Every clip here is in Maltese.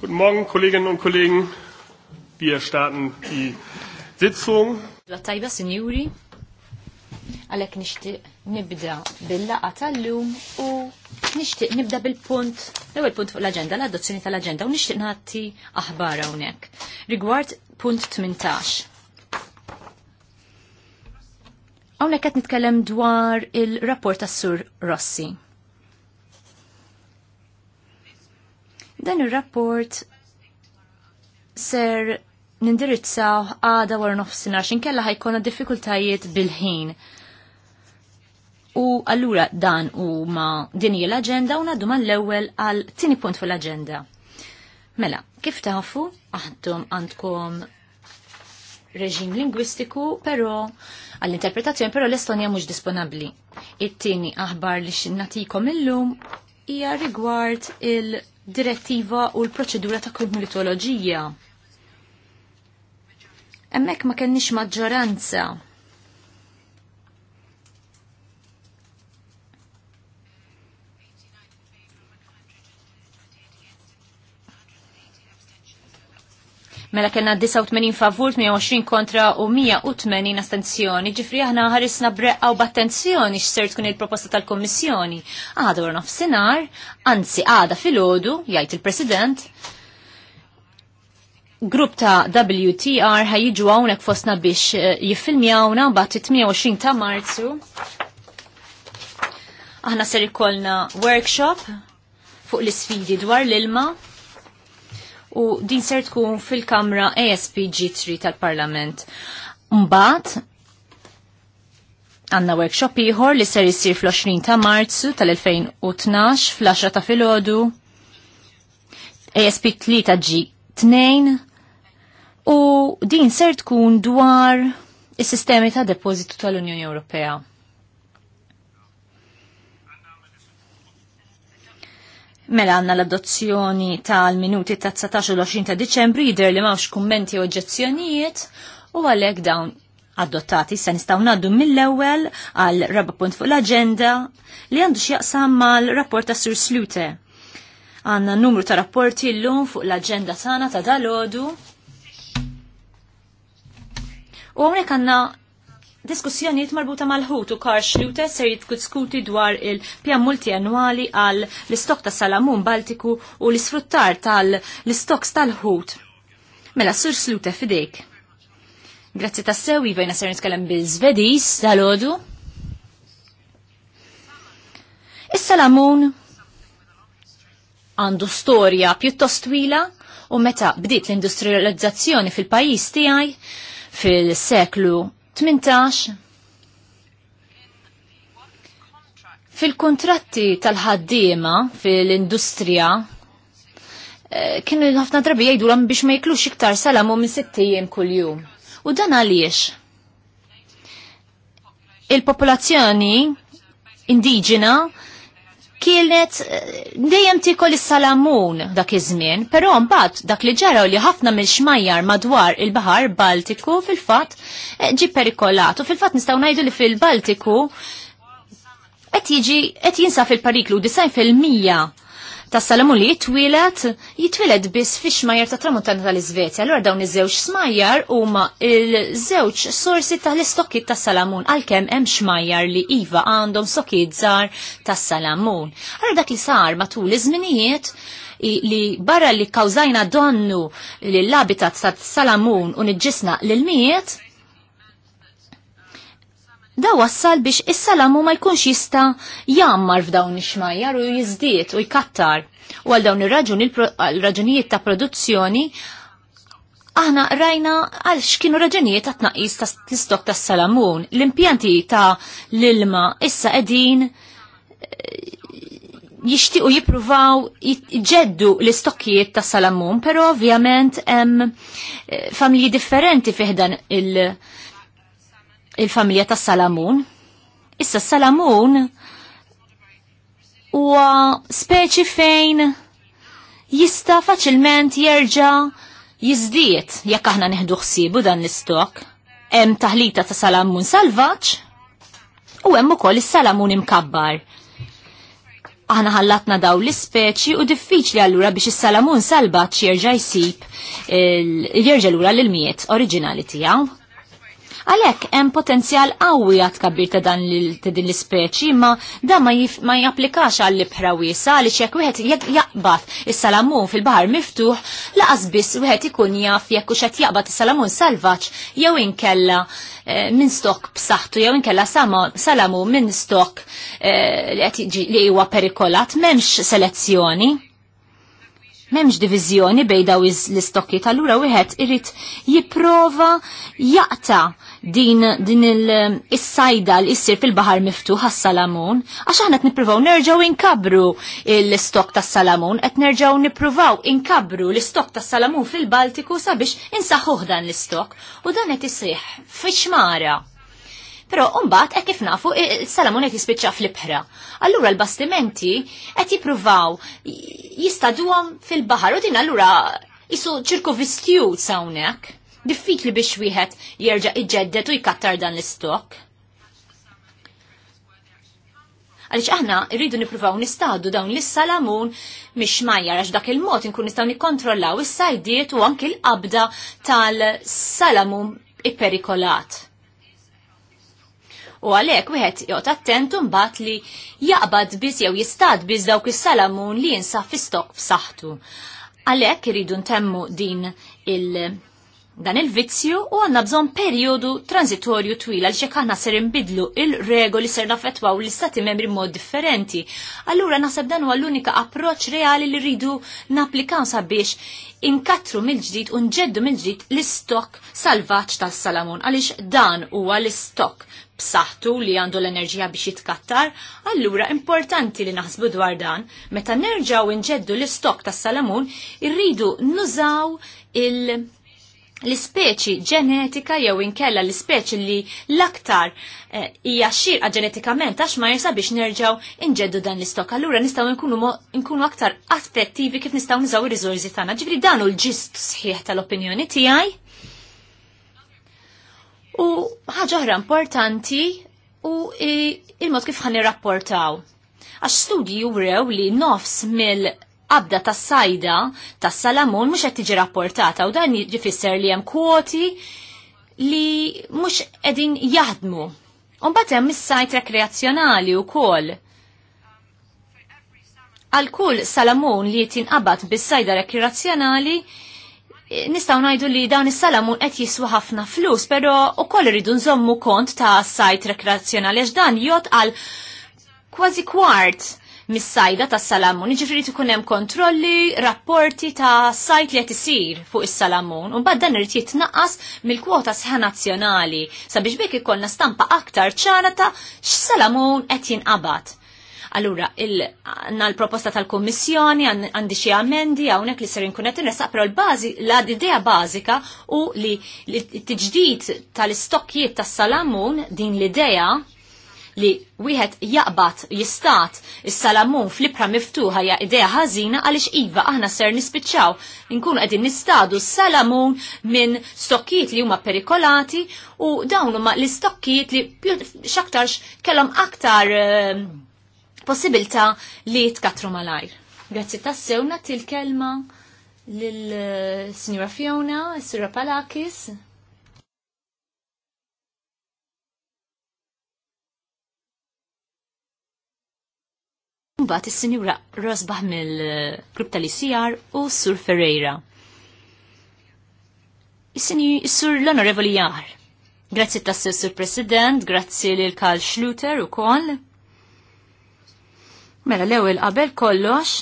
Guten Morgen, Kolleginnen und Kollegen. Wir starten die Sitzung. Tajba, Signori. Għalek nishtiq nibda bil-laqa tal-lum u nishtiq nibda bil-punt, l-ewel punt fuq l-agenda, l-adozzjoni tal-agenda u nishtiq nati aħbar hawnhekk. Rigward punt 18. Hawnhekk qed nitkellem dwar il-rapport tas-Sur Rossi. Dan ir-rapport ser nindirizzaw għada war nofsina kella ħajkonna diffikultajiet bil-ħin. U allura dan u ma dini l-agenda u naddu l ewwel għal tini punt fil-agenda. Mela, kif tafu, għandkom għandkom reġim lingwistiku, pero għall-interpretazzjoni, pero l-Estonja mhux disponabli. It-tieni aħbar li il illum hija rigward il- direttiva u l-proċedura ta' kognitoloġija. Emmek ma kenniex maġġoranza mela kena 89 favur, 120 kontra u 180 astenzjoni. Ġifri aħna ħarisna breqqa u b'attenzjoni x'ser tkun il-proposta tal-Kommissjoni. Għada u nofsinhar, anzi għada filgħodu, jgħid il-President, Grupp ta' WTR ħajġu għawnek fosna biex eh, jiffilmjawna bat 28 ta' marzu. Aħna ser ikollna workshop fuq l-sfidi dwar l-ilma u din ser tkun fil-Kamra ASPG3 tal-Parlament. Mbagħad għanna workshop ieħor li ser jisir fl-20 ta' Marzu tal-2012 fl-10 ta' filgħodu ASP 3 G2 u din ser tkun dwar is-sistemi ta' depożitu tal-Unjoni Ewropea. Mela għanna l-adozzjoni tal-minuti ta' 19 u 20 ta' Diċembru jider li mawx kummenti u oġġezzjonijiet u għalek dawn adottati se nistaw naddu mill-ewwel għal raba punt fuq l-aġenda li għandu x'jaqsam mal-rapport ta' Sur Slute. Għanna numru ta' rapporti l-lum fuq l-aġenda tagħna ta' dalodu. U għamrek għanna diskussjonijiet marbuta mal-ħut u Karl Schluter ser jitkutskuti dwar il-pjan multianwali għal l-istok ta' Salamun Baltiku u l-isfruttar tal-istoks tal-ħut. Mela, sur Slute fidejk. Grazzi ta' sew jivajna ser nitkellem bil-Zvedis dal-ħodu. Is-Salamun għandu storja pjuttost twila u meta bdiet l-industrializzazzjoni fil-pajis tiegħi fil-seklu 18 Fil-kontratti tal-ħaddiema fil-industrija eh, kienu ħafna drabi jgħidu l biex ma jiklux iktar salamu minn sittijiem kull-jum. U dan għaliex? Il-popolazzjoni indiġena kienet eh, dejjem tikol is-salamun dak iż-żmien, però mbagħad dak li ġara li ħafna mill-xmajjar madwar il-Baħar Baltiku fil-fatt eh, ġi perikolat. U fil-fatt nistgħu ngħidu li fil-Baltiku qed jiġi qed jinsa fil pariklu 90 fil-mija ta' Salamun li jitwilet, jitwilet biss fi xmajjar ta' tramuntana tal-Izvezja. Allora dawn iż-żewġ smajjar huma il-żewġ sorsi tal istokki ta' Salamun għalkemm hemm xmajjar li iva għandhom stokkiet żgħar ta' Salamun. Allora dak li sar matul iż-żminijiet li barra li kawżajna donnu lill-abitat ta' Salamun u niġġisna lil miet Da wassal biex is-salamu ma jkunx jista jammar f'dawn ix-xmajjar u jiżdiet u jkattar. U għal dawn ir-raġunijiet ta' produzzjoni aħna rajna għal x'kienu raġunijiet ta' tnaqqis ta' istok ta' salamun. L-impjanti ta' l-ilma issa qegħdin eh, jixtiequ jippruvaw jġeddu l-istokkijiet ta' salamun, però ovvjament hemm eh, familji differenti fiħdan il- il-familja ta' Salamun. Issa Salamun huwa speċi fejn jista' faċilment jerġa' jiżdiet jekk aħna neħdu ħsiebu dan l-istok. Hemm taħlita ta' Salamun salvaġġ u hemm ukoll is-Salamun imkabbar. Aħna ħallatna daw l-ispeċi u diffiċli allura biex is-Salamun salvaġġ jerġa' jsib jerġa' lura l-miet oriġinali tiegħu. Għalhekk hemm potenzjal qawwi għat kabbir ta' dan din l-ispeċi, ma da ma, ma japplikax għall libħra wiesa għaliex jekk wieħed jaqbad is-salamun fil-baħar miftuħ, laqas biss wieħed ikun jaf jekk hux qed jaqbad is-salamun salvaġġ jew inkella eh, minn stok b'saħħtu jew inkella salamu minn stok eh, li huwa perikolat m'hemmx selezzjoni memx divizjoni bej daw l-istokki tal-lura wieħed irid jipprova jaqta din, din il-sajda um, li issir fil-bahar miftuħ għas-salamun, għax aħna t-niprovaw nerġaw inkabru l-istok tas salamun qed nerġaw nippruvaw inkabru l-istok tas salamun fil-Baltiku sabiex insaħuħ dan l-istok, u dan qed isih fiċmara. Pero umbat qed kif nafu il-salamun qed jispiċċa fl-ibħra. Allura l-bastimenti qed jippruvaw jistaduhom fil-baħar u din allura jisu ċirku vistjut sawnek diffikli biex wieħed jerġa' iġġeddet u jkattar dan l-istok. Għaliex aħna rridu nippruvaw nistadu dawn l-salamun mhix majjar għax dak il-mod inkun nistgħu nikkontrollaw is-sajdiet u anki l-qabda tal-salamun ipperikolat. U għalhekk wieħed joqgħod attent mbagħad li jaqbad biss jew jistad biss dawk is-salamun li jinsab fi stok f'saħħtu. Għalhekk iridu ntemmu din il- dan il-vizzju u għanna bżon periodu transitorju twila li xekħanna ser imbidlu il-regoli ser u l-istati membri mod differenti. Allura nasab dan huwa l-unika approċ reali li rridu naplikaw sabiex inkatru mill-ġdid u nġeddu mil ġdid l-istok salvaċ tal-salamun għaliex dan huwa l-istok b'saħħtu li għandu l-enerġija biex jitkattar, allura importanti li naħsbu dwar dan, meta nerġaw inġeddu l-istok tas-salamun, irridu nużaw il- l-ispeċi ġenetika jew inkella l-ispeċi li l-aktar eh, hija xirqa ġenetikament għax ma jinsab biex nerġgħu inġeddu dan l-istok. Allura nistgħu nkunu aktar affettivi kif nistgħu nżaw ir-riżorsi tagħna. Ġifri dan hu l-ġist sħiħ tal-opinjoni tiegħi. U ħaġa oħra importanti u il-mod kif ħan rapportaw. Għax studji jurew li nofs mill qabda tas sajda tas salamun mhux qed tiġi rapportata u dan jifisser li hemm kwoti li mhux qegħdin jaħdmu. U mbagħad hemm is-sajt rekreazzjonali wkoll. Għal kull salamun li abat bis-sajda rekreazzjonali nistaw najdu li dawn is-salamun qed jiswa ħafna flus, pero ukoll iridu nżommu kont ta' sajt rekreazzjonali għax dan jot għal kważi kwart mis-sajda tas-salamun. Jiġifieri tkun hemm kontrolli, rapporti ta' sajt li qed isir fuq is-salamun. U mbagħad dan irid jitnaqqas mill-kwota sħa nazzjonali sabiex bekk ikollna stampa aktar ċara ta' x'salamun qed jinqabad. Allura, għanna l-proposta tal-Kommissjoni, għandi xie amendi, għawnek li serin kunet nresaq, pero l-bazi, l-idea bazika u li t-ġdid tal-istokkiet tas-salamun, din l-idea li wieħed jaqbad jistat is-salamun fl-ibra miftuħa hija idea ħażina għaliex iva aħna ser nispiċċaw inkunu qegħdin nistadu s-salamun minn stokkijiet li huma perikolati u dawn huma l-istokkijiet li x'aktarx kellhom aktar ehm, possibilità li tkatru malajr. Grazzi tassewna til-kelma lil eh, Signora Fiona, Sira Palakis. Mbagħad is-Sinjura Rosbaħ mill-grupp tal-ICR u Sur Ferreira. Is-Sur l-Onorevoli jahar. Grazzi tas sur President, grazzi lil Karl Schluter u koll. Mela l-ewwel qabel kollox,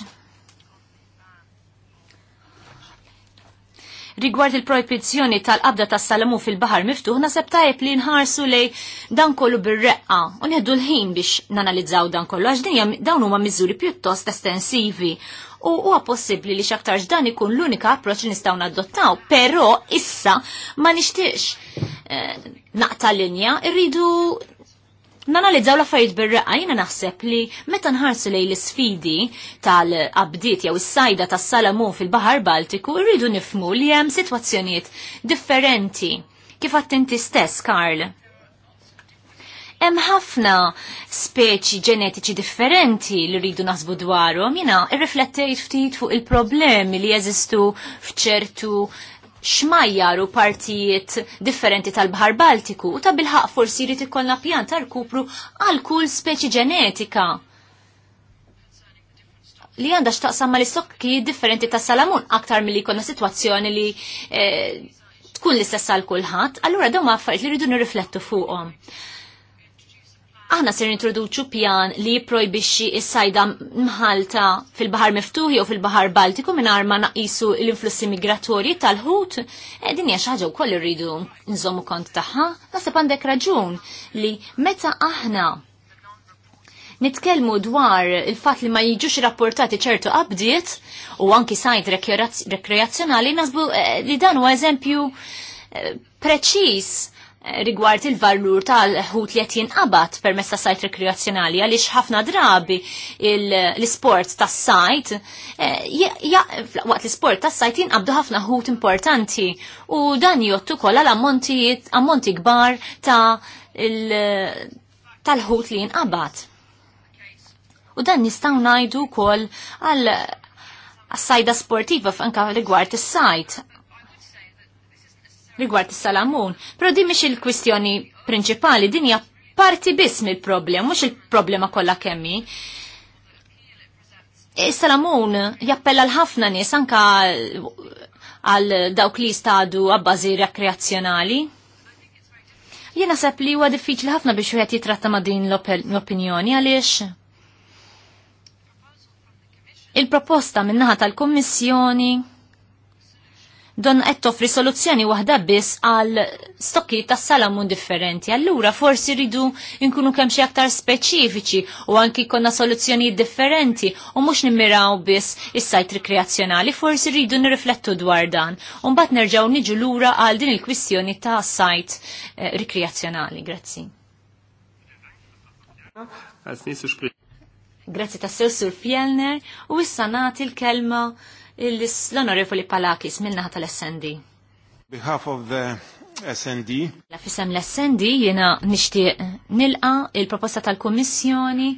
Rigward il-proibizzjoni tal-qabda tas salamu fil-bahar miftuħ naseb tajb li nħarsu lej dan kollu bir-reqqa u nieħdu l-ħin biex nanalizzaw dan kollu għax dinja dawn huma miżuri pjuttost estensivi u huwa possibbli li xaktar dan ikun l-unika approċ li nistgħu nadottaw, però issa ma nixtiex eh, naqta linja, irridu nanalizzaw l-affarijiet bir-reqqa jiena naħseb li meta nħarsu lejn l-isfidi tal abdiet jew is-sajda tas salamu fil-Baħar Baltiku rridu nifmu li hemm sitwazzjonijiet differenti kif qatt stess, Karl. Hemm ħafna speċi ġenetiċi differenti li rridu naħsbu dwarhom, jina irriflettejt ftit fuq il-problemi li jeżistu f'ċertu X'majjaru partijiet differenti tal-Bahar Baltiku u ta' bilħaq forsi jrid ikollna pjan ta' rkupru għal kull speċi ġenetika li għandha x'taqsam ma' l-istokki differenti ta' salamun aktar milli jkollna sitwazzjoni li eh, tkun l-istess għal kulħadd, allura dawn ma' affarijiet li rridu nirriflettu fuqhom aħna ser introduċu pjan li jipprojbixxi s-sajda mħalta fil-Bahar Miftuħi u fil-Bahar Baltiku mingħajr ma naqisu l-influssi migratorji tal-ħut, eh, din hija xi ħaġa wkoll irridu nżommu kont tagħha, naħseb għandek raġun li meta aħna nitkellmu dwar il fatt li ma jiġux rapportati ċertu qabdiet u anki sajt rekreazzjonali nasbu eh, li dan huwa eżempju eh, preċis rigward il-valur tal-ħut li qed jinqabad per messa sajt rekreazzjonali għaliex ħafna drabi l-isport tas-sajt eh, waqt l-isport tas-sajt jinqabdu ħafna ħut importanti u dan jottu kolla l-ammonti kbar ta' tal-ħut li jinqabad. U dan nistgħu ngħidu wkoll għal sajda sportiva f'anka rigward is-sajt rigward is-salamun. Però din mhix il-kwistjoni prinċipali, din hija parti biss mill problem mhux il-problema kollha kemmi. Is-salamun jappella l-ħafna nies anka għal dawk li jistadu għabbażi rekreazzjonali. Jien sepp li huwa diffiċli ħafna biex wieħed jitratta ma' din l-opinjoni għaliex. Il-proposta min-naħa tal-Kummissjoni don qed toffri soluzzjoni waħda biss għal stokki ta' salamun differenti. Allura forsi ridu nkunu kemm xi aktar speċifiċi u anki konna soluzzjoni differenti u mhux nimmiraw biss is-sajt rikreazzjonali, forsi ridu nirriflettu dwar dan. U mbagħad nerġgħu niġu lura għal din il-kwistjoni ta' sajt eh, rikreazzjonali. Grazzi. Grazzi ta' Sur Fjellner u issa nagħti l-kelma l-onorevoli Palakis minnaħa tal-SND. Behalf of the SND. La fisem l-SND jena nishtiq nilqa il-proposta tal kommissjoni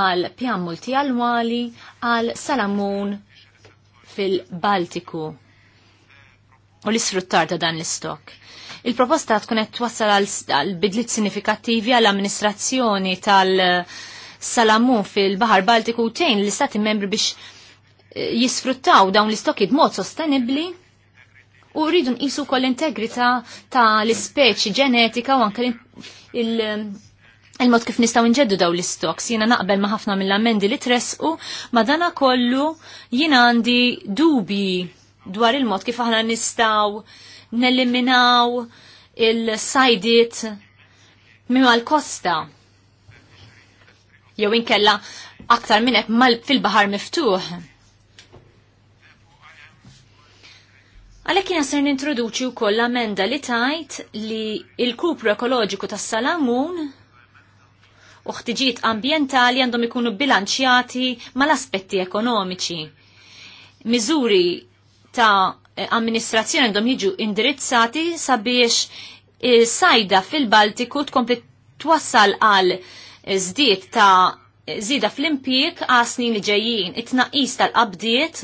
għal pjan multijalwali għal Salamun fil-Baltiku u l-isfruttar ta' dan l-istok. Il-proposta tkun qed twassal għal bidlit sinifikattivi għall amministrazzjoni tal-Salamun fil-Bahar Baltiku tejn l-istati membri biex jisfruttaw dawn l-istokid mod sostenibli u rridu nqisu kol l-integrità ta' l-ispeċi ġenetika u anke il- il-mod kif nistaw inġeddu daw l-istoks, jina naqbel ma ħafna mill-ammendi li tresqu, ma dana kollu jina għandi dubi dwar il-mod kif aħna nistaw neliminaw il-sajdit mimma l-kosta. Jew inkella aktar minnek mal fil-bahar miftuħ. Għalhekk jina ser nintroduċi wkoll l-amenda li tajt li il-kupru ekoloġiku tas-salamun u ħtiġijiet ambjentali għandhom ikunu bilanċjati mal-aspetti ekonomiċi. Miżuri ta' amministrazzjoni għandhom jiġu indirizzati sabiex eh, sajda fil-Baltiku tkompli twassal għal eh, żdiet ta' zida eh, fl-impjek għasni li ġejjin, it-naqis tal-qabdiet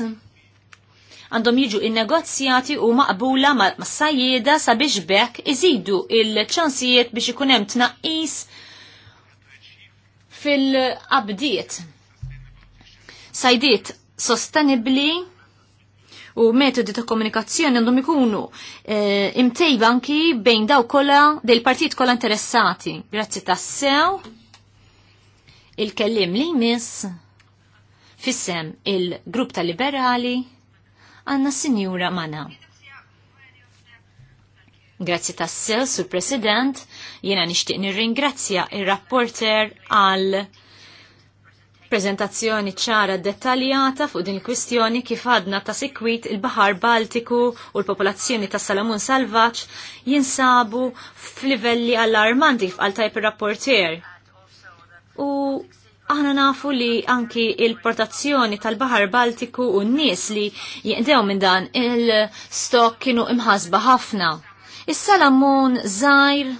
għandhom jiġu innegozjati u maqbula mas-sajjeda sabiex bekk iżidu il-ċansijiet biex ikun hemm tnaqqis fil-qabdiet. Sajdiet sostenibli u metodi ta' komunikazzjoni għandhom ikunu e, imtejba anki bejn daw kolla del partit kolla interessati. Grazzi ta' sew il-kellim li mis fissem il-grupp tal-liberali għanna Sinjura Mana. Grazzi tassel, Sur President, jena nishtiq nirringrazzja il-rapporter għal prezentazzjoni ċara dettaljata fuq din il-kwistjoni kif għadna ta' sikwit il-Bahar Baltiku u l-popolazzjoni ta' Salamun Salvaċ jinsabu f'livelli allarmanti f'qal tajp rapporter U Aħna nafu li anki il-portazzjoni tal-Bahar Baltiku u n-nies li jendew minn dan il-stok kienu imħasba ħafna. Is-salamun żgħir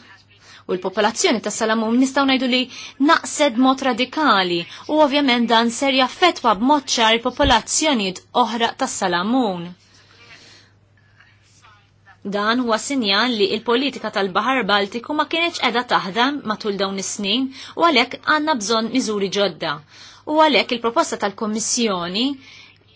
u l-popolazzjoni ta' salamun nistaw najdu li naqsed mod radikali u ovvjament dan ser jaffetwa b'mod ċar popolazzjonijiet oħra ta' salamun. Dan huwa sinjal li il-politika tal-Bahar Baltiku ma kienieċ edha taħdem matul dawn is-snin u għalhekk għandna bżonn miżuri ġodda. U għalhekk il-proposta tal kummissjoni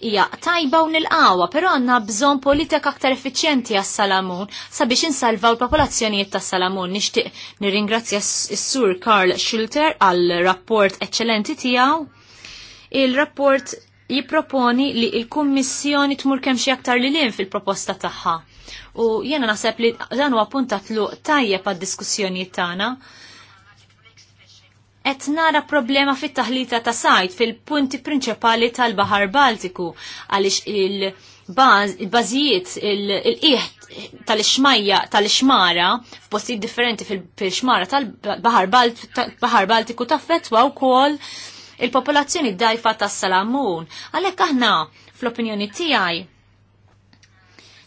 hija tajba u nilqawa, però għandna bżonn politika aktar effiċjenti għas-Salamun sabiex insalvaw il-popolazzjonijiet tas-Salamun. Nixtieq nirringrazzja s-Sur Karl Schulter għall rapport eċċellenti tiegħu. Il-rapport jipproponi li il-Kummissjoni tmur kemm xi aktar lilin fil-proposta tagħha U jiena naħseb li dan huwa puntat tluq tajjeb għad-diskussjoni tagħna. Qed nara problema fit-taħlita ta' sajt fil-punti prinċipali tal-Baħar Baltiku għaliex il-bażijiet il-qiegħ tal-ixmajja tal-ixmara f'postijiet differenti fil-xmara tal-Baħar Baltiku taffettwa wkoll il-popolazzjoni d dajfa tas-salamun. Għalhekk aħna fl-opinjoni tiegħi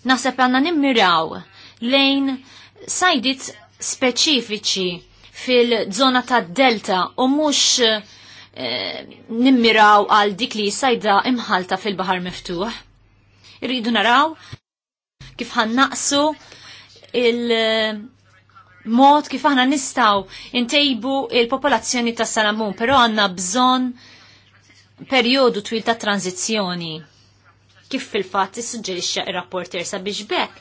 Naħseb għanna nimmiraw lejn sajdit speċifiċi fil-zona ta' delta u mux eh, nimmiraw għal dik li sajda imħalta fil-bahar miftuħ. Irridu naraw kif ħannaqsu il-mod kif aħna nistaw intejbu il-popolazzjoni ta' Salamun, pero għanna bżon periodu twil ta' tranzizjoni kif fil-fatt issuġġerixxa ir-rapporter sabiex bekk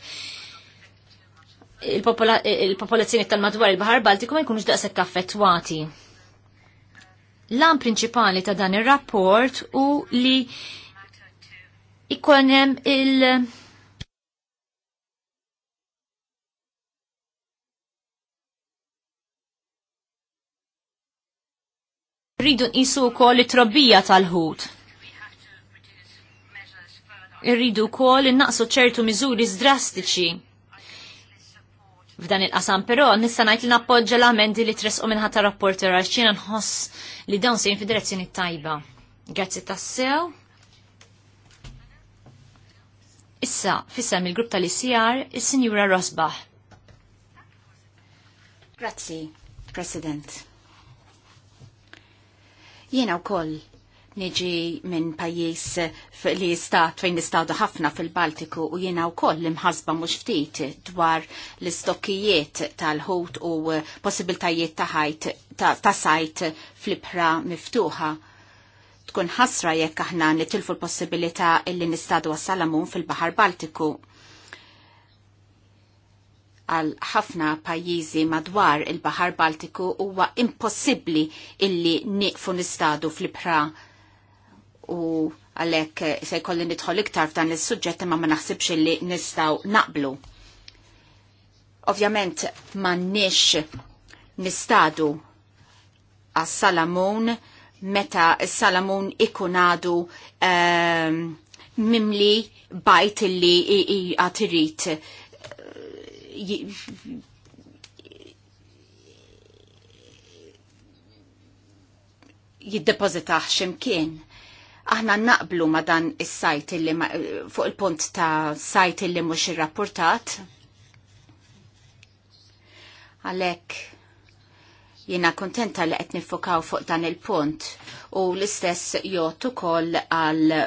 il-popolazzjoni tal-madwar il-Bahar Baltiku ma jkunux daqshekk affettwati. L-an prinċipali ta' dan ir-rapport u li ikonem il- rridu nqisu wkoll it-trobbija tal-ħut irridu wkoll innaqsu ċertu miżuri drastiċi. F'dan il-qasam però nista' ngħid li nappoġġa l-amendi li tresqu minħatta rapporter għal xina nħoss li dawn sejn fid-direzzjoni tajba. Grazzi tassew. Issa, fissem il-grupp tal-ICR, il-Sinjura Rosbach. Grazzi, President. Jena u koll Niġi minn pajjiż li jistat fejn nistawdu ħafna fil-Baltiku u jiena wkoll imħasba mhux ftit dwar l-istokkijiet tal-ħut u possibiltajiet ta' ħajt ta' sajt fl-ibħra miftuħa. Tkun ħasra jekk aħna nitilfu l-possibilità illi nistadu għas-salamun fil-Baħar Baltiku. Għal ħafna pajjiżi madwar il-Baħar Baltiku huwa impossibbli illi nieqfu nistadu fl-ibħra u għalek se jkolli nidħol iktar f'dan is-suġġett imma ma naħsibx li nistgħu naqblu. Ovvjament m'għandniex nistadu għas salamun meta s-salamun ikun għadu um, mimli bajt li għatirit eh, jiddepozitaħ ximkien aħna naqblu ma dan is-sajt il fuq il-punt ta' sajt illi mhux rapportat Għalhekk jiena kontenta li qed fukaw fuq dan il-punt u l-istess jottu ukoll għal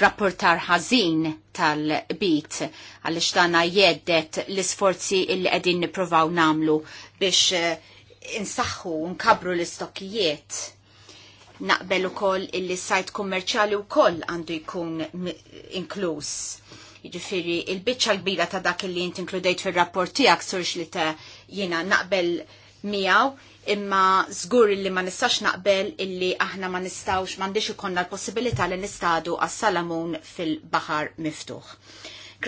rapportar ħażin tal-bit għaliex ixtana jeddet l-isforzi illi qegħdin nippruvaw namlu biex eh, insaħħu nkabru l-istokkijiet naqbel ukoll illi sajt u wkoll għandu jkun inkluż. Jiġifieri il-biċċa kbira ta' dak li int inkludejt fir-rapport tiegħek surx li ta' jiena naqbel miegħu imma zgur li ma nistax naqbel illi aħna ma nistawx m'għandix ikonna l-possibilità li nistadu għas-salamun fil-baħar miftuħ.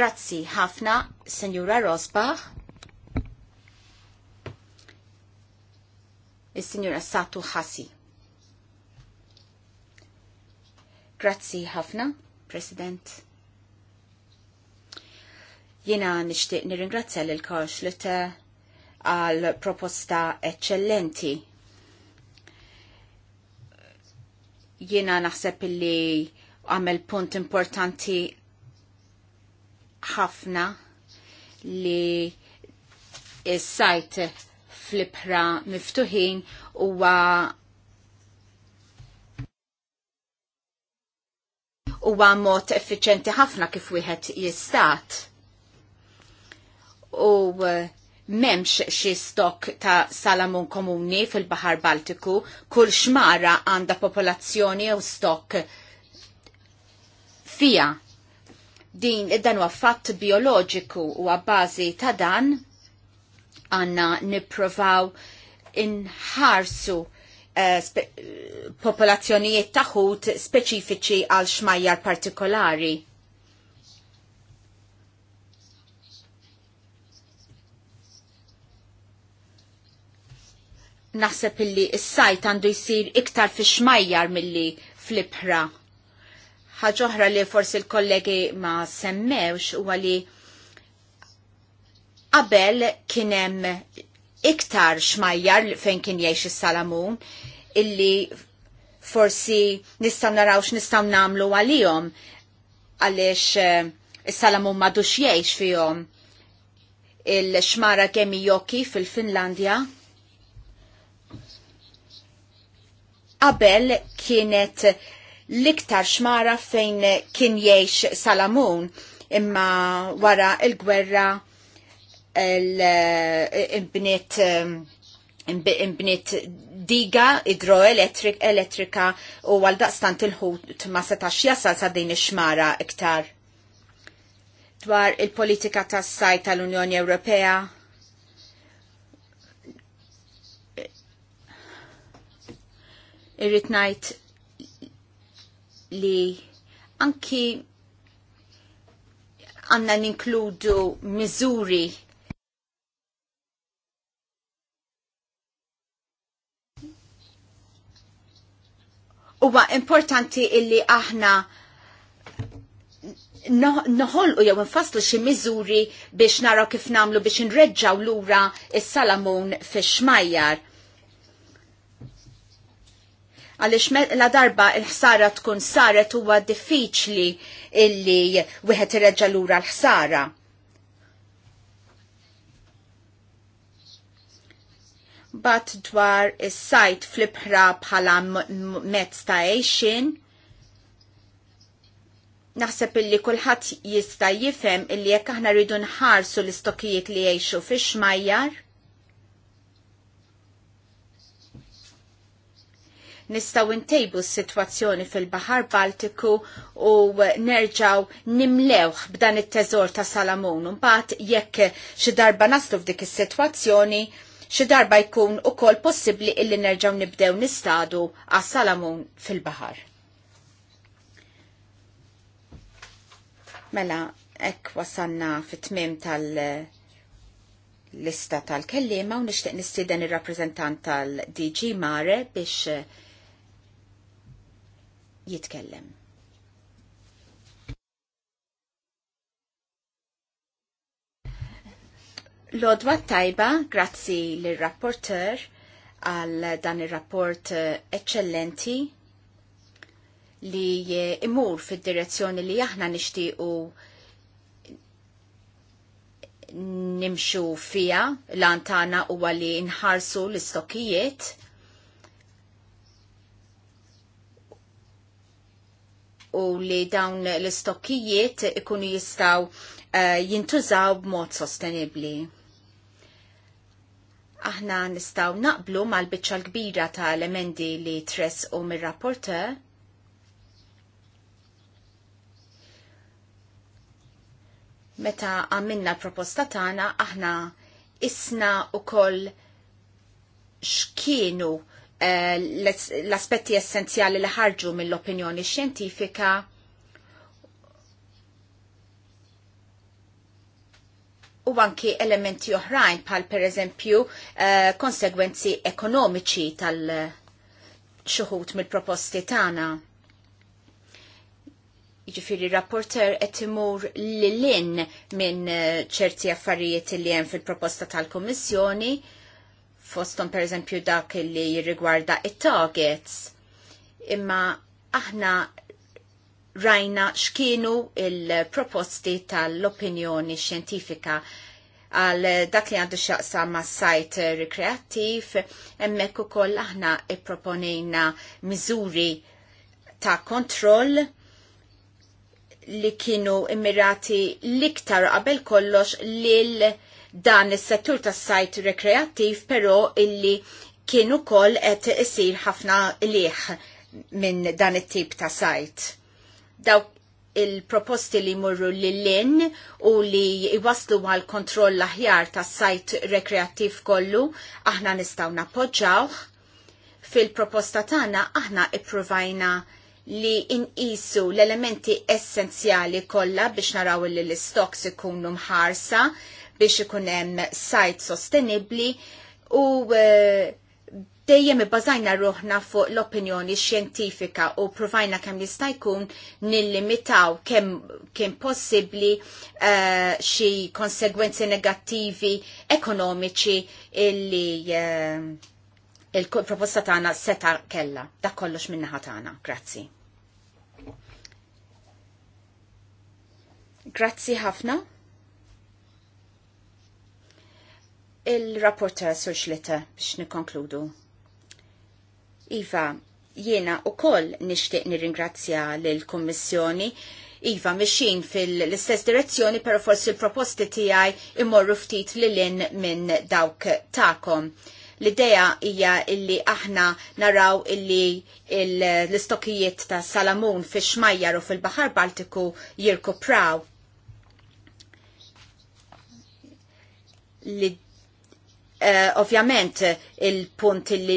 Grazzi ħafna, Senjura Rosbach. Is-Sinjura Satu Ħassi. Grazzi ħafna, President. Jena nishtiq nirringrazzja l Karl Schlitter għal proposta eccellenti. Jena naħseb li għamel punt importanti ħafna li s-sajt fl-ibħra miftuħin huwa huwa mod effiċenti ħafna kif wieħed jistat. U uh, memx xi stok ta' salamun komuni fil-Bahar Baltiku, kull xmara għanda popolazzjoni u stok fija. Din id-dan huwa fatt bioloġiku u għabbażi ta' dan għanna niprofaw inħarsu Eh, popolazzjonijiet taħut speċifiċi għal xmajjar partikolari. Naħseb illi s-sajt għandu jisir iktar fi xmajjar milli fl-ibħra. ħagħuħra li forsi l-kollegi ma semmewx u għali qabel kienem iktar xmajjar fejn kien jiex is-salamun, illi forsi nistaw narawx nistaw namlu għalihom għaliex eh, is salamu huma dux jgħix fihom il-xmara kemi joki fil-Finlandja. Qabel kienet l-iktar xmara fejn kien jgħix Salamun imma wara il-gwerra eh, il-bniet eh, diga elettrika u għal daqstant il-ħut ma setax jasal sa din ix-xmara iktar. Dwar il-politika tas saj tal-Unjoni Ewropea, irrit ngħid li anki għanna ninkludu miżuri huwa importanti illi aħna noħolqu jew nfasslu xi miżuri biex naraw kif nagħmlu biex nreġġaw lura is-salamun fix-xmajjar. Għaliex la darba il-ħsara tkun saret huwa diffiċli illi wieħed ireġġa lura l-ħsara. bat dwar is-sajt fl-ibħra bħala mezz ta' eixin. Naħseb illi kulħadd jista' jifhem illi jekk aħna rridu nħarsu l-istokijiet li jgħixu fix xmajjar. Nistgħu ntejbu s-sitwazzjoni fil-Baħar Baltiku u nerġaw nimlewħ b'dan it-teżor ta' Salamun. Mbagħad jekk xi darba naslu f'dik is-sitwazzjoni, xi darba jkun ukoll possibbli illi nerġgħu nibdew nistadu għas salamun fil-baħar. Mela, hekk wasanna fit-tmiem tal- lista tal-kellima u nishtiq nistieden ir-rappreżentant tal-DG Mare biex jitkellem. Lodwa tajba, grazzi l-rapporter għal dan il-rapport eh, eccellenti li eh, imur fil-direzzjoni li aħna nishtiqu nimxu fija l-antana u għalli nħarsu l-istokijiet u li dawn l-istokkijiet ikunu jistaw uh, jintużaw b'mod sostenibli aħna nistaw naqblu mal-bicċa l-kbira ta' l-emendi li tres u mir rapporta Meta għamminna proposta tagħna aħna isna u koll xkienu eh, l-aspetti essenzjali li ħarġu mill-opinjoni xjentifika u anki elementi oħrajn pal per eżempju uh, konsegwenzi ekonomiċi tal xuħut mill-proposti tagħna. Jiġifieri rapporter qed imur lilin minn eh, ċerti affarijiet li hemm fil-proposta tal-Kummissjoni fostom per eżempju dak li jirrigwarda it-targets. Imma aħna rajna xkienu il-proposti tal-opinjoni xjentifika għal dak li għandu xaqsa ma' sajt rekreattiv, emmek u koll aħna i-proponejna mizuri ta' kontroll li kienu immirati liktar qabel kollox lil dan is settur tas sajt rekreattiv però illi kienu koll qed isir ħafna liħ minn dan it-tip ta' sajt dawk il-proposti li morru l in u li jwaslu għal kontroll aħjar ta' sajt rekreattiv kollu, aħna nistaw napoġġawħ. Fil-proposta tagħna aħna ipprovajna li inqisu l-elementi essenzjali kollha biex naraw li l-istoks ikunu mħarsa biex ikun hemm sajt sostenibbli u uh, dejjem ibbażajna ruħna fuq l-opinjoni xjentifika u provajna kemm jista' jkun nillimitaw kemm kien possibbli uh, xi konsegwenzi negattivi ekonomiċi illi uh, il-proposta tagħna seta kella. Dak kollox min-naħa tagħna. Grazzi. Grazzi ħafna. Il-rapporter sur xlita biex nikonkludu. Iva, jiena u koll nishtiq nirringrazzja l-Kommissjoni. Iva, mixin fil-istess direzzjoni, pero forsi l-proposti tijaj imorru ftit lilin minn dawk ta'kom. L-ideja hija illi aħna naraw illi l-istokijiet ta' salamun fi xmajjar u fil-Bahar Baltiku jirkupraw. l Uh, ovvjament il-punt li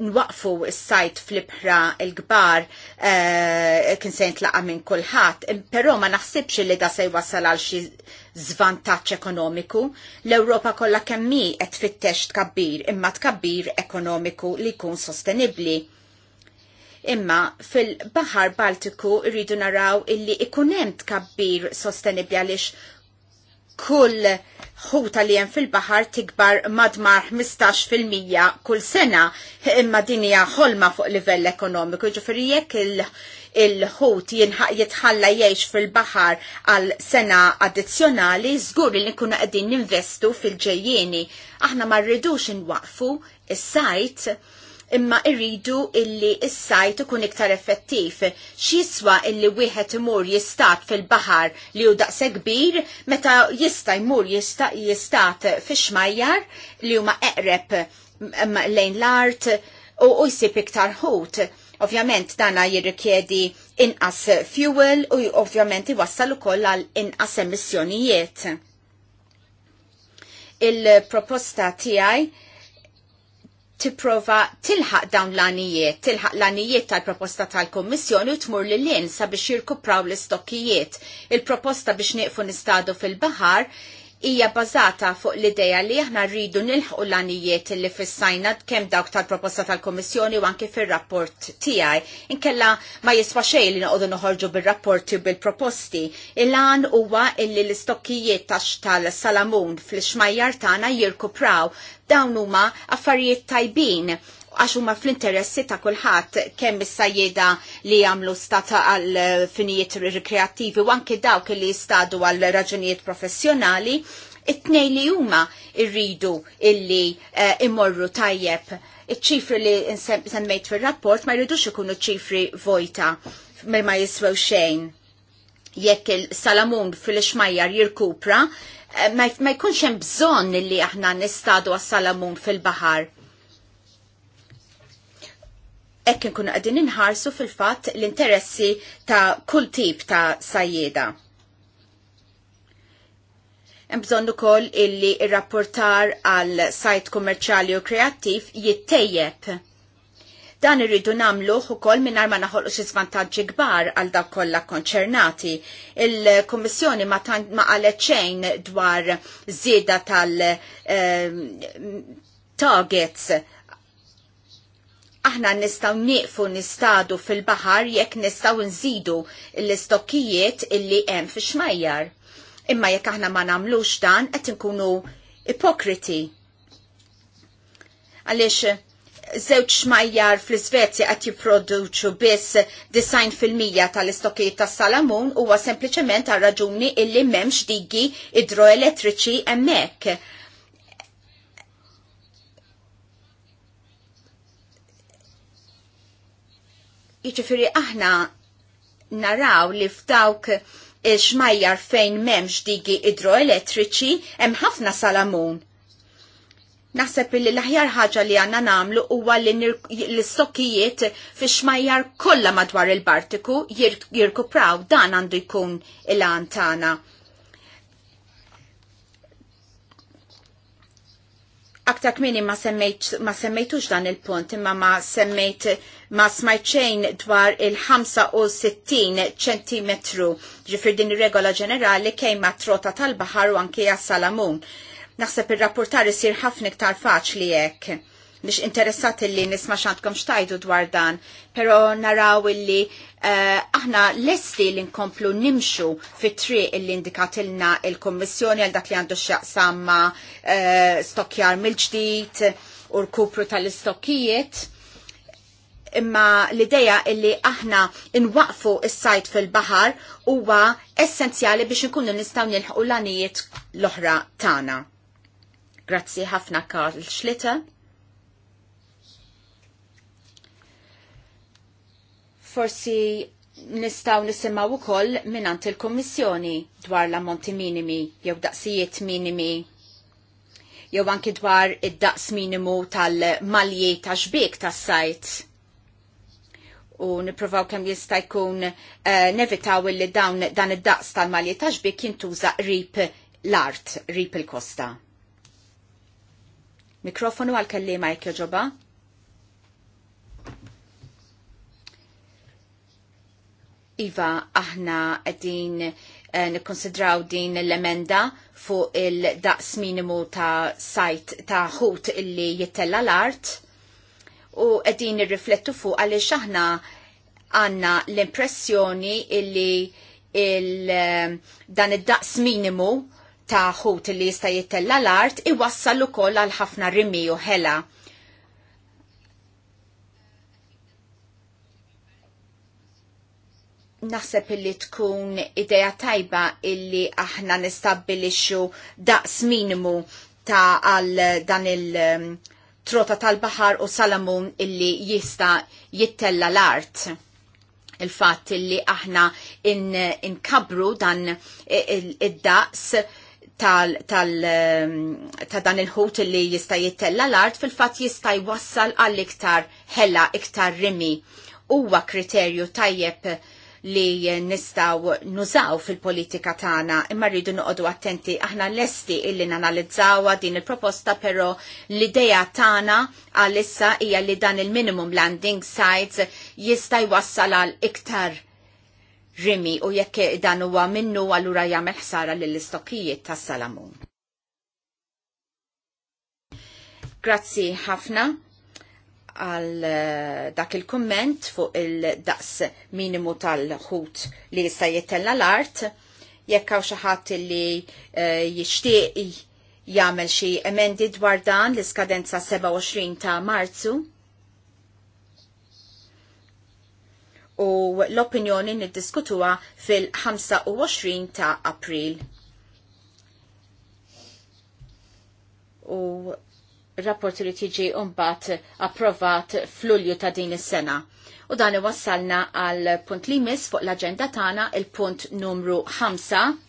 nwaqfu s-sajt fl-ibħra il-gbar uh, kien se tlaqa minn kulħadd, eh, però ma naħsibx li da se wasal għal xi żvantaġġ ekonomiku. L-Ewropa kollha kemm hi qed tfittex tkabbir imma tkabbir ekonomiku li jkun sostenibbli. Imma fil-Baħar Baltiku rridu naraw illi ikun hemm tkabbir sostenibbli għaliex kull ħuta li jen fil-bahar tikbar madmar 15% kull sena imma dinja ħolma fuq livell ekonomiku ġifiri jekk il-ħut jitħalla jiex fil-bahar għal sena addizjonali zgur li kuna għedin ninvestu fil-ġejjeni aħna ma rridux nwaqfu is-sajt imma irridu illi s-sajt ikun iktar effettiv. X'jiswa illi wieħed imur jistat fil-baħar li hu daqse kbir meta jista' jmur jista' jistat fix-xmajjar li huma eqreb mm, mm, lejn l-art u, u jsib iktar ħut. Ovvjament dana jirrikjedi inqas fuel u ovvjament iwassal ukoll għal inqas emissjonijiet. Il-proposta tiegħi tipprova tilħaq dawn l-anijiet, tilħaq l għanijiet tal-proposta tal-Kommissjoni u tmur li l-in sabiex jirkupraw l-istokkijiet. Il-proposta biex nieqfu nistadu fil-bahar hija bażata fuq l-idea li aħna rridu nilħu l-anijiet li fissajna kemm dawk tal-proposta tal-Komissjoni u anke fir-rapport tiegħi. Inkella ma jiswa xejn li noqogħdu noħorġu bir-rapporti bil-proposti. Il-għan huwa illi l-istokkijiet tax tal-salamun fl-xmajjar tagħna jirkupraw dawn huma affarijiet tajbin għax huma fl-interessi ta' kulħadd kemm is-sajjeda li jagħmlu stat għal finijiet rikreattivi u anke dawk li jistadu għal raġunijiet professjonali, it-tnej li huma rridu illi eh, immorru tajjeb. Iċ-ċifri li semmejt fil-rapport ma jridux ikunu ċifri vojta ma jiswew xejn. Jekk il-salamun fil ixmajjar jirkupra, eh, ma jkunx hemm bżonn li aħna nistadu għas-salamun fil-baħar ekk nkunu għadin inħarsu fil-fat l-interessi ta' kull tip ta' sajjeda. bżonn ukoll illi rrapportar rapportar għal sajt kummerċali u kreattiv jittejjeb. Dan irridu namluħ u koll ma naħolqu xi żvantaġġi kbar għal dak kollha konċernati. Il-Kummissjoni ma qalet xejn dwar żieda tal-targets ehm, eh, aħna nistaw nieqfu nistadu fil-bahar jekk nistaw nżidu l-istokkijiet illi hemm fi xmajjar. Imma jekk aħna ma nagħmlux dan qed inkunu ipokriti. Għaliex żewġ xmajjar fl-Iżvezja qed jipproduċu biss 90% tal-istokkijiet tas-salamun huwa sempliċement għal raġuni illi m'hemmx digi idroelettriċi hemmhekk Jiġifieri aħna naraw li f'dawk il-xmajjar fejn memx digi idroelettriċi hemm ħafna salamun. Naħseb li l-aħjar ħaġa li għanna namlu huwa li l-istokkijiet fi xmajjar kollha madwar il-Bartiku jirkupraw dan għandu jkun il għantana tagħna. aktar kmini ma, semmejt, ma semmejtux dan il-punt imma ma semmejt ma smajċejn dwar il-65 cm ġifir din regola ġenerali ma trota tal-bahar u anki għas-salamun. Naħseb il-rapportar isir ħafna iktar faċli jekk nix interessat illi nisma xantkom xtajdu dwar dan, pero naraw illi uh, aħna lesti li nkomplu nimxu fit tri illi indikatilna il-Kommissjoni għal dak li għandu xaqsamma uh, eh, stokjar mil-ġdijt u rkupru tal istokijiet imma l-ideja illi aħna inwaqfu s-sajt fil-bahar huwa essenzjali biex nkunu nistaw nilħu l-għanijiet l-oħra tana. Grazzi ħafna Karl Schlitter. forsi nistaw nisimaw u koll minant il-Kommissjoni dwar l-ammonti minimi, jew daqsijiet minimi, jew anki dwar id-daqs minimu tal-malji ta' xbik ta' sajt. U niprofaw kem jista' jkun uh, nevitaw li dawn dan id-daqs tal-malji ta' xbik jintuża rip l-art, rip il-kosta. Mikrofonu għal-kellima jek joġoba. Iva, aħna qegħdin eh, nikkonsidraw din l-emenda fuq il-daqs minimu ta' sajt ta' ħut illi jittella l-art u qegħdin nirriflettu fuq għaliex aħna għanna l-impressjoni illi il, eh, dan id-daqs minimu ta' ħut illi jista' jittella l-art iwassal ukoll għal ħafna rimi u ħela naħseb illi tkun ideja tajba illi aħna nistabbilixu daqs minimu ta' għal dan il-trota um, tal-bahar u salamun illi jista jittella l-art il-fat illi aħna inkabru in dan id-daqs tal, tal, um, ta' dan il-ħut illi jista jittella l-art fil-fat jista jwassal għall-iktar hella, iktar rimi. Uwa kriterju tajjeb li nistaw nużaw fil-politika tagħna imma rridu noqogħdu attenti aħna lesti illi nanalizzawa din il-proposta però l-idea tagħna għalissa hija li dan il-minimum landing sites jista' jwassal għal iktar rimi u jekk dan huwa minnu allura jagħmel ħsara lill-istokkijiet tas-salamun. Grazzi ħafna għal eh, dak il-komment fuq il-daqs minimu tal-ħut li jista' jitella l-art, jekk hawn xi ħadd li eh, jixtieq jagħmel xi emendi dwar dan l-iskadenza 27 ta' Marzu. U l-opinjoni niddiskutuha fil-25 ta' April. U rapport li tiġi umbat approvat fl-ulju ta' din is-sena. U dan iwassalna għal punt li mis fuq l-agenda tagħna il-punt numru 5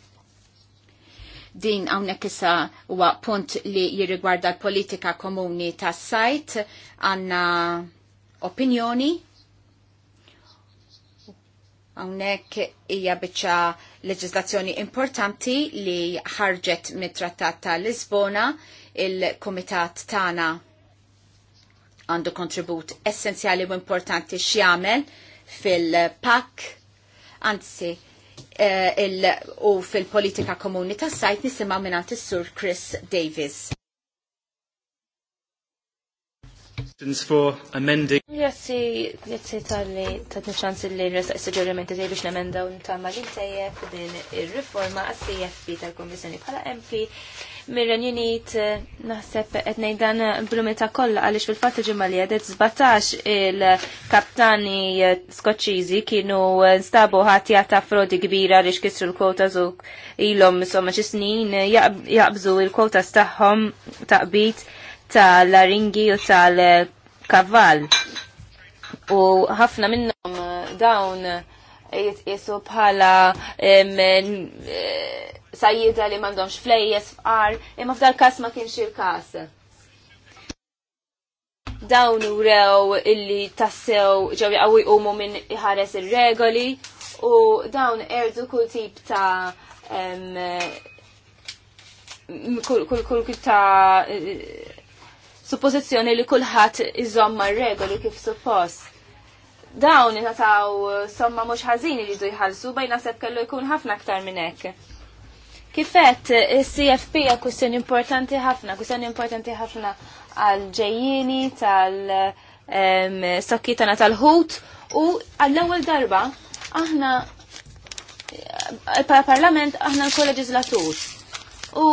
din hawnhekk issa huwa punt li jirrigwarda l-politika komuni tas-sajt għandna opinjoni Għawnek hija biċċa leġislazzjoni importanti li ħarġet mit-trattat ta' Lisbona il-komitat tana għandu kontribut essenzjali u importanti x'jagħmel fil-pak, anzi uh, u fil-politika komuni ta' sajt nisimgħu minn is-sur Chris Davis. for amending. Grazzi, grazzi tal-li tal-nċans li tal nċans li s resaq t-tej biex nemenda u ntamma li tejjeb din ir reforma għas-CFP tal komissjoni bħala MP mir-Renjunit eh, naħseb qed ngħid dan blumita kollha għaliex fil-fatt ġimgħa li għedet żbatax il-kaptani eh, skoċċiżi kienu eh, nstabu ħatja ta' frodi kbira għaliex kisru l-kwota u ilhom insomma xi snin jaqbżu l kwota tagħhom taqbit tal-laringi u tal-kavall. U ħafna minnhom dawn jitqisu bħala eh, sajjida li m'għandhomx flejjes fqar, imma f'dal każ ma kienx il-każ. Dawn urew illi tassew ġew jaqgħu jqumu minn iħares ir-regoli u dawn erdu kull tip ta' eh, kull kull kull ta' eh, suppożizzjoni li kulħadd iżomm mar-regoli kif suppost dawn nataw somma mhux ħażin li jdu jħallsu bejn naħseb kellu jkun ħafna aktar minn hekk. Kifet, cfp hija kwistjoni importanti ħafna, kwistjoni importanti ħafna għal ġejjini tal sokkitana tal-ħut u għall-ewwel darba aħna parlament aħna l-Kolleġislatur. U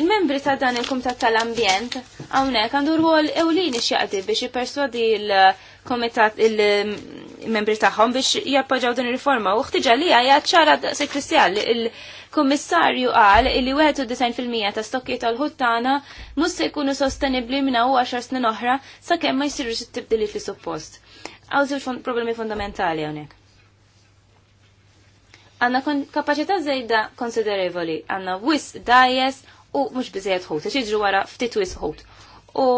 il-membri ta' dan il-Kumtat tal-Ambjent hawnhekk għandu rwol ewlieni x'jaqdi biex jipperswadi l- komitat il-membri tagħhom biex jappoġaw din il riforma u ħtiġa li għaj ċara se Kristjal il-Kummissarju qal li wieħed mija ta' stokki tal ħuttana tagħna mhux se jkunu sostenibbli minn hawn 10 snin oħra sakemm ma jisiru it tibdili li suppost. Għawż problemi fundamentali hawnhekk. Għanna kapacita zejda konsiderevoli, għanna wis dajes u mux bizzejet ħut, ċiġru wara ftit wis ħut. U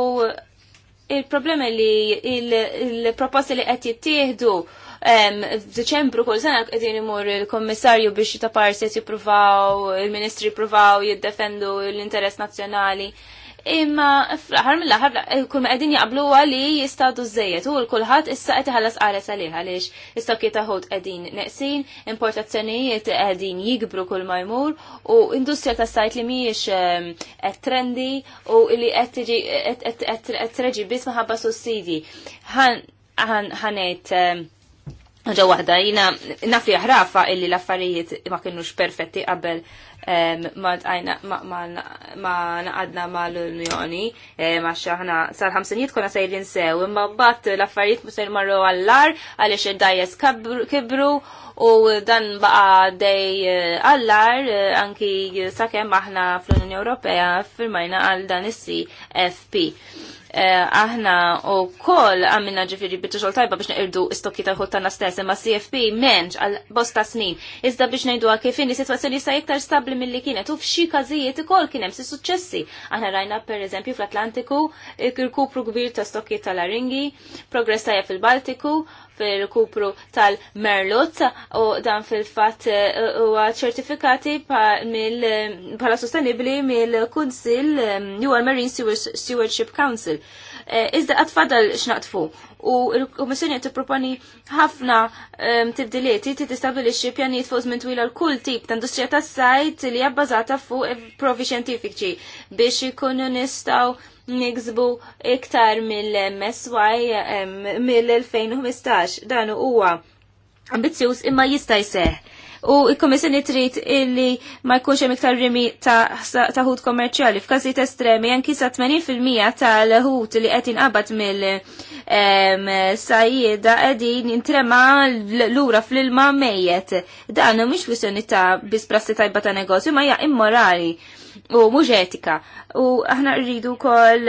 il-problemi li il-proposti li qed jittieħdu f'Diċembru kull sena qegħdin imur il-Kommissarju biex ta' parsi jippruvaw il-Ministri jippruvaw jiddefendu l-interess nazzjonali imma fl-aħħar mill-aħħar kull ma qegħdin jaqbluha li jistadu żejjed u l-kulħadd issa qed iħallas qares għalih għaliex kieta taħut qegħdin neqsin, importazzjonijiet qegħdin jikbru kull ma jmur u industrija ta' sajt li mhijiex qed ehm, trendi u li qed tiġi qed treġi biss maħabba sussidji. Ħanejt ehm, ġo waħda, jina nafri ħrafa illi l-affarijiet ma kienux perfetti qabel ma naqadna ma l-Unjoni, ma xaħna sal-ħamsinijiet kuna sejrin sew, imma bat l-affarijiet musajr marru għallar għalix id-dajes kibru u dan baqa dej eh, għallar eh, anki sakemm aħna fl-Unjoni Ewropea firmajna għal dan is-CFP. Eh, aħna u koll għamilna ġifiri bitu xol tajba biex neqirdu istokki taħħu tana stess, imma CFP menġ għal bosta snin, iżda biex nejdu li situazzjoni sa' iktar stabli mill-li kienet u f'xi kazijiet u koll kienem si successi. Aħna rajna per eżempju fl-Atlantiku, il kirkupru kbir ta' stokki tal-Aringi, progress tajja fil-Baltiku, fil-kupru tal-merlot u dan fil-fat eh, huwa ċertifikati bħala sostenibli mill-Kunsil UN Marine Stewardship Council. Eh, iżda għatfadal xnaqtfu u l-Komissjoni qed tipproponi ħafna tibdiliet ti tistabilixxi pjanijiet fuq żmien twila l-kull tip ta' industrija tas-sajt li hija bbażata fuq provi xjentifiċi biex ikunu nistgħu niksbu iktar mill-MSY mill-2015. Dan huwa ambizzjuż imma jista' jseħ. U il-Komissjoni trid illi ma jkunx hemm iktar rimi ta' ħut kommerċjali f'każijiet estremi anki sa 80% tal-ħut li qed inqabad mill sajjida qegħdin intrema lura fl-ilma mejjet. Dan mhux kwistjoni ta' prassi tajba ta' negozju ma hija immorali u mhux etika. U aħna rridu wkoll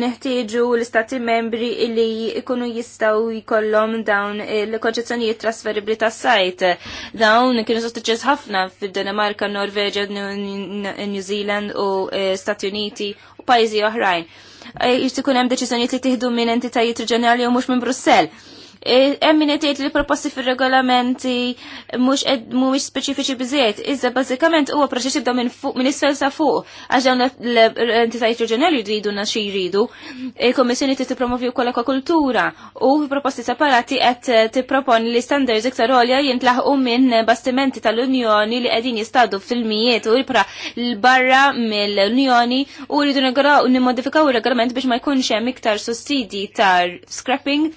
neħtieġu l-istati membri li jkunu jistgħu jkollhom dawn il-konċezzjonijiet trasferibbli tas-sajt. Dawn kienu sostiċċess ħafna fid-Danimarka, Norveġa, New Zealand u eh, Stati Uniti u pajjiżi oħrajn. Eh, jistgħu jkun hemm deċiżjonijiet li tieħdu minn entitajiet reġjonali u mhux minn Brussell eminetiet li proposti fil-regolamenti mux speċifiċi bizziet, iżda bazzikament huwa proċess jibda minn fuq minn isfel sa fuq, għaxġan l-entitajiet reġjonali jridu na xi jridu, il-Kommissjoni e, ti tippromovi wkoll kultura u proposti separati qed tipproponi li standards iktar għolja jintlaħqu minn bastimenti tal-Unjoni li qegħdin jistadu fil-mijiet u jibra l-barra mill-Unjoni u jridu nimmodifikaw ir regolament biex ma jkunx hemm iktar sussidi tar scrapping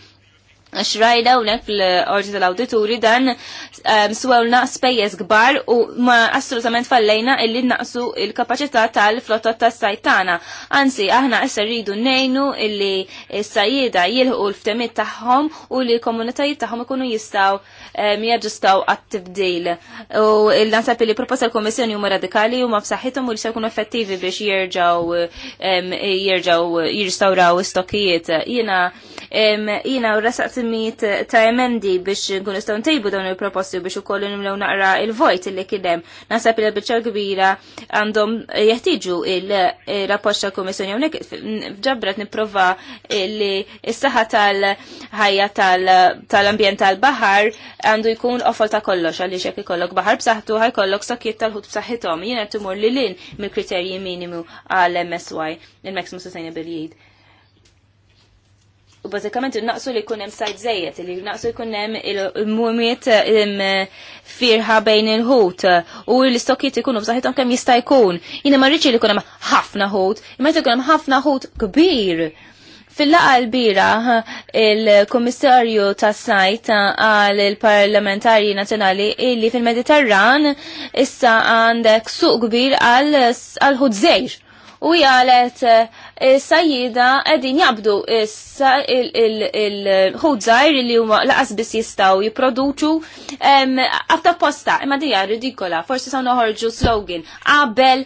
xrajda unek fil-orġi tal-awdituri dan ehm, sewna spejjeż gbar u ma assolutament fallejna illi naqsu il kapaċità tal-flotta tas sajtana. Anzi, aħna issa rridu nejnu illi s-sajjida jilħu l-ftemiet tagħhom u li l-komunitajiet tagħhom ikunu jistgħu ehm, jaġustaw għat-tibdil. U l-nasab li proposta l-Komissjoni huma radikali u ma f'saħħithom u li se jkunu effettivi biex jirġaw ehm, jirġaw jirstawraw istokijiet. Jiena jiena rasaqt mit ta' emendi biex nkun nistgħu ntejbu dawn il-proposti biex ukoll nimlew naqra il-vojt illi kien hemm. Naħseb il biċċa kbira għandhom jeħtieġu il-rapport ta' kummissjoni hawnhekk ġabret nipprova li s-saħħa tal-ħajja tal-ambjent tal-baħar għandu jkun qofol ta' kollox għaliex jekk ikollok baħar b'saħħtu ħajkollok sakjiet tal-ħut b'saħħithom. Jiena qed imur lil mill-kriterji minimu għal MSY, il-Maximum Sustainable Yield U bazzikament naqsu li kunem sajt zejet, li naqsu li kunem il-mumiet firħa bejn il-ħut u l istokiet ikunu b'saħħithom kemm jista' jkun. Jina ma li kunem ħafna ħut, imma jkun hemm ħafna ħut kbir. Fil-laqa l-bira, il-Komissarju ta' sajt għal il-Parlamentari Nazjonali illi fil-Mediterran issa għandek suq kbir għal ħudżejr. U jgħalet sajjida għedin jabdu il-ħudżajr li huma laqas biss jistaw jiproduċu għafta posta, imma dija ridikola, forsi sa' noħorġu slogan, qabel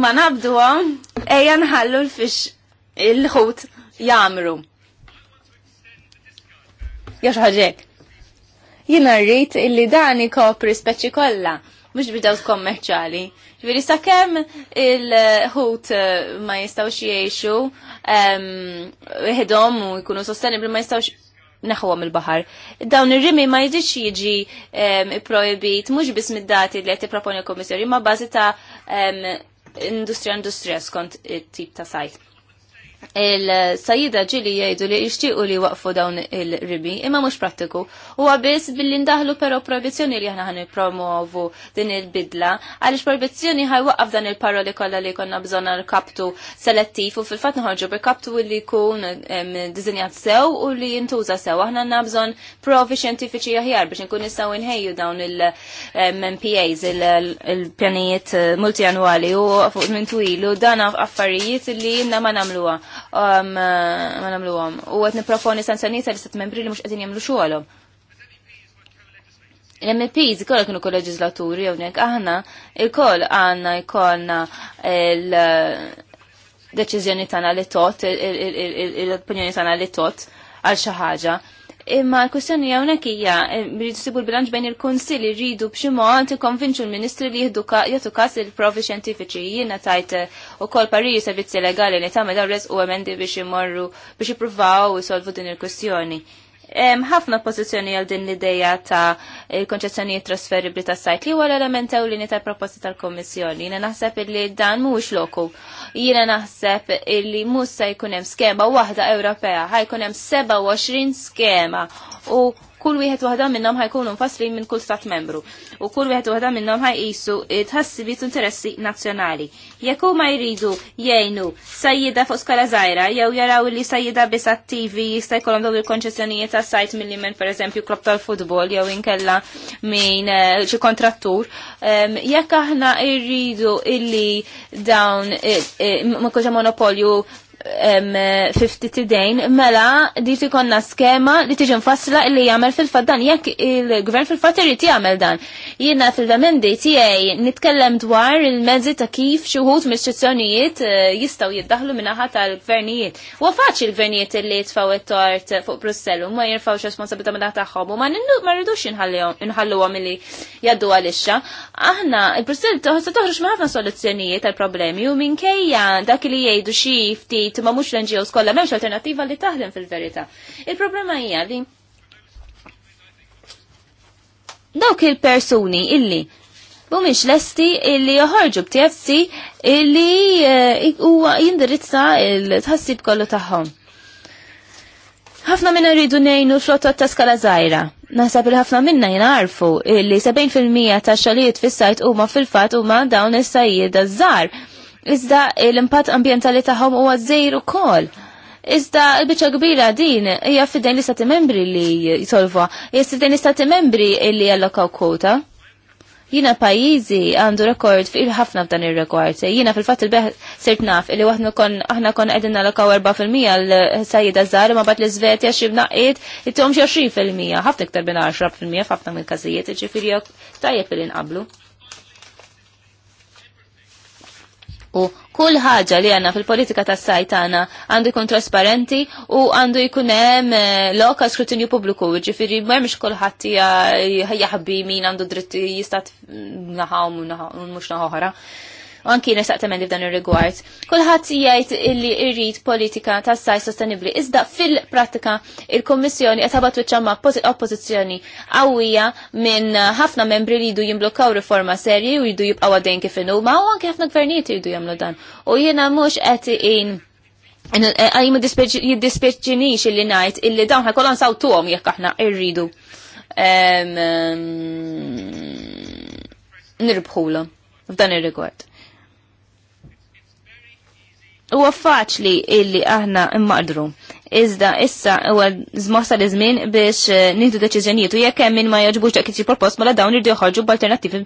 ma nabdu għom, eja nħallu l-fix il-ħut jamru. Jaxħaġek. Jina rrit illi dan kopri speċi kolla mux bidaw kommerċali. Ġviri sa' kem il-ħut eh, ma jistawx jiexu, jihedom u jkunu sostenibli ma jistawx naħwom il-bahar. Dawn ir-rimi ma jidix jiġi projbit mux bis mid-dati li għati proponi l-Komissjoni ma bazi ta' industrija industrija skont tip ta' sajt il-sajida ġili jgħidu li jixtiequ li waqfu dawn il-ribi, imma mhux prattiku. U għabis billi ndaħlu però proibizjoni li aħna ħan promuovu din il-bidla, għaliex proibizjoni ħaj waqqaf dan il-paroli kollha li konna bżonna l-kaptu selettif u fil-fatt nħorġu per kaptu li jkun dizinjat sew u li jintuża sew. Aħna għandna bżon provi xjentifiċi aħjar biex nkun nistaw inħeju dawn il-MPAs, il-pjanijiet multianwali u fuq minn twilu dan affarijiet li jinna ma nagħmluha Um, ma għom. U qed niproponi sanzjonijiet l istat membri li mhux qegħdin jagħmlu xogħolhom l-MPs kolla kienu kol-leġizlaturi għonek aħna il-koll għanna jkollna il-deċizjoni uh, tana li tot, il-opinjoni tana li tot għal xaħġa. Imma l-kwestjoni hawnhekk hija eh, rridu sibu l-bilanċ bejn il konsili rridu b'xi mod konvinċu l-Ministri li jieħdu kas il-provi xjentifiċi. Jiena tajt eh, ukoll pariri servizzi legali li tagħmel dawn u emendi biex imorru biex u isolvu din il-kwestjoni ħafna oppożizzjoni għal din l-ideja ta' eh, konċessjonijiet trasferibli ta' sajt li huwa l-element ewlieni tal-proposta tal komissjoni Jiena naħseb li dan mhuwiex loku. Jiena naħseb li mhux se jkun hemm skema waħda Ewropea, jkun hemm 27 skema u kull wieħed waħda minnhom ħajkunu mfassli minn kull stat membru u kull wieħed waħda minnhom ħajqisu tħassibiet interessi nazzjonali. Jekk huma jridu jgħinu sajjida fuq skala żgħira jew jaraw li sajjida biss attivi jista' jkollhom dawn il-konċessjonijiet ta' sajt milli minn pereżempju klopp tal-futbol jew inkella minn eh, xi kontrattur, ehm, jekk aħna rridu illi dawn eh, eh, ma kunx monopolju 50 tidejn, mela di konna skema li tiġi nfassla li jagħmel fil faddan dan jekk il-gvern fil-fatt irid jagħmel dan. Jiena fil-damendi tiegħi nitkellem dwar il-mezzi ta' kif xi wħud mill eh, jistgħu jiddaħlu minaħa tal-gvernijiet. Huwa faċli l-gvernijiet li jitfgħu it-tort fuq Brussell u ma jirfgħux responsabilità minn tagħhom u ma rridux inħalluhom milli jaddu għalixxa. Aħna il-Brussell se toħroġ ma' ħafna soluzzjonijiet tal-problemi u minkejja dak li jgħidu xi ftit ftit ma mhux l-NGOs kollha m'hemmx alternattiva li taħdem fil-verità. Il-problema hija li dawk il-persuni illi mhumiex lesti illi joħorġu b'TFC illi eh, huwa jindirizza il-tħassib kollu tagħhom. Ħafna minna rridu nejnu flotta ta' skala zaħira. Naħseb il-ħafna minna jnarfu li 70% ta' xalijiet fis-sajt huma fil-fatt huma dawn is-sajjieda żgħar Iżda l-impatt ambientali tagħhom huwa żejr ukoll. Iżda l-biċċa kbira din hija fidejn l-istati membri li jsolva. hija fidejn l-istati membri li jallokaw kwota. Jina pajizi għandu rekord fil ħafna f'dan ir-rekord. Jina fil-fatt il-beħ sirt naf li waħna kon aħna kon qegħdin nallokaw 4% l-sajjida żgħar ma bad l iżvetja xi bnaqiet ittuhom xi 20%, ħafna iktar bin 10% f'ħafna mill-każijiet, ġifieri tajjeb li nqablu. U kull ħaġa li għanna fil-politika tas sajt għanna għandu jkun trasparenti u għandu jkun hemm eh, loka skrutinju pubbliku, ġifiri m'hemmx kulħadd jaħbi min għandu dritt jista' naħa u mhux naħa oħra u anki nistaqt f'dan ir-rigward. Kulħadd jgħid illi irrid politika tas saj sostenibbli iżda fil-prattika il-Kommissjoni qed ħabat ma' oppożizzjoni qawwija minn ħafna membri li jdu jimblokkaw riforma serji u jdu jibqgħu għadejn kif inhu ma' u anke ħafna gvernijiet jridu jagħmlu dan. U jiena mhux qed in għajmu jiddispeċinix li najt illi dawn ħakolon saw tuħom jekk aħna irridu nirbħulom f'dan ir-rigward huwa faċli illi aħna immaqdru. Iżda issa huwa żmossa li żmien biex eh, nieħdu deċiżjonijiet u jekk hemm min ma jogħġbux dak it propost mela dawn irdu joħorġu b'alternattivi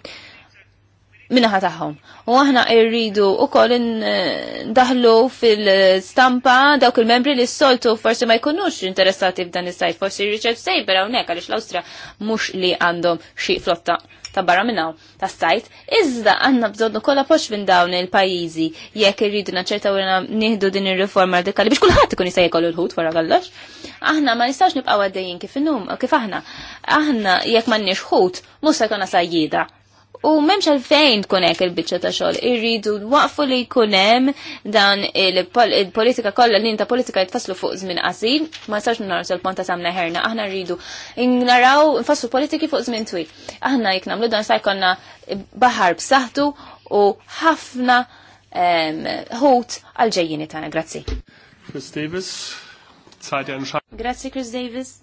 minnaħa tagħhom. U aħna rridu wkoll eh, daħlu fil-stampa dawk il-membri li s-soltu forsi ma jkunux interessati f'dan is-sajt, forsi Richard Saber hawnhekk għaliex l-Awstra mhux li għandhom xi flotta ta' barra minnaw ta' sajt, iżda għanna bżonnu kolla poċ minn dawn il-pajizi jekk irridu naċċertaw għana nieħdu din ir-riforma radikali biex kulħadd ikun jista' jkollu l-ħut wara kollox. Aħna ma nistax nibqgħu għaddejjin kif innum kif aħna. Aħna jekk m'għandniex ħut mhux se jkollna sajjieda U memx għalfejn tkun hekk il-biċċa ta' xogħol, irridu waqfu li jkun hemm dan il-politika kollha lin ta' politika jitfasslu fuq żmien qasir, ma sarx narsu l ponta ta' samna ħerna, aħna rridu naraw nfasslu politiki fuq żmien twil. Aħna jekk nagħmlu dan sa jkollna baħar b'saħħtu u ħafna ħut għal ġejjini tagħna. Grazzi. Chris Davis, Grazzi Chris Davis.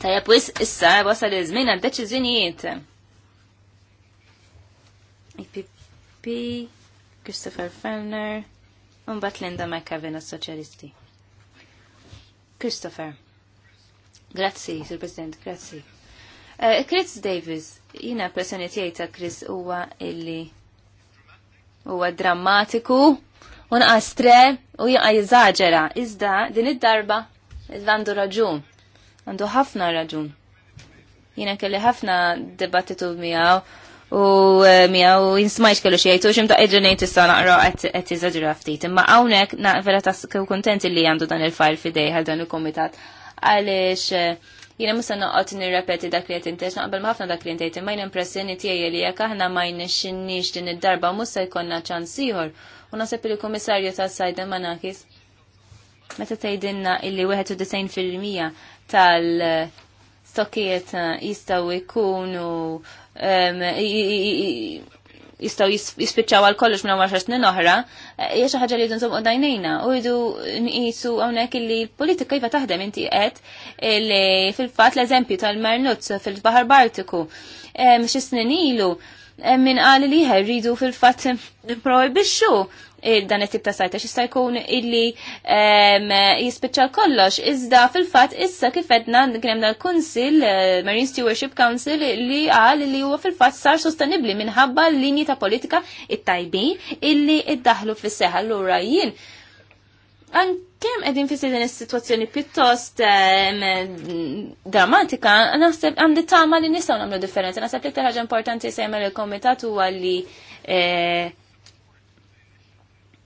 Tajab wis issa wasal iż-żmien għad IPP, Christopher Fellner, un bat Linda McAvin għas-Soċjalisti. Christopher. Grazzi, Sir President, grazzi. Uh, Chris Davis, jina personi ta' Chris huwa illi huwa drammatiku un astre, u jaqa jiżaġera. Iżda din id-darba il-għandu raġun għandu ħafna raġun. Jiena kelli ħafna debattitu miegħu u eh, miegħu jinsmajx kellu xi jgħidu x'imta eġenejt issa naqra qed iżaġra ftit. Imma hawnhekk vera ta' kuntenti li għandu dan il-fajl fidej għal dan il-kumitat għaliex eh, jina musa noqot nir-repeti dak li qed intex naqbel ma ħafna dak li ma imma impressjoni tijaj li jekk aħna ma jnexxinniex din id-darba musa jkollna ċans ieħor u naħseb il-kummissarju tas-sajda Manakis meta tgħidilna illi wieħed u fil-mija tal-stokkijiet jistaw ikunu jistaw jispiċċaw għal kollox minna għaxar snin oħra, eh, hija xi ħaġa li jdu u dajnejna u jdu nqisu hawnhekk li politika jiva taħdem inti għed li fil-fatt l-eżempju tal-Marnuz fil-Baħar Baltiku xi snin ilu min qal li rridu fil n nipprojbixxu dan it-tip ta' sajta xista' jkun illi jispiċċa kollox. Iżda fil-fatt issa kif edna kien hemm dal-Kunsill eh, Marine Stewardship Council li qal li huwa fil-fatt sar sostenibbli minħabba l-linji ta' politika it-tajbin illi iddaħlu fis-seħħa l-ura jien kem edin fissi din is-sitwazzjoni pjuttost drammatika, naħseb għandi tama li nistgħu nagħmlu differenza. Naħseb li ħaġa importanti sejmer il-komitat huwa li eh,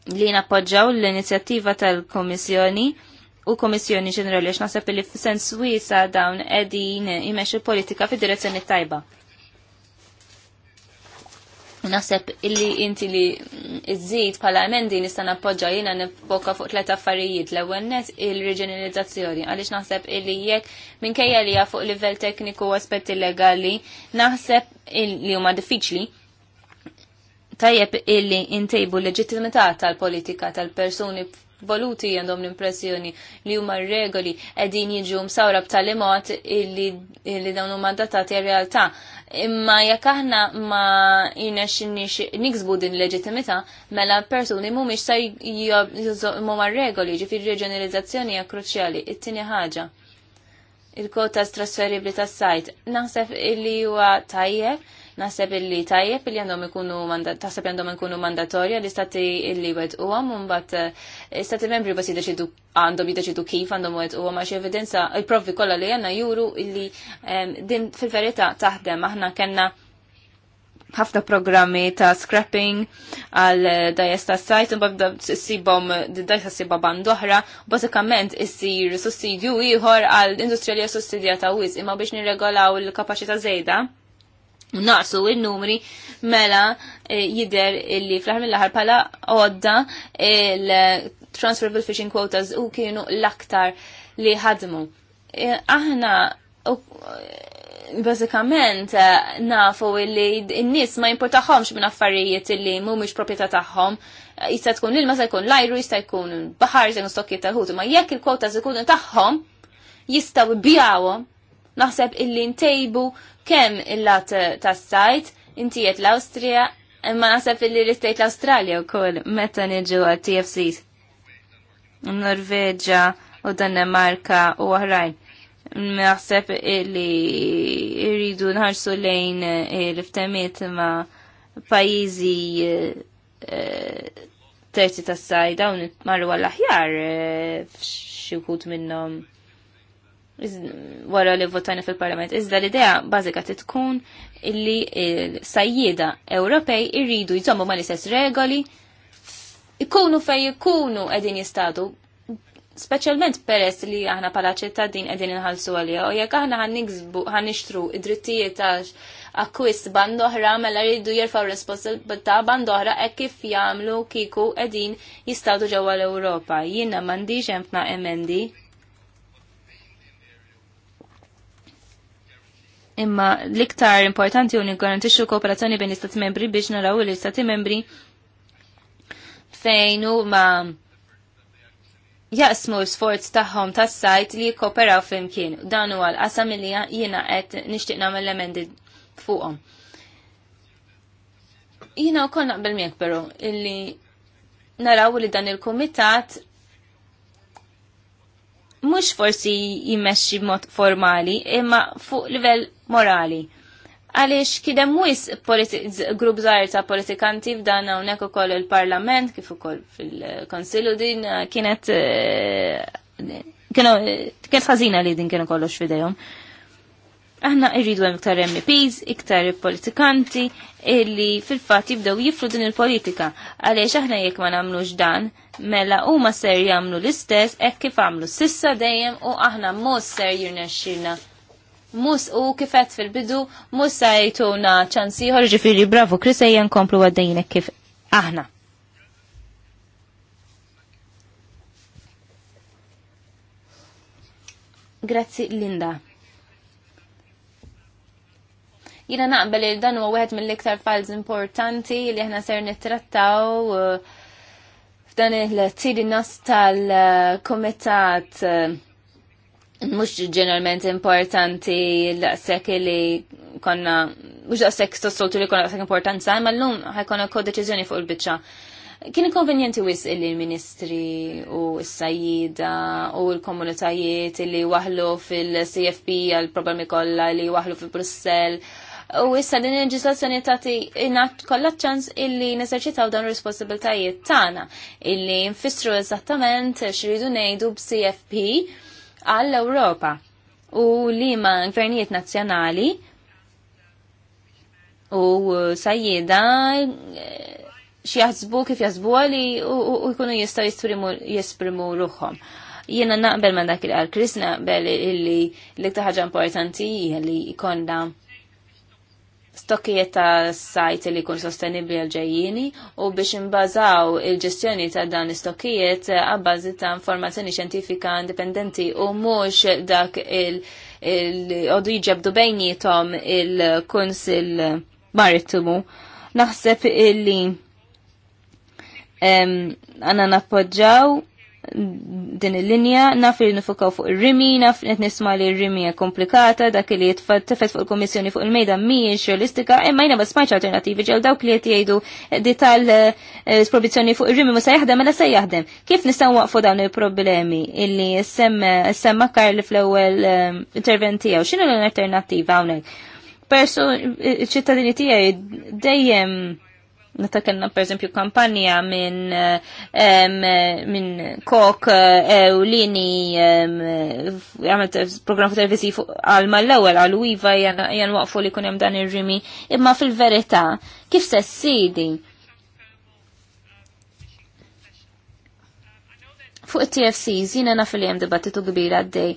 li nappoġġaw l-inizjattiva tal-Komissjoni u Komissjoni ġenerali għax naħseb li f'sens wiesa dawn qegħdin imexxu politika fid-direzzjoni tajba. Naħseb illi inti li iżid bħala emendi nista' nappoġġa jiena nifoka fuq tliet affarijiet l-ewwel net il-reġenerizzazzjoni għaliex naħseb illi jekk minkejja li fuq livell tekniku u aspetti legali naħseb li huma diffiċli tajjeb illi intejbu leġittimità tal-politika tal-persuni voluti għandhom l-impressjoni li huma regoli qegħdin jiġu msawra b'tali mod illi, illi dawn huma datati realtà. Imma jekk aħna ma jinex niksbu din leġittimità, mela persuni mhumiex sa jżommhom regoli ġifieri reġjonalizzazzjoni hija kruċjali. It-tieni ħaġa il-kota trasferibli tas-sajt. Naħseb illi huwa tajjeb Naħseb illi tajjeb illi għandhom ikunu taħseb għandhom ikunu mandatorja li stati illi wet u għam un bat eh, stati membri bas jideċidu għandhom jideċidu kif għandhom wet u għam għax evidenza il-provi kolla li għanna juru illi din fil-verita taħdem aħna kena ħafna programmi ta' scrapping għal eh, dajes sajt, un babda s-sibom, dajesta s-sibba bandoħra, basikament s-sir sussidju iħor għal industrija li sussidja ta' wiz, imma biex nirregolaw il-kapacita zejda naqsu il-numri mela eh, jider illi fl ħarmi mill-ħar pala għodda il-transferable fishing quotas u kienu l-aktar li ħadmu. Eh, aħna eh, bazzikament nafu illi n-nis ma importaħomx minn affarijiet illi mumiex proprjetà tagħhom jista' tkun l-ilma se jkun l-ajru jista' jkun bahar, jista' jkun stokkiet tal ma jekk il-kwotas ikunu tagħhom jistgħu bjawhom naħseb illi ntejbu kemm il-lat tas-sajt inti qed l-Awstrija imma naħseb illi l-istejt l-Awstralja wkoll meta niġu għal tfcs Norveġa u Danemarka u oħrajn. Naħseb illi rridu nħarsu lejn l-ftemiet ma' pajjiżi eh, terzi tas-sajda u marru għall-aħjar eh, f'xi minnom. minnhom wara li votajna fil-parlament. Iżda l-idea bażika titkun illi sajjida Ewropej irridu jżommu ma l-istess regoli, ikunu fej ikunu edin jistadu specialment peress li aħna pala ċittadin edin nħalsu għalija, u jekk aħna ħannixbu ħannixtru id-drittijiet ta' akkwist band oħra mela rridu jirfaw responsabilità band oħra hekk kif jagħmlu kieku qegħdin jistadu ġewwa l-Ewropa. Jiena m'għandix hemm emendi imma l-iktar importanti u niggarantixxu kooperazzjoni bejn l-istati membri biex naraw l-istati membri fejn u ma jaqsmu sforz tagħhom tas-sajt li jikkoperaw flimkien. Dan huwa l-qasam li jiena qed nixtieq nagħmel emendi fuqhom. Jiena wkoll naqbel miegħek però illi naraw li dan il-kumitat mux forsi jimmexxi b'mod formali, imma fuq livell morali. Għaliex kidem wis grupp zaħir ta' politikanti f'dan hawnhekk ukoll il-Parlament kif ukoll fil konsilu din eh, kienet eh, kienu kienet ħażina li din kienu kollox f'idejhom. Aħna irridu hemm iktar MPs, iktar politikanti illi fil-fatt jibdew jifru din il-politika għaliex aħna jekk ma nagħmlux dan mela huma ser jagħmlu l-istess hekk kif għamlu sissa dejjem u aħna mhux ser jirnexxilna mus u kifet fil-bidu mus sajtuna ċansi ġifiri bravo Chris ejjen komplu għaddejnek kif aħna. Grazzi Linda. Jina naqbel il dan huwa wieħed mill-iktar falz importanti li aħna ser nittrattaw uh, f'dan il-tiri nas tal-komitat uh, uh mux ġeneralment importanti l għasek li konna, mux s-soltu li konna importanti importanza, ma l-lum ħajkonna kod deċizjoni fuq il-bicċa. Kien konvenjenti wis illi ministri u s-sajida u l-komunitajiet illi waħlu fil-CFP għal-problemi kolla li waħlu fil-Brussel. U issa din il-ġislazzjoni tati ingħat kollha ċans illi neserċitaw dawn responsabiltajiet tagħna illi nfissru eżattament x'ridu ngħidu b'CFP għall-Ewropa u li ma' gvernijiet nazzjonali u sajjida eh, xjaħsbu kif jaħsbu għali u jkunu jistaw jesprimu ruħom. Jena naqbel ma' dak il-għal Kris naqbel illi l iktaħħaġa ħaġa importanti li jkollna stokkijiet ta' sajt li jkun sostenibli għal-ġejjini u biex imbazaw il-ġestjoni ta' dan istokkijiet eh, għabbażi ta' informazzjoni xjentifika indipendenti u mhux dak il-għodu jġebdu bejnietom il-Kunsil maritumu Naħseb illi għanna nappoġġaw din il-linja, naf li nifukaw fuq il-rimi, naf li nisma li il-rimi hija komplikata, dak li jitfat fuq il-Kommissjoni fuq il-mejda mi realistika, imma jina ma smajtx alternativi ġew dawk li qed jgħidu dital eh, probizzjoni fuq ir-rimi ma se jaħdem mela se jaħdem. Kif nistgħu waqfu dawn il-problemi illi semma li fl-ewwel eh, interventi tiegħu, xinu l-alternattiva hawnhekk? Persu ċittadini tiegħi dejjem meta kellna pereżempju kampanja minn minn kok ewlini eh, għamlet programm televisiv għalma mal-ewwel għal iva jan waqfu li kun hemm dan ir-rimi imma fil-verità kif se sidi? Fuq TFC, tfcs naf li hemm dibattitu kbira għaddej,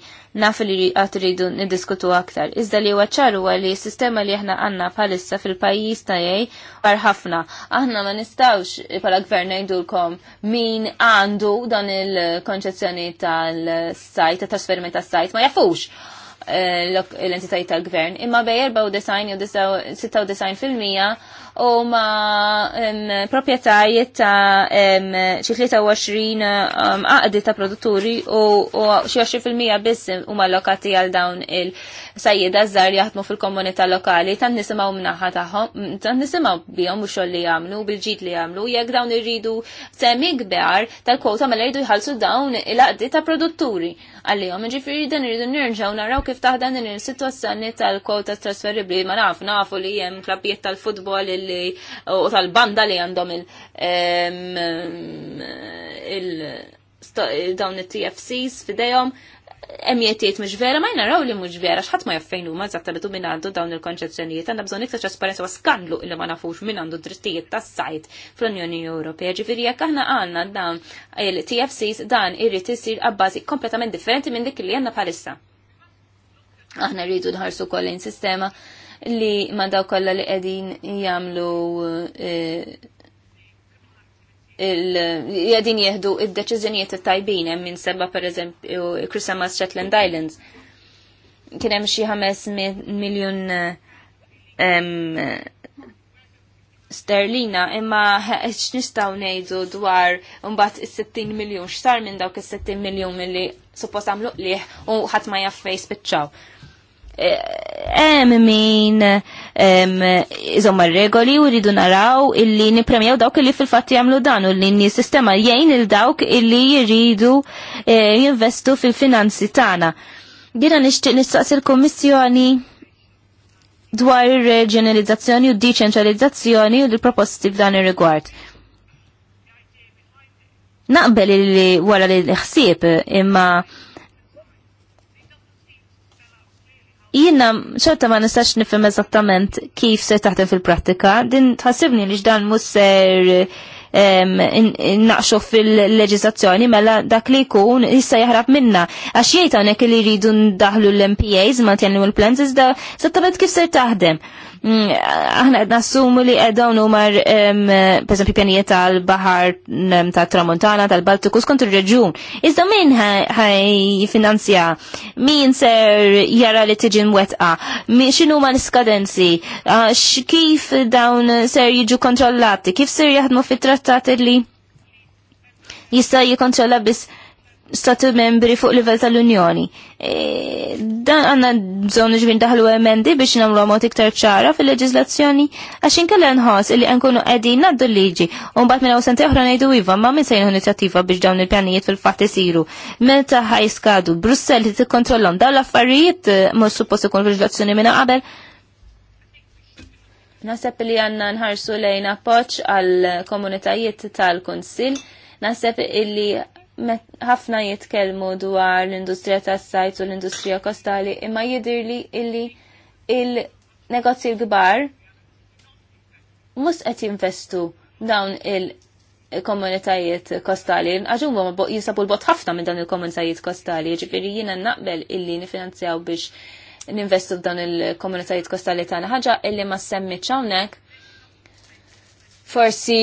naf li għat rridu niddiskutu aktar. Iżda li huwa ċaru li s-sistema li aħna għandna bħalissa fil-pajjiż ta' bar ħafna. Aħna ma nistgħux bħala gvern ngħidulkom min għandu dan il-konċezzjoni tal-sajt, tal-trasferiment tas-sajt, ma jafux eh, l entitajt tal-gvern, imma bej 94 u design fil-mija u ma propietajiet ta' xi 23 għaqdi ta' produtturi u fil 20% biss huma lokati għal dawn il-sajjida żgħar jaħdmu fil-komunità lokali tan nisimgħu mnaħa tagħhom tan nisimgħu bijom u xogħol li jagħmlu bil ġit li jagħmlu jekk dawn irridu semmi kbar tal-kwota l mela jridu jħallsu dawn il għaddi ta' produtturi Għallijom, Ġifieri dan irridu nirġgħu naraw kif taħdan din situazzjoni tal-kwota trasferibbli ma nafu, nafu li hemm klabiet tal-futbol li u tal-banda li għandhom il- dawn it-TFCs fidejhom emjetiet mhux vera ma jnaraw li mhux vera x'ħadd ma jaffejn żatt eżattament minn għandu dawn il-konċezzjonijiet għandna bżonn iktar trasparenza u skandlu illi ma nafux minn għandu drittijiet tas-sajt fl-Unjoni Ewropea. Ġifieri jekk aħna għandna dawn il-TFCs dan irrid isir abbażi kompletament differenti minn dik li għandna bħalissa. Aħna rridu nħarsu kollin sistema li ma daw kollha li qegħdin jagħmlu eh, jadin jihdu id deċizjoniet tajbin hemm minn seba pereżempju Christmas Shetland Islands. Kien hemm xi ħames miljun sterlina imma x'nistgħu ngħidu dwar mbagħad is-60 miljun x'sar minn dawk is-60 miljun milli suppost għamlu qlieħ u ħadd ma jaffej spiċċaw. Em min iżomma regoli u ridu naraw illi nipremjaw dawk illi fil-fatt jagħmlu dan u li sistema jgħin il dawk illi jridu eh, jinvestu fil-finanzi tagħna. Dina nixtieq nistaqsi l-Kummissjoni dwar ir-reġjonalizzazzjoni u d-deċentralizzazzjoni u l-proposti f'dan ir-rigward. Naqbel li wara li ħsieb imma Jina ċerta ma nistax nifhem eżattament kif se taħdem fil-prattika, din tħassibni li ġdan musser naqxu fil-leġizazzjoni mela dak li jkun issa jaħrab minna. Għax jgħid hawnhekk li jridu ndaħlu l-MPAs ma tjennu l-plans iżda eżattament kif ser taħdem. Mm, aħna qed nassumu li dawn huma esempio, pjanijiet tal-baħar tat-Tramuntana tal-Baltiku skont ir-reġjun. Iżda min finanzja? Min ser jara li tiġi mwettqa? X'inhu ma l-iskadenzi? Kif dawn ser jiġu kontrollati? Kif ser jaħdmu fit trattati li jista' jikkontrolla biss stati membri fuq livell tal-Unjoni. E, dan għanna bżon ġbin daħlu emendi biex namlu għamot iktar ċara fil-leġizlazzjoni, għaxin kalla nħos li nkunu għedi naddu liġi, un bat minna u sente uħra najdu iva, ma minn sejn inizjattiva biex dawn il-pjanijiet fil-fat isiru. Meta ħajskadu, Brussel li t-kontrollon dawn l-affarijiet, eh, mux suppost ikun leġizlazzjoni minna qabel, Nasepp li għanna nħarsu lejn poċ għal komunitajiet tal-Konsil, nasepp illi ħafna jitkellmu dwar l-industrija tas-sajt u l-industrija kostali imma jidirli illi il-negozji l-kbar mhux qed jinvestu dawn il-komunitajiet kostali. Għaxum għom jisabu l-bot ħafna minn dawn il-komunitajiet kostali, ġifiri jiena naqbel illi nifinanzjaw biex ninvestu f'dawn il-komunitajiet kostali tagħna ħaġa illi ma semmi hawnhekk forsi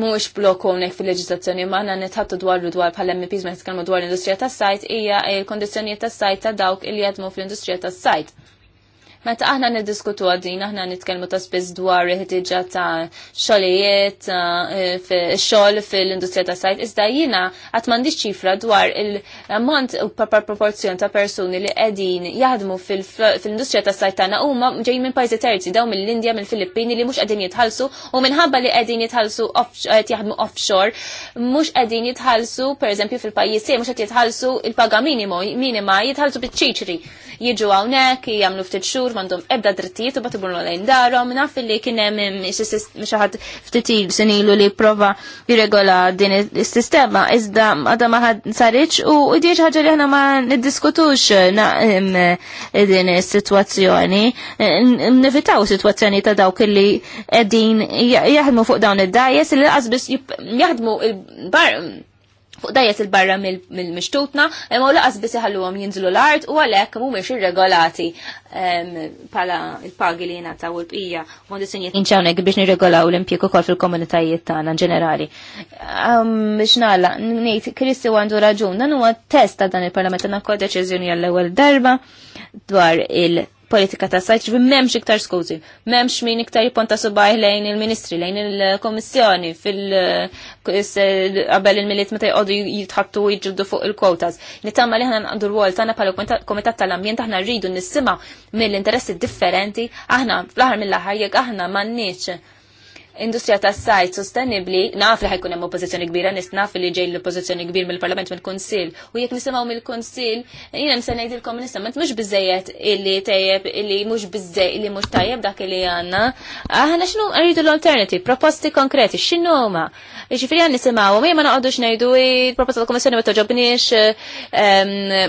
mhux blokku hawnhekk fil-leġiżlazzjoni ma għandna nitħattu dwar dwar bħala MPs meta tkellmu dwar l-industrija tas-sajt hija l kondizzjonijiet tas-sajt ta' dawk li jaħdmu fl-industrija tas-sajt. Meta aħna niddiskutu għadin, aħna nitkellmu ta' spiss dwar ħtiġa ta' xogħlijiet, xogħol fil-industrija ta' sajt, iżda jiena qatt m'għandix ċifra dwar il-ammont u proporzjon ta' persuni li qegħdin jaħdmu fil-industrija ta' sajt tagħna huma ġej minn pajzi terzi daw mill-Indja, mill-Filippini li mhux qegħdin jitħallsu u minħabba li qegħdin jitħallsu qed jaħdmu offshore, mhux qegħdin jitħallsu pereżempju fil-pajjiż mux mhux qed jitħallsu il-paga minimo minima jitħallsu biċ-ċiċri. Jiġu hawnhekk jagħmlu ftit xhur mhux m'għandhom ebda drittijiet u batibulhom lejn darhom naf li kien hemm xi ħadd ftitil sinilu li prova jirregola din is-sistema iżda għadha ma saritx u di ħaġa li aħna ma niddiskutux din is-sitwazzjoni. nifitaw sitwazzjoni ta' dawk li qegħdin jaħdmu fuq dawn id-dajes li għazbis jaħdmu il-bar fuq dajet il-barra mill-mixtutna, imma u laqas biss iħalluhom jinżlu l-art u għalhekk mhumiex irregolati pala il-pagi li u l bqija mondi sinjiet inċawnek biex nirregolaw l-impjek kol fil-komunitajiet tagħna ġenerali. Biex nalla, ngħid Kristi għandu raġun, dan huwa test ta' dan il-Parlament għandna kod deċiżjoni għall-ewwel darba dwar il- politika ta' sajt, ġvi memx iktar skużi, memx min iktar jiponta subaj lejn il-ministri, lejn il-komissjoni, fil-qabel il-miliet meta jgħodu jitħattu jġuddu fuq il-kwotas. Nittama li ħana għandu rwol tana pala komitat tal-ambjent aħna rridu nissima mill-interessi differenti, aħna fl-ħar mill-ħar jek aħna manniċ industrija ta' sajt sostenibli, naf li ħajkun hemm oppożizzjoni kbira, naf li ġej l-oppożizzjoni kbir mill-Parlament mill kunsil u jekk nisimgħu mill kunsil jiena se komunista nistament mhux biżejjed illi tejjeb illi mhux biżej illi mhux tajjeb dak li għandna. Aħna x'nu rridu l-alternative, proposti konkreti, x'inhu huma? Jiġifieri għan nisimgħu, ma ma noqgħodux ngħidu proposta tal-Kummissjoni ma toġobniex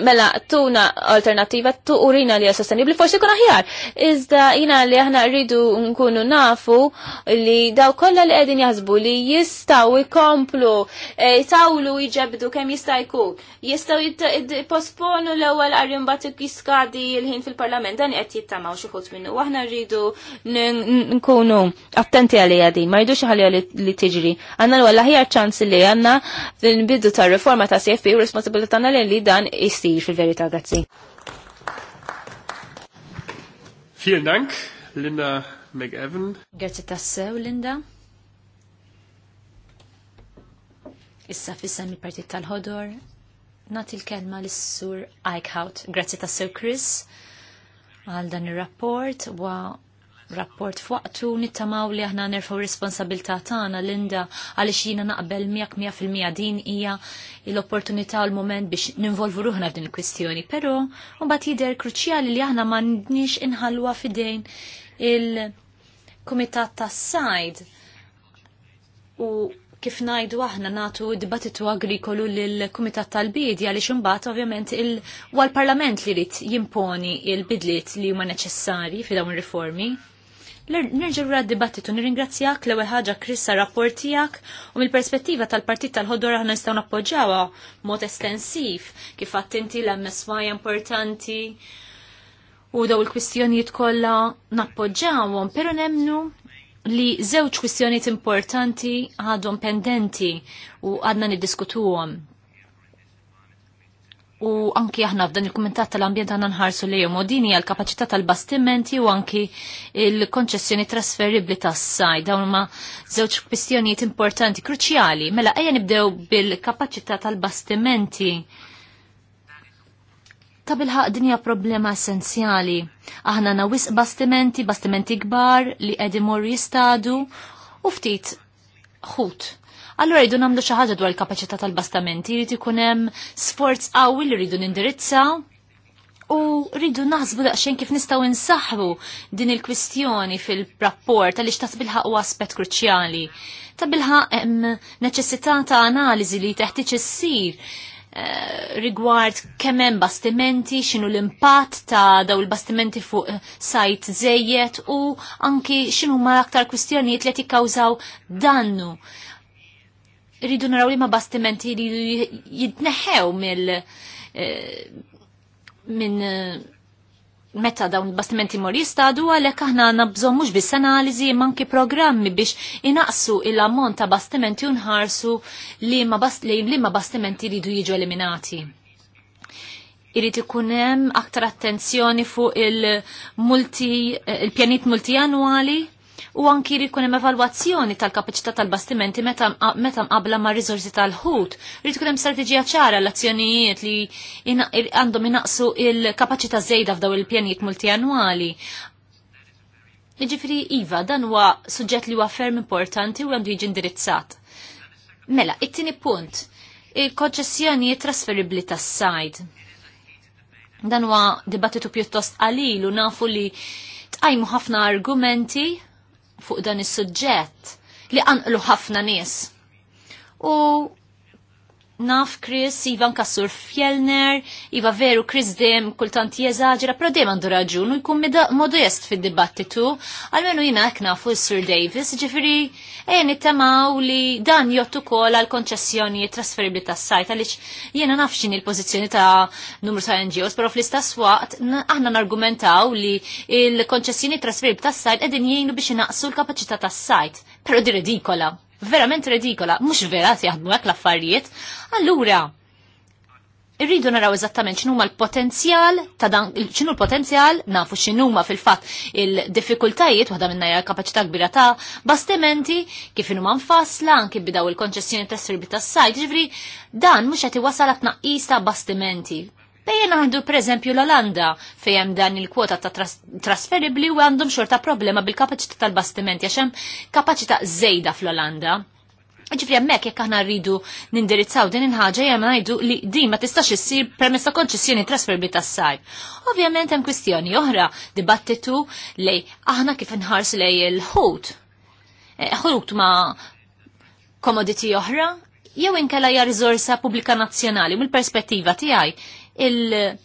mela tuna alternattiva tu urina li hija sostenibbli forsi jkun aħjar. Iżda jiena li aħna rridu nkunu nafu li daw kolla li qegħdin jazbu li jistgħu jkomplu jtawlu e, jġebdu kemm jista' jkun. Jistgħu posponu l-ewwel għarjum mbagħad jiskadi l-ħin fil-Parlament dan qed jittamaw xi minnu. Aħna rridu nkunu attenti għalli din, ma rridux għalli li tiġri. għanna l għalla aħjar ċans li għandna l nbiddu tar-riforma ta' CFP u responsabilità tagħna li dan jistij fil-verità għazzi. Vielen Dank, Linda Meg Evan. Grazie tassew, Linda. Issa fissa mi partit tal-ħodor. Nati l-kelma l-sur Eichhout. Grazie tassew, Chris, għal dan il-rapport. Wa rapport fuqtu nittamaw li aħna nerfaw responsabilta tagħna Linda għaliex jiena naqbel miegħek mija din hija l-opportunità u l-moment biex ninvolvu ruħna f'din il-kwistjoni, però bat jidher kruċjali li aħna m'għandniex inħalwa f'idejn il- kumitat tas sajd u kif najdu aħna natu dibattitu agrikolu lill-Kumitat tal-Bidja li xumbat ovvjament il-parlament li rrit jimponi il bidlit li huma neċessari fi dawn riformi. Nerġu għad dibattitu, nirringrazzjak l ewwel ħaġa Krissa rapportijak u mill-perspettiva tal-partit tal-ħodor aħna nistgħu nappoġġawha mod estensiv kif attinti l-MSY importanti u daw il-kwistjonijiet kollha nappoġġawhom, però nemnu li żewġ kwistjonijiet importanti għadhom pendenti u għadna niddiskutuhom. U anki aħna f'dan il-kumentat tal-ambjent għanna nħarsu li jom dini għal kapacità tal-bastimenti u anki il-konċessjoni trasferibli tas-saj. Dawn ma żewġ kwistjonijiet importanti, kruċjali. Mela ejja nibdew bil-kapacità tal-bastimenti ta' bilħaq dinja problema essenzjali. Aħna nawis bastimenti, bastimenti kbar li edimur jistadu u ftit ħut. Allora rridu nagħmlu xi ħaġa dwar il-kapaċità tal-bastamenti, jrid ikun hemm sforz qawwi li rridu nindirizza u rridu naħsbu daqsxejn kif nistgħu insaħħu din il-kwistjoni fil-rapport għaliex ta' bilħaq u aspett kruċjali. Ta' bilħaq hemm neċessità ta' analiżi li teħtieġ issir Eh, rigward kemmen bastimenti, xinu l-impatt ta' daw il-bastimenti fuq eh, sajt zejjet u anki xinu ma aktar kwistjonijiet li tikkawżaw dannu. Ridu naraw li ma bastimenti li jidneħew mill eh, meta dawn bastimenti mor jistadu għalek aħna nabżom mux biss analizi manki programmi biex inaqsu il-ammont ta' bastimenti unħarsu li ma, bast, li, li ma bastimenti ridu jiġu eliminati. Irrit ikunem aktar attenzjoni fuq il-multi, il-pjanit multijanwali u anki rrit jkun hemm evalwazzjoni tal-kapaċità tal-bastimenti meta mqabla ma' rizorsi tal-ħut. Rrit kunem hemm ċara l-azzjonijiet li għandhom inaqsu il-kapaċità żejda f'daw il-pjanijiet multianwali. Jiġifieri iva, dan huwa suġġett li huwa ferm importanti u għandu jiġi indirizzat. Mela, it-tieni punt, il-konċessjoni trasferibbli tas-sajd. Dan huwa dibattitu pjuttost qalil u nafu li tqajmu ħafna argumenti fuq dan is-suġġett li anqlu ħafna nies. U naf Chris, Iva Kassur Fjellner, Iva veru Chris dem kultant jeżagġera, pro dem għandu raġun u jkun modu jest fil-dibattitu, għalmenu jina hekk nafu Sir Davis, ġifiri, ejn nittamaw li dan jottu kol għal konċessjoni trasferibli ta' sajt, għalix jena nafxin il-pozizjoni ta' numru ta' NGOs, pero fl-istess waqt aħna nargumentaw li il-konċessjoni trasferibli ta' sajt edin jgħinu biex naqsu l kapaċità ta' sajt, pero di verament redikola, mhux vera jaħdmu hekk l-affarijiet. Allura, irridu naraw eżattament x'inhuma l-potenzjal ta' dan x'inhu l-potenzjal nafu x'inhuma fil-fatt il-diffikultajiet waħda minn hija kapaċità kbira ta' bastimenti kif inhuma nfassla anki bidaw il-konċessjoni tas-sirbi tas-sajt, ġifri dan mhux qed iwasal għat tnaqqis ta' bastimenti. Bejjen għandu preżempju l-Olanda fejem dan il-kwota ta' trasferibli u għandhom xorta problema bil-kapacità tal-bastiment jaxem kapacità zejda fl-Olanda. Ġifri għemmek jekk aħna rridu nindirizzaw din il-ħaġa hemm ngħidu li din ma tistax issir permess ta' konċessjoni trasferibli tas sajf Ovvjament hemm kwistjoni oħra dibattitu lej aħna kif inħars lej il-ħut. Eh, ħut ma komoditi oħra jew inkella hija riżorsa pubblika nazzjonali mill-perspettiva tiegħi il-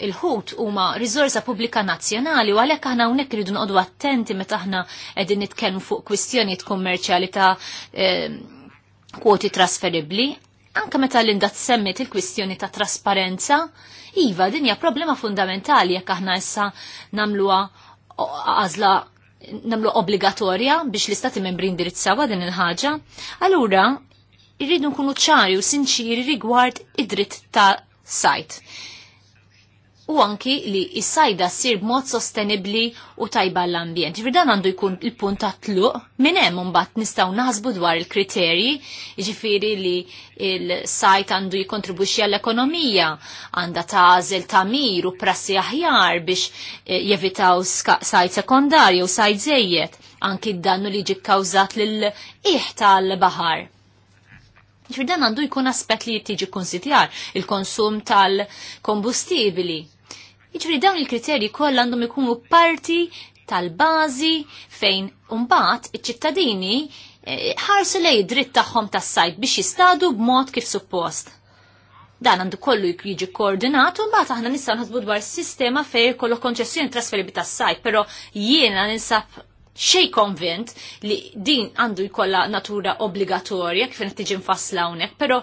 il-ħut huma rizorsa pubblika nazzjonali u għalhekk aħna hawnhekk iridu noqogħdu attenti meta aħna qegħdin nitkellmu fuq kwistjonijiet kummerċjali ta' ehm, kwoti trasferibbli. Anke meta Linda tsemmet il-kwistjoni ta' trasparenza, iva din hija problema fundamentali jekk aħna issa nagħmluha għażla namlu obbligatorja biex l-istati membri indirizzawa din il-ħaġa, allura irridu nkunu ċari u sinċiri rigward id-dritt ta' sajt. U anki li s-sajda ssir b'mod sostenibli u tajba l-ambjent. Ġifri dan għandu jkun il-punt ta' tluq minn hemm imbagħad nistgħu naħsbu dwar il-kriterji, ġifieri li il-sajt għandu jikontribwixxi għall-ekonomija, għandha tażel tamir u prassi aħjar biex e, jevitaw sajt sekondarju u sajt żejjed anki d-dannu li ġi kkawżat lil-qiegħ tal-baħar Ġifir dan għandu jkun aspet li jittiġi konsidjar il-konsum tal-kombustibili. Ġifir dawn il-kriterji koll għandhom ikunu parti tal-bazi fejn umbat iċ-ċittadini eh, ħarsu lej dritt tagħhom tas-sajt biex jistadu b'mod kif suppost. Dan għandu kollu jiġi koordinatu, u mbagħad aħna nistgħu naħsbu dwar sistema fejn kollu konċessjoni trasferibi tas-sajt, però jiena ninsab xej konvint li din għandu jkollha natura obbligatorja kif qed tiġi mfassla hawnhekk, però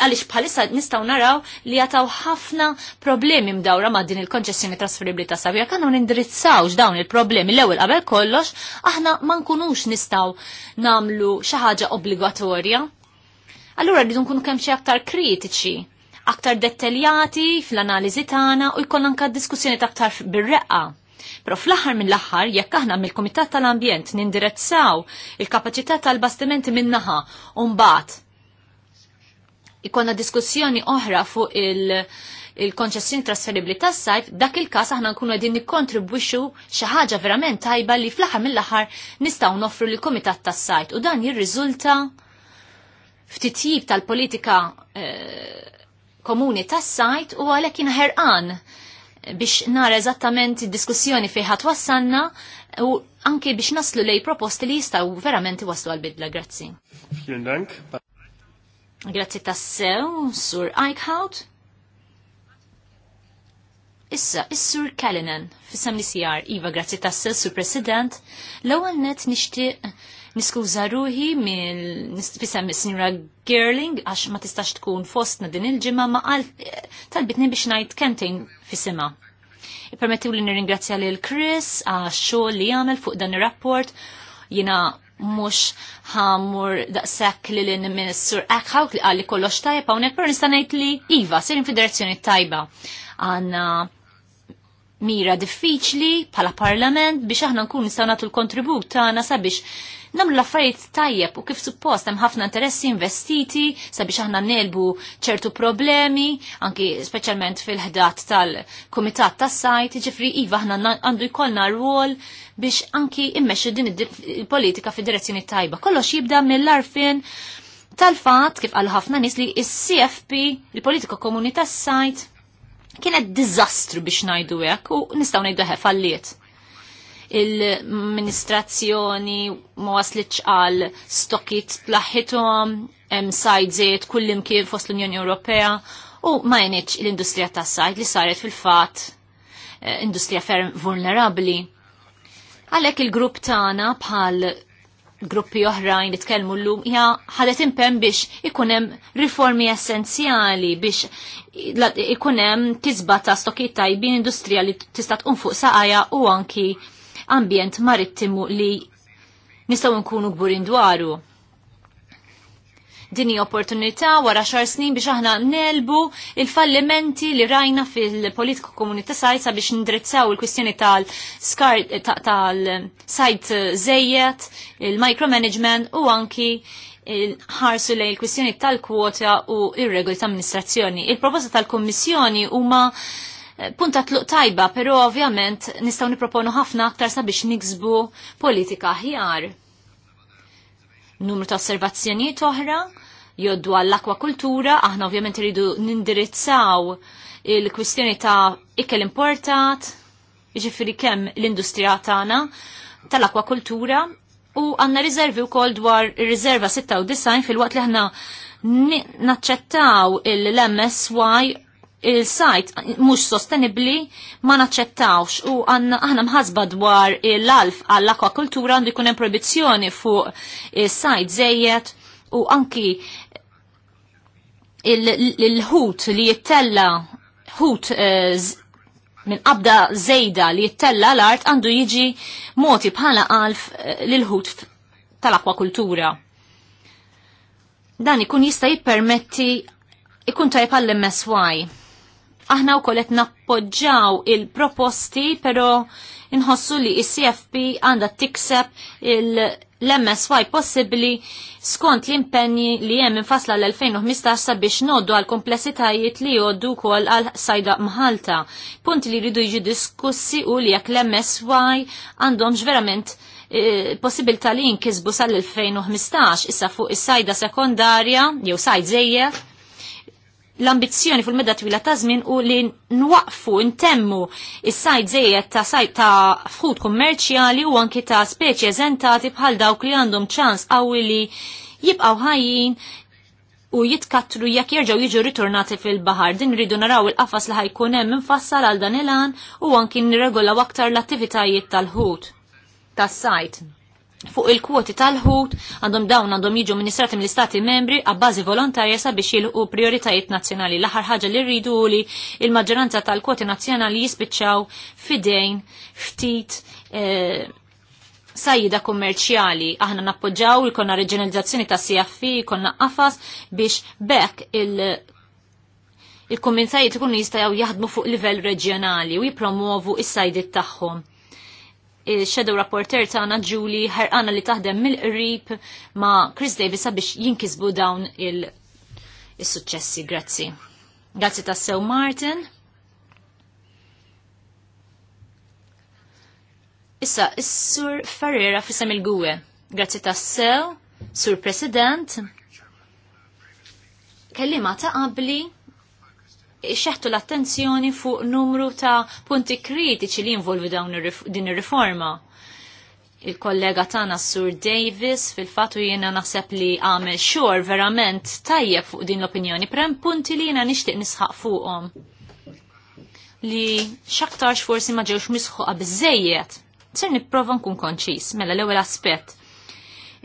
għaliex bħalissa nistgħu naraw li jataw ħafna problemi mdawra ma' din il-konċessjoni trasferibbli ta' sabja kanu nindirizzawx dawn il-problemi l-ewwel qabel kollox aħna ma nkunux nistgħu nagħmlu xi ħaġa obbligatorja. Allura rridu nkunu kemm xi aktar kritiċi aktar dettaljati fl-analiżi tagħna u jkollna anke diskussjoni aktar bir-reqqa Pero fl-aħħar mill-aħħar, jekk aħna mill-Kumitat tal-Ambjent nindirezzaw il-kapaċità tal-bastimenti min-naħa u mbagħad ikonna diskussjoni oħra fuq il- il-konċessin trasferibli tas sajf dak il-kas aħna nkunu għedin nikkontribwixxu xi ħaġa verament tajba li fl-aħħar mill-aħħar nistgħu noffru lil kumitat tas sajt u dan jirriżulta ftitjib tal-politika eh, komuni tas sajt u għalhekk inħerqan biex nara eżattament id-diskussjoni fejn wassanna u anke biex naslu lej proposti li jistgħu verament waslu għal-bidla. Grazzi. Vielen Dank. Grazzi tassew, Sur Eichhout. Issa, is-Sur Kalinen, fissam li sijar, Iva, grazzi tassew, Sur President, l-ewwel net nishti niskuża ruħi mill nispisem is-Sinjura Gerling għax ma tistax tkun fostna din il-ġimgħa ma qal eh, talbitni biex ngħid kentejn fisimha. Permettiw li nirringrazzja lil Chris għax li jagħmel fuq dan ir-rapport. Jiena mhux ħamur daqshekk li lin minn is li qal li kollox tajba hawnhekk però nista' ngħid li iva sirin federazzjoni tajba. Għandna mira diffiċli bħala parlament biex aħna nkun nistgħu nagħtu l-kontribut tagħna sabiex nagħmlu l-affarijiet tajjeb u kif suppost hemm ħafna interessi investiti sabiex aħna nelbu ċertu problemi, anki speċjalment fil-ħdat tal-Kumitat tas-Sajt, ġifri iva aħna għandu jkollna rwol biex anki immexxu din il-politika fid-direzzjoni tajba. Kollox jibda mill-arfin tal-fat kif għal ħafna nis li s-CFP, il-politika komuni tas-sajt, kienet dizastru biex najdu hekk u nistgħu ngħidu ħe falliet. Il-ministrazzjoni ma waslitx għal stokit tlaħħithom, hemm sajdżiet kullim kien fost l-Unjoni Ewropea u ma jenitx l-industrija tas-sajd li saret fil-fatt eh, industrija ferm vulnerabbli. Għalhekk il-grupp tagħna bħal gruppi oħrajn li tkellmu llum hija ħadet impemm biex ikun hemm riformi essenzjali biex ikun hemm tisba ta' stokkiet tajbin industrija li tista' tqum fuq saqajja u anki ambjent marittimu li nistgħu nkunu gburin dwaru dini opportunità wara xar snin biex aħna nelbu il-fallimenti li rajna fil-politiku komunità sajsa biex ndrizzaw il-kwistjoni tal-sajt zejjet, il-micromanagement u anki ħarsu lej il-kwistjoni tal-kwota u ir-regoli il kwistjoni tal kwota u il regoli tal amministrazzjoni tal-Kommissjoni huma eh, punta tluq tajba, pero ovvjament nistaw niproponu ħafna aktar sabiex niksbu politika ħjar numru ta' osservazzjonijiet oħra joddu għall-akwakultura, aħna ovvjament rridu nindirizzaw il-kwistjoni ta' ikkel importat, ġifiri kemm l-industrija tagħna tal-akwakultura u għanna riservi wkoll dwar ir-rizerva 96 fil-waqt li aħna naċċettaw il-MSY il-sajt mhux sostenibbli ma naċċettawx u aħna mħasba dwar l-alf għall-akwakultura għandu jkun hemm proibizzjoni fuq is-sajt żejjed u anki il-ħut li jittella ħut eh, minn qabda zejda li jittella l-art għandu jiġi moti bħala għalf eh, l-ħut tal-akwakultura. Dan ikun jista jippermetti ikun tajb għall-MSY Aħna u kolet nappoġġaw il-proposti, pero inħossu li il-CFP għanda tikseb l-MSY possibli skont l-impenni li jem infasla l-2015 sabiex noddu għal komplessitajiet li joddu kol għal sajda mħalta. Punti li rridu jġi diskussi u li jak l-MSY għandhom ġverament eh, possibilta li jinkisbu sal-2015 issa fuq is-sajda sekondarja jew sajd zejjef l-ambizzjoni fil-medda twila ta' żmien u li nwaqfu intemmu is-sajt żejjed ta' sajt ta' fħud kummerċjali u anki ta' speċi eżentati bħal dawk li għandhom ċans qawwi li jibqgħu ħajjin u jitkattru jekk jerġgħu jiġu ritornati fil-baħar. Din rridu naraw il-qafas li ħajkun hemm infassal għal dan il-għan u anki nirregolaw aktar l-attivitajiet tal-ħut tas-sajt fuq il-kwoti tal-ħut għandhom dawn għandhom jiġu ministrati mill-istati membri għabbażi volontarja sabiex jilqu prioritajiet nazzjonali. L-aħħar ħaġa li rridu li il-maġġoranza tal-kwoti nazzjonali jispiċċaw fidejn ftit eh, sajjida kummerċjali. Aħna nappoġġaw il-konna reġionalizzazzjoni ta' CFI, konna qafas biex bekk il- il-kumminsajiet ikunu jistajaw jaħdmu fuq livell reġjonali u jipromuovu is-sajdiet tagħhom il-shadow rapporter tagħna Julie ħerqana li taħdem mill-qrib ma' Chris Davis sabiex jinkisbu dawn il-suċċessi. Grazzi. Grazzi tassew Martin. Issa, is-sur Ferreira fissam il-gwe. Grazzi tassew, sur President. Kellima ta' qabli xeħtu l-attenzjoni fuq numru ta' punti kritiċi li involvi din ir-riforma. Il-kollega tagħna Sur Davis fil-fatu jiena naħseb li għamel xor verament tajjeb fuq din l-opinjoni prem punti li jiena nixtieq nisħaq fuqhom. Li xaktarx forsi ma ġewx misħuqa bizzejiet. Ser nipprova nkun konċis, mela l-ewwel aspett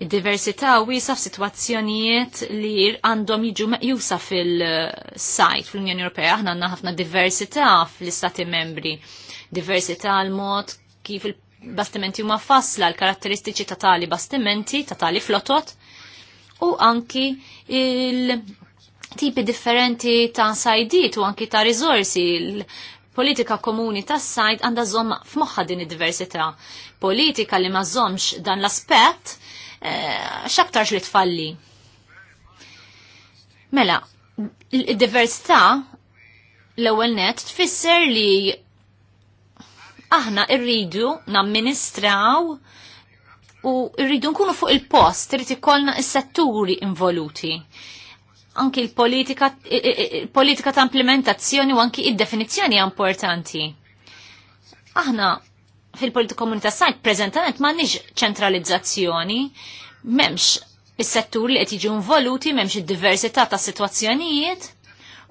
Id-diversità wiesa f'sitwazzjonijiet li għandhom jiġu meqjusa fil-sajt fl-Unjoni Ewropea. Aħna għandna ħafna diversità fl-istati membri. Diversità l-mod kif il-bastimenti huma fassla, l-karatteristiċi ta' tali bastimenti, ta' tali flotot u anki il-tipi differenti ta' sajdiet u anki ta' rizorsi l politika komuni ta' sajd għanda zom f'moħħa din id-diversità. Politika li ma' zomx dan l-aspett Eh, xaktarx li tfalli. Mela, il-diversità l-ewwel net tfisser li aħna rridu namministraw u rridu nkunu fuq il-post, rrid ikollna s setturi involuti. Anki il-politika il ta' implementazzjoni u anki id-definizzjoni importanti. Aħna fil komunità sajt prezentament m'għandniex ċentralizzazzjoni, m'hemmx is-settur li qed jiġu involuti, m'hemmx id-diversità ta' sitwazzjonijiet,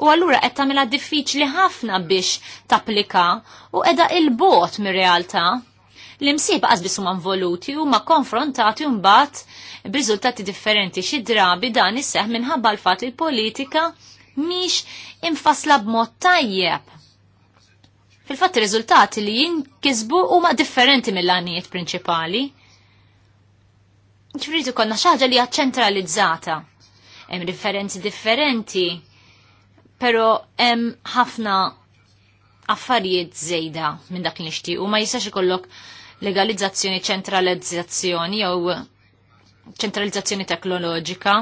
u allura qed tagħmilha diffiċli ħafna biex taplika u qiegħda il-bot mir-realtà li msiba qasbis huma involuti u ma konfrontati mbagħad b'riżultati differenti xi drabi dan isseħ minħabba l-fatt li politika miex imfasla b'mod tajjeb fil-fatt ir-riżultati li jinkisbu huma differenti mill-għanijiet prinċipali. Ġifridu konna xaġa li ċentralizzata. Hemm differenzi differenti, pero hemm ħafna affarijiet żejda minn dak li nixtieq u ma jistax ikollok legalizzazzjoni ċentralizzazzjoni jew ċentralizzazzjoni teknoloġika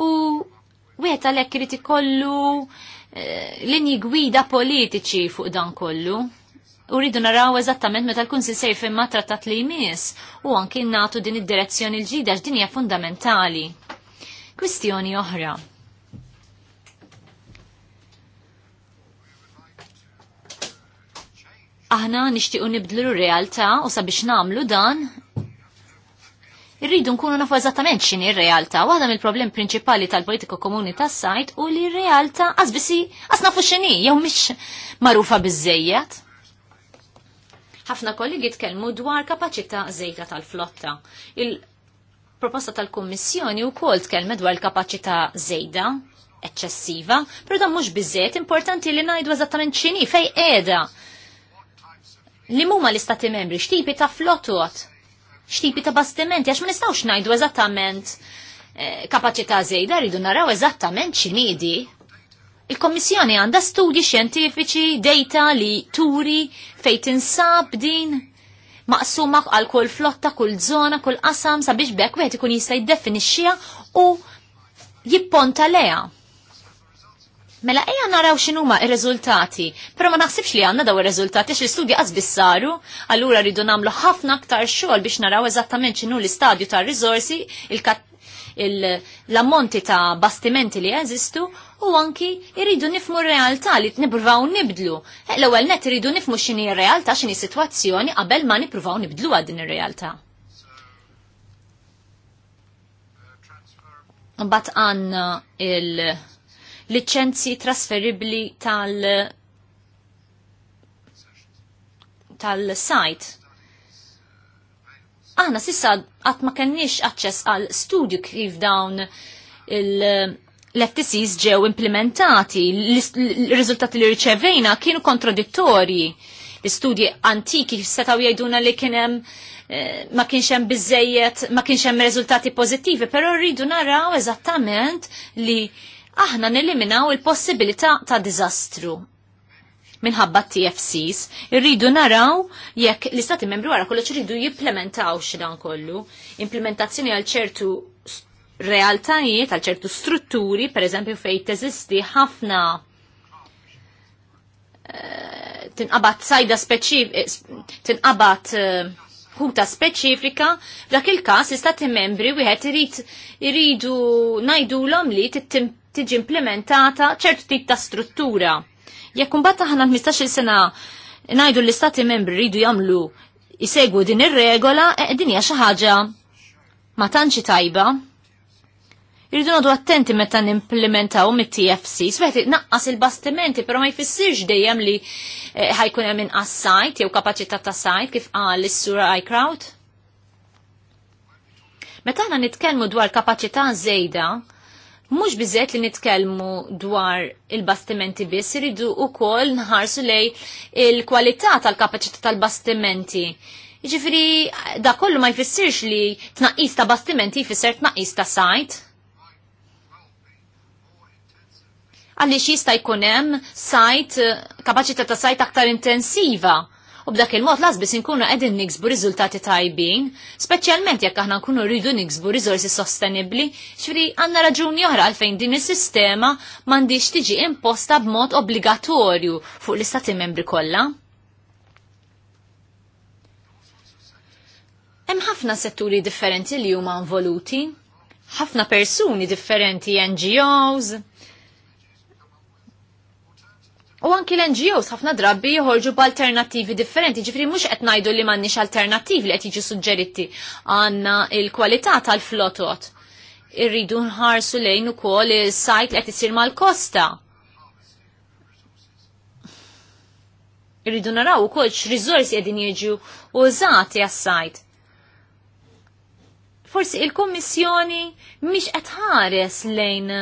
u wieħed għalhekk irid ikollu eh, linji gwida politiċi fuq dan kollu. U rridu naraw eżattament meta l si se imma trattat li jmiss u anki nagħtu din id-direzzjoni l-ġida x'din hija fundamentali. Kwistjoni oħra. Aħna nixtiequ nibdlu r-realtà u sabiex nagħmlu dan irridu nkunu nafu eżattament x'inhi r-realtà. Waħda mill-problem prinċipali tal politiku komuni tas-sajt u li r-realtà għazbisi qas nafu x'inhi jew miex magħrufa bizzejjat. Ħafna kollegi tkellmu dwar kapaċità zejta tal-flotta. Il-proposta tal-Kummissjoni wkoll tkellmet dwar il-kapaċità żejda eċċessiva, però dan mhux biżejjed importanti li ngħidu eżattament x'inhi fejn qiegħda li mumma l-istati membri xtipi ta' flottot xtipi ta' bastimenti, għax ma nistawx najdu eżattament eh, kapacità zejda, rridu naraw eżattament xinidi. Il-Kommissjoni għandha studji xjentifiċi, data li turi, fejn tinsab din, maqsuma għal kull flotta, kull zona, kull qasam sabiex bekk wieħed ikun jista' jiddefinixxiha u jipponta leha Mela eja naraw x'inhuma ir rezultati però ma naħsibx li għandna daw il riżultati x l-istudji qas allura rridu nagħmlu ħafna aktar xogħol biex naraw eżattament x'inhu l-istadju tar rizorsi, l-ammonti ta' bastimenti li jeżistu u anki irridu nifmu r-realtà li t-nibruvaw nibdlu. Eh, l-ewwel net irridu nifmu x'inhi r-realtà x'inhi sitwazzjoni qabel ma nippruvaw nibdlu din ir-realtà. Mbagħad għandna il- liċenzji trasferibbli tal tal-sajt. Aħna sissa qatt ma kenniex aċċess għal studio kif dawn il- l-FTCs ġew implementati, l-riżultati li riċevejna kienu kontradittori. L-istudji antiki setaw jgħiduna li kienem eh, ma kienx hemm ma kienx hemm riżultati pożittivi, però rridu naraw eżattament li aħna neliminaw il-possibilità ta' diżastru minħabba TFCs, irridu naraw jekk l-istati membri wara kollox irridu jimplementaw x'dan kollu. Implementazzjoni għal ċertu realtajiet, għal ċertu strutturi, per eżempju fej teżisti ħafna eh, tinqabat sajda speċifika, eh, tinqabat ħuta eh, speċifika, f'dak il-każ l-istati membri wieħed irid iridu ngħidulhom li tiġi implementata ċertu tip ta' struttura. Jekk imbagħad aħna 15-il sena ngħidu l-istati membri jridu jagħmlu jsegwu din ir-regola, e, din hija xi ħaġa ma tantx tajba. Irridu nodu attenti meta nimplementaw mit-TFC. Sweħti naqqas il-bastimenti, però ma jfissirx dejjem li e, ħajkun hemm inqas sajt jew kapaċità ta' sajt kif qal is-sura iCrowd. Meta aħna nitkellmu dwar kapaċità żejda, mhux bizzet li nitkellmu dwar il-bastimenti biss, iridu wkoll nħarsu lej il-kwalità tal-kapaċità tal-bastimenti. Jiġifieri da kollu ma jfissirx li tnaqqis ta' bastimenti jfisser tnaqqis ta' sajt. Għaliex jista' jkun hemm sajt kapaċità ta' sajt aktar intensiva u b'dak il-mod lasbis inkunu qegħdin niksbu riżultati tajbin, speċjalment jekk aħna nkunu rridu niksbu rizorsi sostenibbli, xfri għandna raġuni oħra għalfejn din is-sistema m'għandix tiġi imposta b'mod obbligatorju fuq l-istati membri kollha. Hemm ħafna setturi differenti li huma involuti, ħafna persuni differenti, NGOs, U anki l-NGOs ħafna drabi joħorġu b'alternattivi differenti, ġifri mhux qed ngħidu li m'għandniex alternattivi li qed jiġu suġġeritti għandna il-kwalità tal-flotot. Irridu nħarsu lejn ukoll is-sajt li qed isir mal-kosta. Irridu naraw ukoll x'riżorsi qegħdin jiġu użati għas-sajt. Forsi il-Kummissjoni mhix qed ħares lejn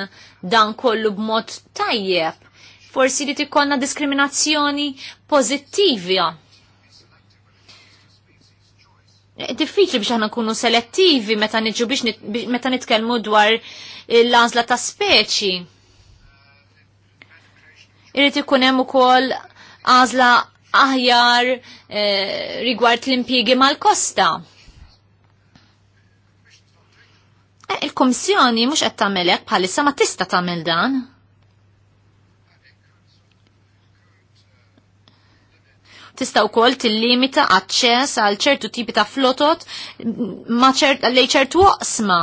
dan kollu b'mod tajjeb Forsi li tikkonna diskriminazzjoni pozittivja. Eh, diffiċli biex aħna nkunu selettivi meta niġu biex meta nitkellmu dwar l-għażla ta' speċi. Irid ikun hemm ukoll għażla aħjar eh, rigward l-impjiegi mal-kosta. Eh, Il-Komissjoni mhux qed tagħmel hekk bħalissa ma tista' tagħmel dan. tista' wkoll tillimita aċċess għal ċertu tipi ta' flotot ma' ċert lej ċertu oqsma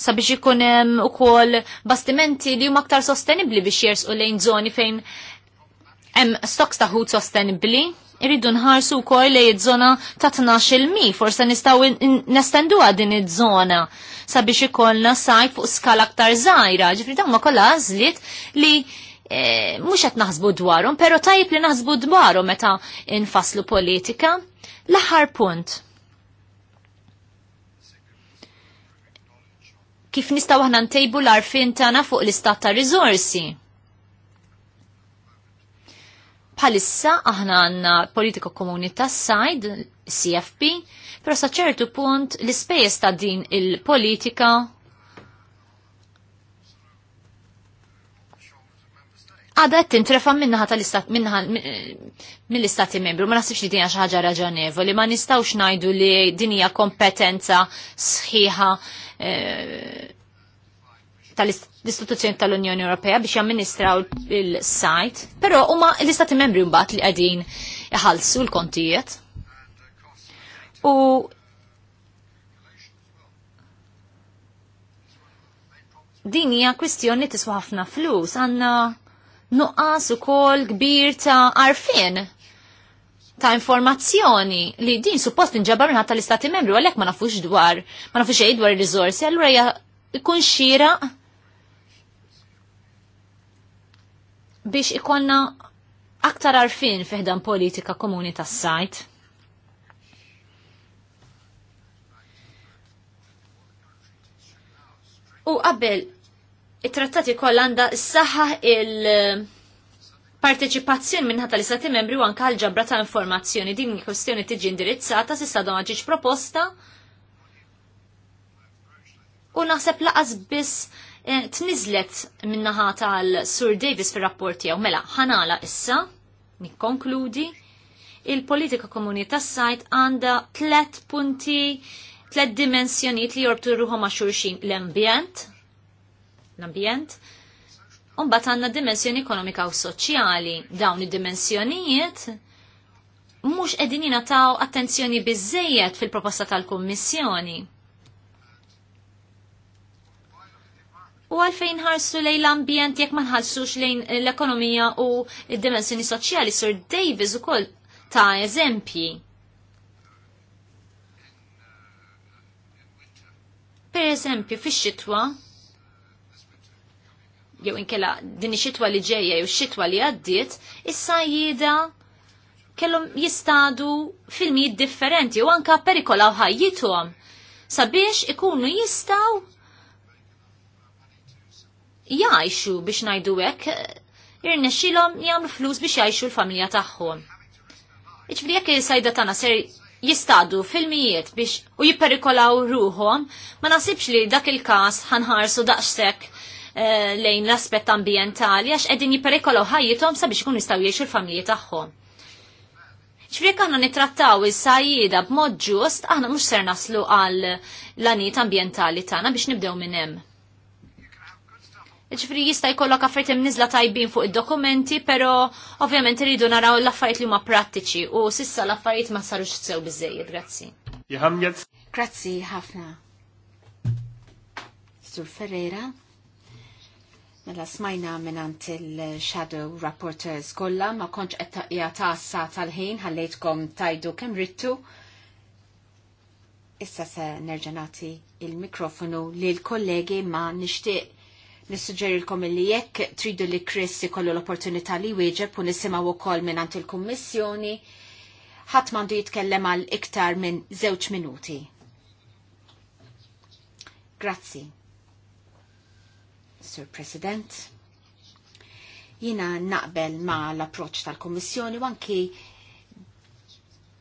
sabiex ikun hemm ukoll bastimenti li huma aktar sostenibbli biex jersqu lejn żoni fejn hemm stoks ta' ħut sostenibbli. Irridu nħarsu wkoll lejn żona ta' il mi, forse nistgħu nestenduha din iż-żona sabiex ikollna sajf fuq skala aktar żgħira. Ġifri dawn ma kollha li Eh, mhux qed naħsbu dwarhom, però tajib li naħsbu dwarhom meta infaslu politika. L-aħħar punt. Kif nistgħu aħna ntejbu l-arfin tana fuq l-istat ta' riżorsi? Bħalissa aħna għandna politiko komuni tas-sajd, CFP, però sa ċertu punt l-ispejjeż ta' din il-politika għada tintrefa minnaħa tal-istat minnaħa mill-istati membru, ma nasibx li dinja xaħġa raġonevoli, ma nistawx najdu li dinja kompetenza sħiħa eh, tal-istituzzjoni tal-Unjoni Ewropea biex jamministraw il-sajt, pero huma l-istati membri mbagħad li qegħdin iħallsu l-kontijiet. U din hija kwistjoni tiswa ħafna flus, għandna nuqqas ukoll kbir ta' arfin ta' informazzjoni li din suppost nġabar minħat tal-istati membri, għalek ma nafux dwar, ma nafux ej dwar il-rizorsi, għallura ja ikun xira biex ikonna aktar arfin fiħdan politika komuni tas sajt U qabel it-trattati kollha għandha s-saħħa il- Parteċipazzjoni ħata li istati membri u anka l-ġabra ta' informazzjoni din kwestjoni tiġi indirizzata s'issa dom ġiġ proposta u naħseb laqas biss eh, tnizlet minnaħa tal-Sur Davis fil-rapport għaw mela ħanala issa, nikkonkludi, il-politika komunità sajt għanda tlet punti, tlet dimensjoniet li jorbtu ruħom ma' l-ambjent, l-ambjent. Umbat għanna dimensjoni ekonomika u soċjali. Dawn id-dimensjonijiet mhux qegħdin jingħataw attenzjoni biżejjed fil-proposta tal-Kummissjoni. U għalfejn ħarsu lejn l-ambjent jekk ma nħallsux lejn l-ekonomija u id-dimensjoni soċjali sur Davis ukoll ta' eżempji. Per eżempju, fix-xitwa, jew inkella din ix-xitwa li ġejja jew x-xitwa li għaddiet, issa jida kellhom jistadu filmijiet differenti u anka perikolaw ħajjithom sabiex ikunu jistaw jgħixu biex ngħidu hekk irnexxilhom jagħmlu flus biex jgħajxu l-familja tagħhom. Iġbri jekk sajda tagħna ser jistadu filmijiet biex u jipperikolaw ruhom, ma nasibx li dak il-każ ħanħarsu daqshekk Eh, lejn l-aspett ambjentali għax qegħdin jiperikolaw ħajjithom sabiex kun jistgħu jgħixu l-familji tagħhom. ċfrik għanna nitrattaw is-sajjida b'mod ġust, aħna mhux ser naslu għal l-anijiet ambjentali tagħna biex nibdew minn hemm. Ġifri jista' jkollok affarijiet imniżla tajbin fuq id-dokumenti, però ovvjament iridu naraw l-affarijiet li huma prattiċi u sissa l-affarijiet ma sarux sew biżejjed, grazzi. Grazzi ħafna. Sur Ferreira. Mela smajna minant il-Shadow Rapporteurs kollha ma konċ qed taqsa tal-ħin ħallejtkom tajdu kemm rittu. Issa se nerġa' nagħti il-mikrofonu l kollegi ma nixtieq nissuġġerilkom li jekk tridu li Chris ikollu l-opportunità li wieġeb u nisimgħu wkoll minant il-Kummissjoni ħadd m'għandu jitkellem għal iktar minn żewġ minuti. Grazzi. Sur President. Jina naqbel ma l-approċ tal-Kommissjoni u anki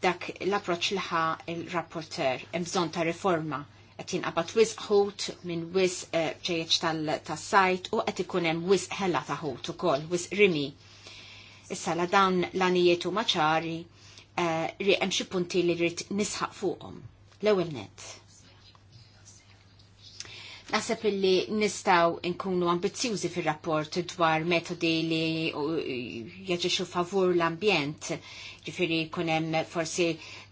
dak l-approċ liħa il-rapporter imżon ta' riforma qed jinqabad wisq ħut minn wisq eh, ġejjeġ tas-sajt u qed ikun hemm wisq ħella ta' ħut ukoll, wisq rimi. Issa la dan l anijietu huma ċari eh, hemm xi punti li rrid nisħaq fuqhom. L-ewwel nett. Nasab illi nistaw nkunu ambizjużi fil-rapport dwar metodi li jaġiexu favur l-ambjent, ġifiri kunem forsi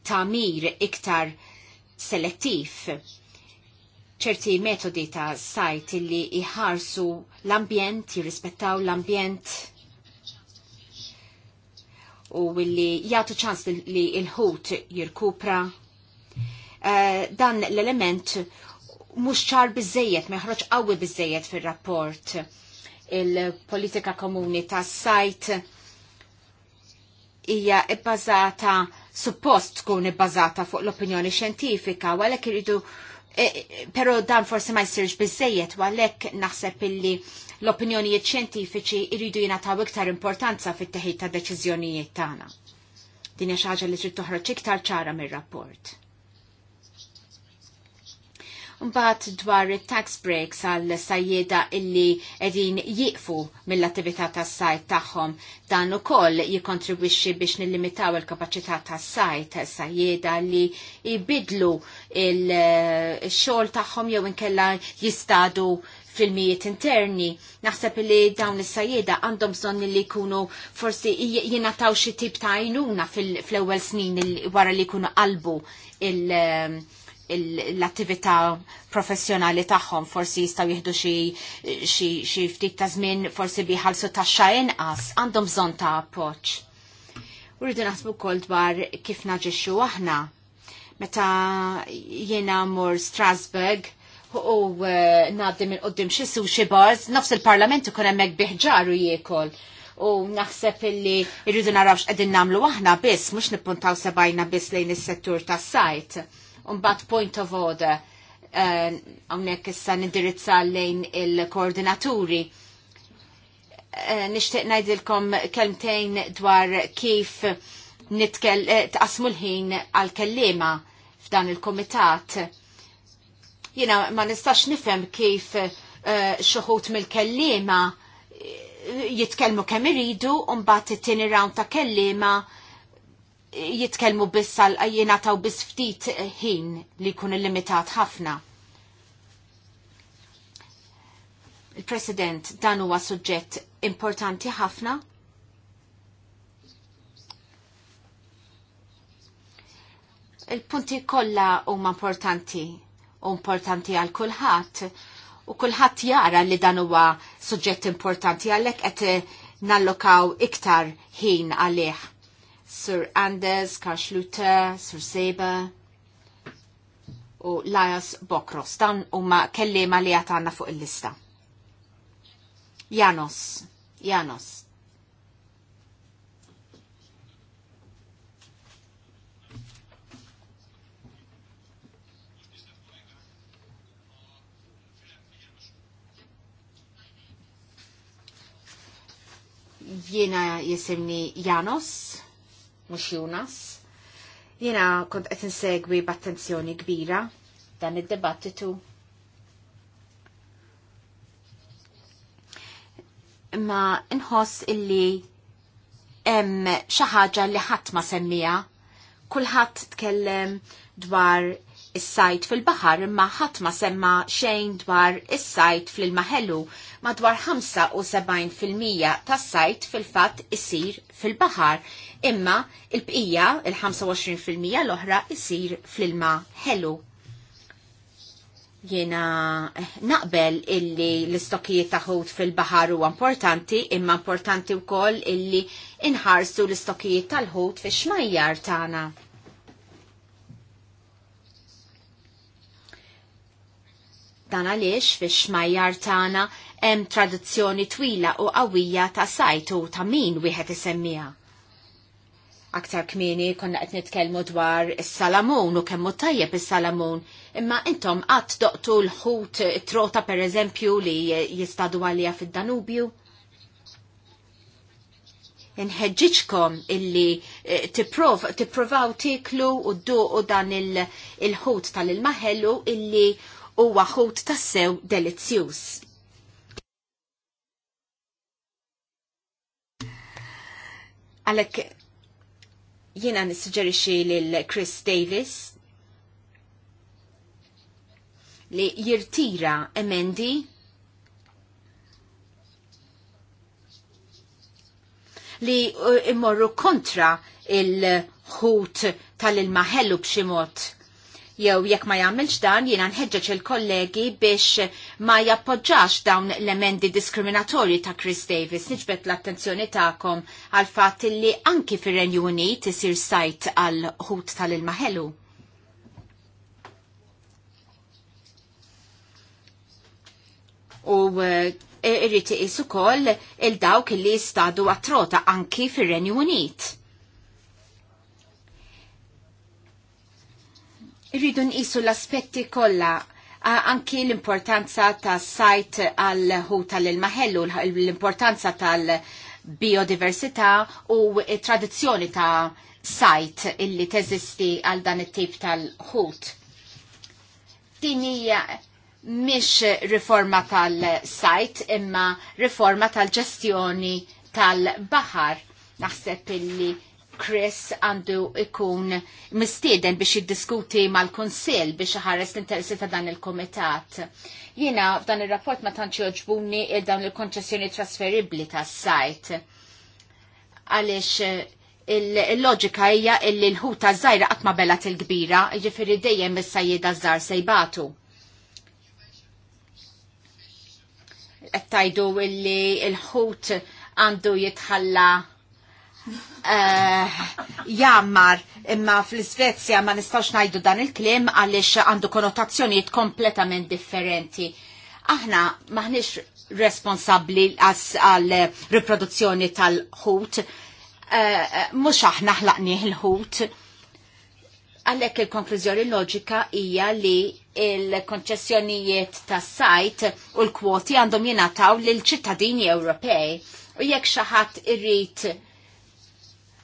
tamir iktar selettif, ċerti metodi ta' sajt li iħarsu l-ambjent, jirrispettaw l-ambjent u li jgħatu ċans li il-ħut jirkupra. Uh, dan l-element mhux ċar biżejjed, meħroċ għawi qawwi fil fir-rapport il-politika komuni tas sajt hija ibbażata suppost tkun ibbażata fuq l-opinjoni xjentifika u għalhekk iridu e, e, pero dan forsi ma jsirx biżejjed u għalhekk naħseb illi l-opinjonijiet xjentifiċi jridu jingħataw iktar importanza fit-teħid ta' deċiżjonijiet tagħna. Din hija xi ħaġa li trid toħroġ iktar ċara mir-rapport. Mbagħad dwar it-tax breaks għal sajjeda illi qegħdin jiqfu mill-attività tas-sajt tagħhom dan ukoll jikkontribwixxi biex nillimitaw il-kapaċità tas-sajt sajjeda li jbidlu il-xogħol tagħhom jew inkella jistadu fil-mijiet interni. Naħseb li dawn is-sajjeda għandhom bżonn li jkunu forsi jingħataw xi tip ta' għajnuna fl-ewwel snin wara li jkunu qalbu il- l-attività professjonali tagħhom forsi jistgħu jieħdu xi ftit ta' żmien forsi biħalsu taxxa inqas għandhom bżonn ta' appoġġ. Uridu naħsbu wkoll dwar kif naġixxu aħna. Meta jiena mur Strasbourg u e, ngħaddi minn qudiem xi sushi bars, nofs il-Parlament ikun hemmhekk biħġar jiekol u naħseb illi irridu narawx qegħdin nagħmlu aħna biss, mhux nippuntaw sebajna biss lejn is-settur tas-sajt Umbat point of order, eh, għamnek uh, issa nindirizza lejn il-koordinaturi. Uh, Nishtiq najdilkom kelmtejn dwar kif nitkel eh, tqasmu l-ħin għal-kellima f'dan il-komitat. Jina ma nistax nifhem kif uh, xuħut mill-kellima jitkellmu kemm iridu u mbagħad it-tieni round ta' kellima jitkelmu biss għal jena taw biss ftit ħin li kun limitat ħafna. Il-President dan huwa suġġett importanti ħafna. Il-punti kollha huma importanti u importanti għal kulħadd u kulħadd jara li dan huwa suġġett importanti għalhekk qed nallokaw iktar ħin għalih Sir Anders, Kaxluta, Sir Seba u Lajas Bokros. Dan huma kellima li għatanna fuq il-lista. Janos, Janos. Jiena jisimni Janos mhux Junas. Jiena kont qed insegwi b'attenzjoni kbira dan id debattitu Imma inħoss illi hemm xi ħaġa li ħadd ma semmija, kulħadd tkellem dwar is-sajt fil-baħar imma ħadd ma semma xejn dwar is-sajt fil-maħellu madwar 75% tas-sajt fil-fatt isir fil-baħar imma il-bqija il-25% l-oħra isir fil-ma ħelu. Jena eh, naqbel illi l-istokijiet taħut fil-bahar huwa importanti, imma importanti wkoll illi inħarsu l-istokijiet tal-ħut fix-xmajjar tagħna. Dan għaliex fi xmajjar tagħna hemm traduzzjoni twila u qawwija ta' sajtu ta' min wieħed isemmija. Aktar kmieni konna qed nitkellmu dwar is-salamun u kemm tajjeb is-salamun, imma intom qatt doqtu l-ħut trota pereżempju li jistadu għalija fid-Danubju? Inħeġġiġkom illi eh, tipprovaw tiklu u d u dan il-ħut tal-il-maħellu illi u waħut tassew delizzjuż. Għalek jiena nissuġġerixi lil Chris Davis li jirtira emendi li uh, immorru kontra il-ħut tal tal-il-maħellu b'ximot jew jekk ma jagħmilx dan jiena nħeġġeġ il-kollegi biex ma jappoġġax dawn l-emendi diskriminatorji ta' Chris Davis. Niġbet l-attenzjoni tagħkom għal fatt li anki fir-Renju Unit isir sajt għal ħut tal-ilmaħelu. U eh, irriti isu koll il-dawk li jistadu għatrota anki fir-Renju Unit Irridu nqisu l-aspetti kollha anki l-importanza ta' sajt għal ħu tal tal-il-maħellu, l-importanza tal-biodiversità u tradizzjoni ta' sajt illi teżisti għal dan it-tip tal-ħut. Din hija mhix riforma tal-sajt imma riforma tal-ġestjoni tal-baħar. Naħseb illi Chris għandu ikun mistieden biex jiddiskuti mal-Konsil biex ħares l-interessi ta' dan il-Komitat. Jiena f'dan il-rapport ma tantx joġbuni il-dawn il-konċessjoni trasferibli tas sajt Għaliex il-loġika hija li l-ħuta żgħira qatt ma belat til kbira jiġifieri dejjem is-sajjieda żgħar sejbatu. Qed il li l-ħut għandu jitħalla Eh, jammar imma fl-Svezja ma nistax najdu dan il-klim għalix għandu konotazzjoniet kompletament differenti. Aħna maħniex responsabli għal riproduzzjoni tal-ħut, eh, mux aħna ħlaqnieħ l-ħut. Għalek il-konklużjoni loġika hija li il-konċessjonijiet tas sajt u l-kwoti għandhom jenataw l ċittadini Ewropej. U jekk xaħat irrit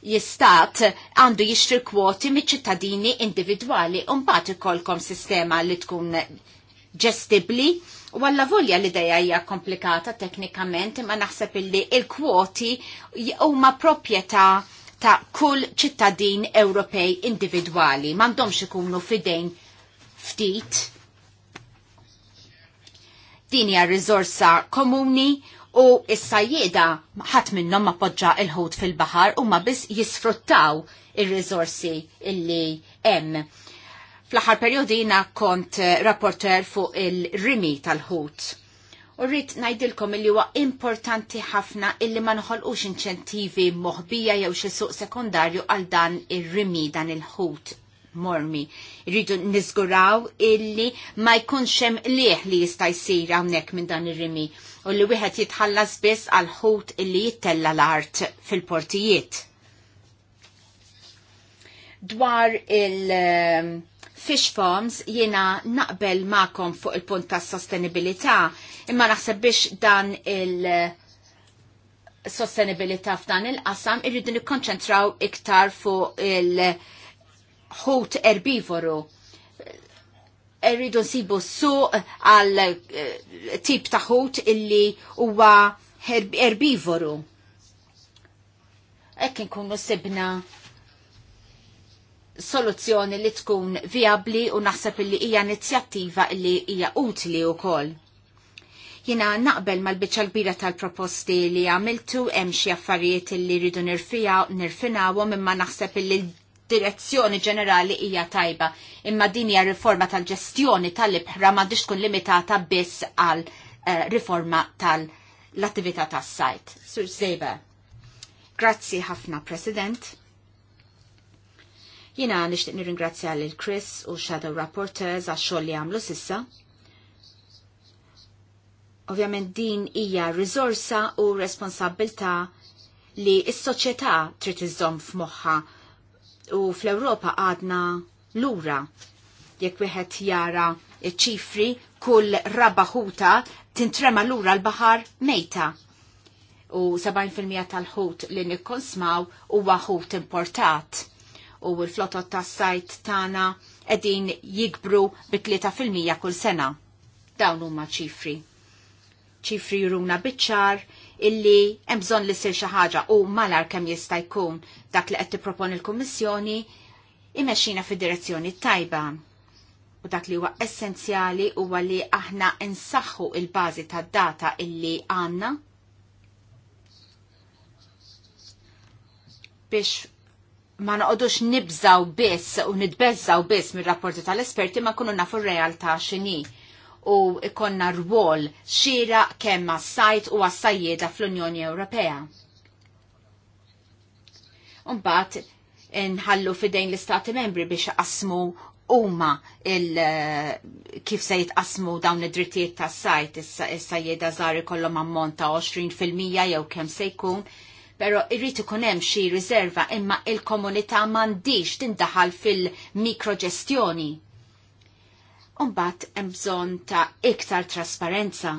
jistat għandu jixtri kwoti miċ ċittadini individwali mbagħad ikolkom sistema li tkun ġestibli u għalla volja li dajja hija komplikata teknikament imma naħseb illi il-kwoti huma proprjetà ta' kull ċittadin Ewropej individwali m'għandhomx ikunu fidejn ftit din hija komuni u s-sajjeda ħadd minnhom ma poġġa il-ħut fil-baħar u ma biss jisfruttaw ir rizorsi illi hemm. Fl-aħħar perjodi kont eh, rapporter fuq il-rimi tal-ħut. U rrit najdilkom illi huwa importanti ħafna illi ma nħolqux inċentivi moħbija jew xi suq sekundarju għal dan ir-rimi dan il-ħut mormi. Rridu niżguraw illi ma jkunx hemm li jista' jsir hawnhekk minn dan ir-rimi u li wieħed jitħallas biss għal ħut illi jittella l-art fil-portijiet. Dwar il- um, Fish Farms jiena naqbel ma'kom fuq il-punt ta' sostenibilità, imma naħseb biex dan il- uh, sostenibilità f'dan il-qasam irridu nikkonċentraw iktar fuq il- ħut erbivoru rridu nsibu suq għal eh, tip ta' illi huwa erbivoru. Ekk nkunu sibna soluzzjoni li tkun viabli u naħseb illi hija inizjattiva illi hija utli wkoll jina naqbel mal-bicċa kbira tal-proposti li għamiltu hemm xi affarijiet li rridu nirfija nirfinawhom imma naħseb li direzzjoni ġenerali hija tajba, imma din hija riforma tal-ġestjoni tal-ibħra m'għandix tkun limitata biss għal eh, riforma tal-attività tas-sajt. Sur Zejba. Grazzi ħafna, President. Jina nixtieq nirringrazzja lil Chris u Shadow Rapporteurs għax-xogħol li għamlu sissa. Ovvjament din hija riżorsa u responsabilta' li s-soċjetà trid iżżomm f'moħħha u fl-Ewropa għadna lura jekk wieħed jara ċifri kull rabaħuta tintrema lura l-baħar mejta. U 70% tal-ħut li nikkonsmaw huwa ħut importat. U l-flotot tas-sajt tagħna qegħdin jikbru bi 3% kull sena. Dawn huma ċifri. ċifri juruna biċċar illi hemm bżonn li sir xi ħaġa u malar kemm jista' jkun dak li qed tipproponi l-Kummissjoni imexxina fid-direzzjoni tajba. U dak li huwa essenzjali huwa li aħna insaħħu il-bażi tad-data illi għandna biex ma noqodux nibżaw biss u nitbezzaw biss mir rapporti tal-esperti ma kunu nafu r-realtà xini u ikonna rwol xira kemm għas-sajt u għas-sajjeda fl-Unjoni Ewropea. Umbat nħallu fidejn l-istati membri biex qasmu huma eh, kif se jitqasmu dawn id-drittijiet tas sajt issa jeda żgħar ikollhom ammont ta' 20% jew kemm se jkun, però irrid ikun hemm xi riserva imma il-komunità m'għandix tindaħal fil-mikroġestjoni. Umbagħad hemm bżonn ta' iktar trasparenza.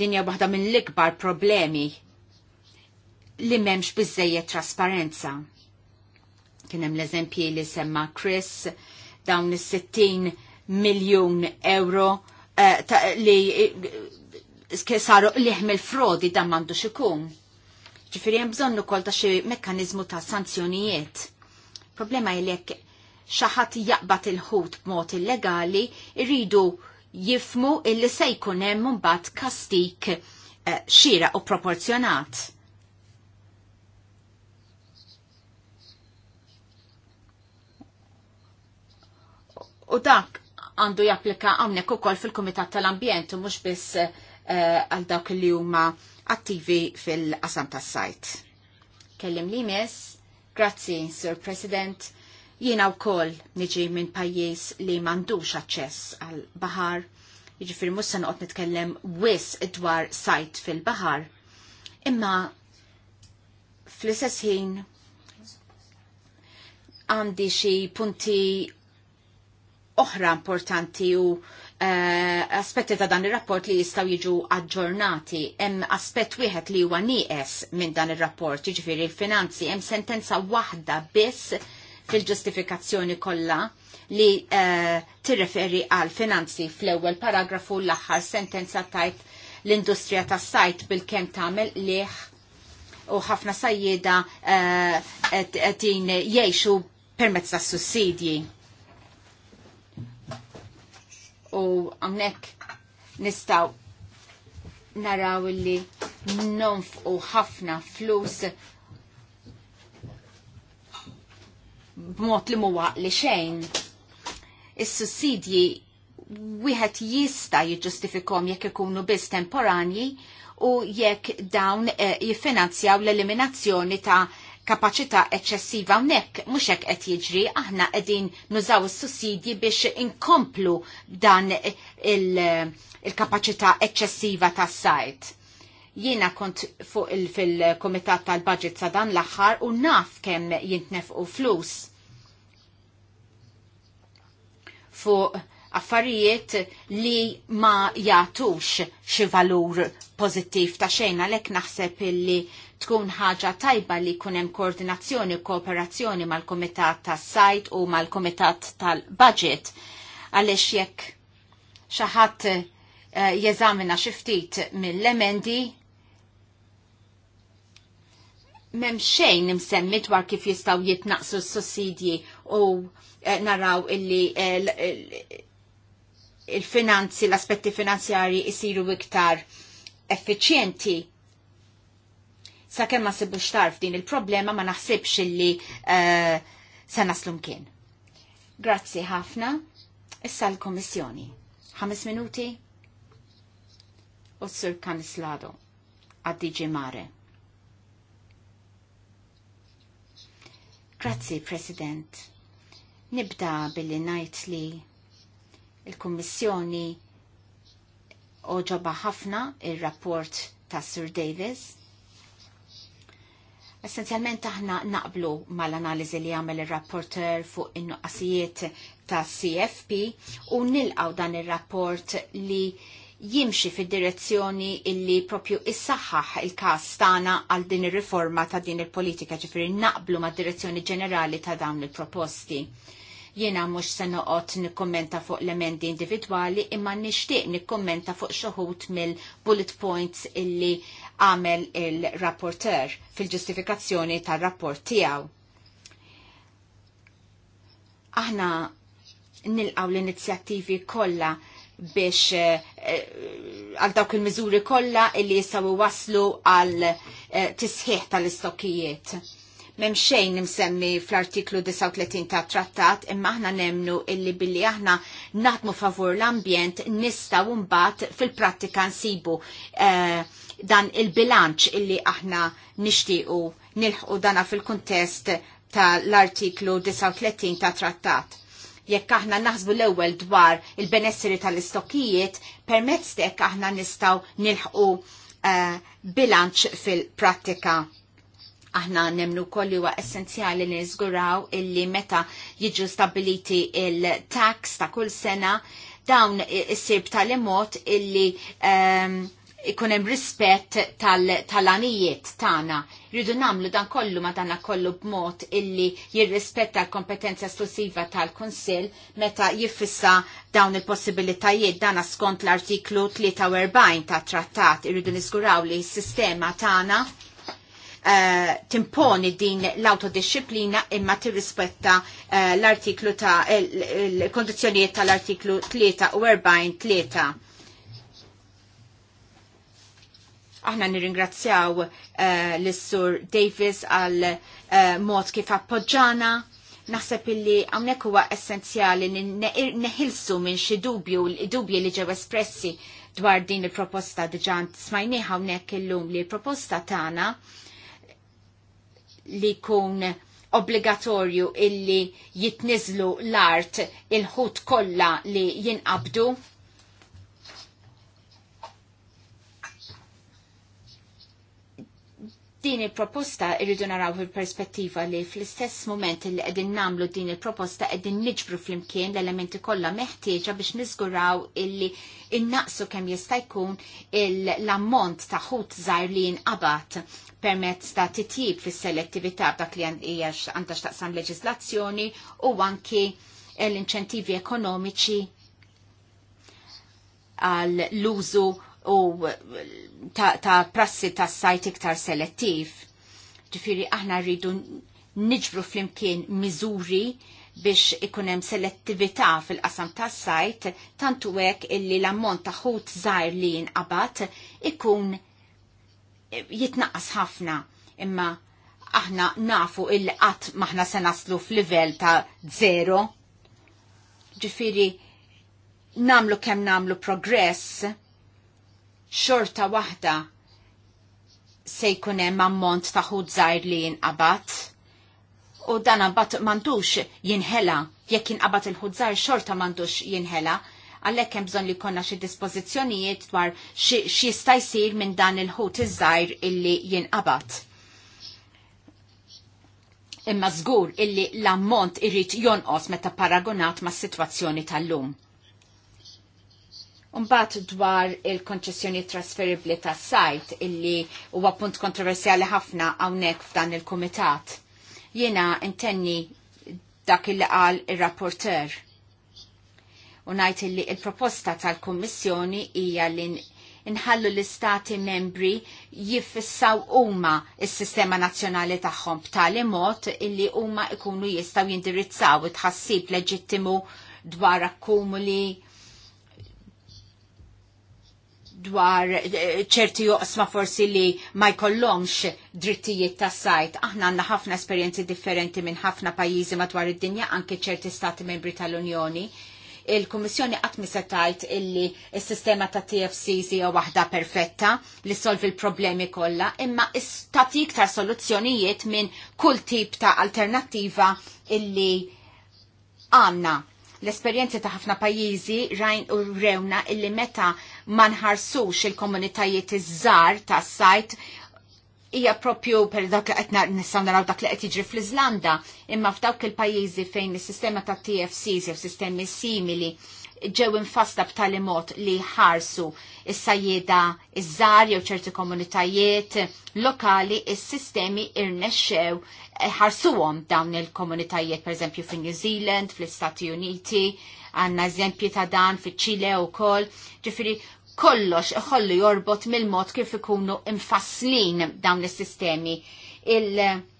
Din hija waħda mill-ikbar problemi li memx bizzeje trasparenza. Kienem l-eżempji li semma Chris dawn is-60 miljon euro uh, ta, li eh, saru liħm il-frodi dan m'għandux ikun. Ġifiri hemm bżonn ukoll ta' xi mekkaniżmu ta' sanzjonijiet. Problema jilek xi ħadd jaqbad il-ħut b'mod illegali irridu jifmu illi se jkun hemm mbagħad kastik eh, xira u proporzjonat. U dak għandu japplika għamnek u koll fil-Komitat tal-Ambjent u mux biss eh, għal dawk li huma attivi fil-qasam tas-sajt. Kellim li mis, grazzi, Sir President, jiena u koll niġi minn pajjiż li mandux aċċess għal bahar jiġifiri mux sa noqot nitkellem wis dwar sajt fil-bahar. Imma fl-istess ħin għandi xi punti oħra importanti u uh, aspetti ta' dan ir-rapport li jistgħu jiġu aġġornati. Hemm aspett wieħed li huwa nieqes minn dan ir-rapport, jiġifieri l-finanzi, hemm sentenza waħda biss fil-ġustifikazzjoni kollha li uh, tirreferi għal finanzi fl-ewwel paragrafu l-aħħar sentenza tajt l-industrija tas sajt bil-kem tagħmel liħ u ħafna uh, eh, din jgħixu jiexu permezz tas sussidji u għamnek nistaw naraw li nonf u ħafna flus b'mod li muwa li xejn. Is-sussidji wieħed jista' jiġġustifikhom jekk ikunu biss temporanji u jekk dawn eh, jiffinanzjaw l-eliminazzjoni ta' kapacita eċċessiva hawnhekk mhux hekk qed jiġri aħna qegħdin nużaw is-sussidji biex inkomplu dan il-kapaċità il eċċessiva tas-sajt. Jiena kont fuq il fil-Komitat tal-Budget sa dan l-aħħar u naf kemm u flus fuq affarijiet li ma jagħtux xi valur pożittiv ta' xejn għalhekk naħseb illi tkun ħaġa tajba li kunem koordinazzjoni u kooperazzjoni mal-Komitat tas sajt u mal-Komitat tal-Budget għalix jekk xaħat uh, jeżamina xiftit mill-emendi mem xejn imsemmi dwar kif jistaw jitnaqsu s-sussidji u eh, naraw illi eh, il-finanzi, l-aspetti finanzjari jisiru iktar effiċjenti sakemm ma sibux tarf din il-problema ma naħsibx illi eh, se naslu kien. Grazzi ħafna. Issa l-Komissjoni. Ħames minuti. U s-Sur Kanislado għad-DG Mare. Grazzi, President. Nibda billi najt li il komissjoni oġoba ħafna il-rapport ta' Sir Davis Essenzjalment aħna naqblu mal-analiżi li għamel ir-rapporter fuq in-nuqqasijiet ta' CFP u nilqaw dan ir-rapport li jimxi fid-direzzjoni illi propju issaħħaħ il-kas tagħna għal din ir-riforma ta' din il-politika ġifiri naqblu mad-direzzjoni ġenerali ta' dawn il-proposti. Jiena mhux se noqgħod nikkommenta fuq l-emendi individwali imma nixtieq nikkommenta fuq xoħut mill-bullet points illi għamel il-rapporter fil-ġustifikazzjoni tal-rapport tiegħu. Aħna nilqaw l-inizjattivi kollha biex eh, eh, għal dawk il-miżuri kollha illi jistgħu waslu għal eh, tisħiħ tal-istokkijiet. Memxejn xejn nimsemmi fl-artiklu 39 ta' trattat imma aħna nemnu illi billi aħna naħdmu favur l-ambjent nistgħu mbagħad fil-prattika nsibu dan il-bilanċ illi aħna nixtiequ nilħqu dana fil-kuntest tal-artiklu 39 ta' trattat. Jekk aħna naħsbu l-ewwel dwar il-benessri tal-istokkijiet, permezz dek aħna nistgħu nilħqu uh, eh, bilanċ fil-prattika aħna nemnu koll huwa essenzjali li nżguraw illi meta jiġu stabiliti il-tax ta' kull sena dawn is-sirb tal-imot illi um, ikun hemm rispett tal-anijiet tagħna. Rridu nagħmlu dan kollu ma dan kollu b'mod illi jirrispetta l-kompetenza esklusiva tal-Kunsill meta jiffissa dawn il-possibilitajiet dana skont l-artiklu 43 tat trattat irridu niżguraw li s-sistema tagħna Uh, timponi din l-autodisciplina imma tirrispetta uh, l-artiklu ta' l-kondizjonijiet tal-artiklu 43. Aħna nirringrazzjaw uh, l-Sur Davis għal uh, mod kif appoġġana. Naħseb illi hawnhekk huwa essenzjali neħilsu minn xi dubju dubji li ġew espressi dwar din il-proposta diġà smajni hawnhekk illum li l-proposta tagħna li jkun obbligatorju illi jitniżlu l-art il-ħut kollha li jinqabdu Din il-proposta irridu naraw il-perspettiva li fl-istess moment li qegħdin namlu din il-proposta qegħdin niġbru flimkien l-elementi kollha meħtieġa biex niżguraw illi innaqsu kemm jista' jkun l-ammont ta' ħut żgħar li jinqabad permezz ta' titjib fis-selettività dak li għandha x'taqsam leġislazzjoni u anki l-inċentivi ekonomiċi għal l-użu u ta', ta prassi ta' sajt iktar selettiv. Ġifiri, aħna rridu niġbru flimkien miżuri biex ikunem selettività fil-qasam ta' sajt, tantu għek illi l-ammont ta' ħut zaħir li jinqabat ikun jitnaqqas ħafna imma aħna nafu il-qat maħna se naslu f'livell ta' zero. Ġifiri, namlu kem namlu progress, xorta waħda se jkun hemm ammont ta' ħud li jinqabad. U dan abbat m'għandux jinħela, jekk jinqabad il-ħud xorta m'għandux jinħela, għalhekk hemm bżonn li jkollna xi dispożizzjonijiet dwar x'jista' jsir minn dan il-ħut iż-żgħir illi jinqabad imma żgur illi l-ammont irrid jonqos meta paragonat ma' situazzjoni tal-lum. Umbat dwar il-konċessjoni trasferibli ta' sajt illi huwa punt kontroversjali ħafna hawnhekk f'dan il-kumitat. Jiena intenni dak il qal ir-rapporter. U ngħid illi il-proposta tal-Kummissjoni hija li nħallu l-istati membri jiffissaw huma s-sistema nazzjonali tagħhom b'tali mod illi huma ikunu jistgħu jindirizzaw it-ħassib leġittimu dwar akkumuli dwar eh, ċerti joqsma forsi li ma jkollhomx drittijiet tas sajt. Aħna għandna ħafna esperjenzi differenti minn ħafna pajjiżi madwar id-dinja anke ċerti stati membri tal-Unjoni. Il-Kummissjoni qatt mi setajt illi s-sistema ta' TFCs hija waħda perfetta li solvi l-problemi kollha, imma tagħti iktar soluzzjonijiet minn kull tip ta' alternattiva illi għandna l esperjenzi ta' ħafna pajjiżi rajn u rewna illi meta ma nħarsux il-komunitajiet iż-żar tas sajt hija propju per dak li qed nistgħu naraw dak li qed jiġri fl-Iżlanda, imma f'dawk il-pajjiżi fejn is-sistema ta' TFCs jew sistemi simili ġew infasta b'tali mod li ħarsu is-sajjeda iż-żar jew ċerti komunitajiet lokali is-sistemi irnexxew ħarsuhom dawn il-komunitajiet, per eżempju, fin New Zealand, fl-Istati Uniti, għanna eżempji ta' dan fi ċile u kol, ġifiri kollox iħollu jorbot mill-mod kif ikunu imfasslin dawn is-sistemi. Il-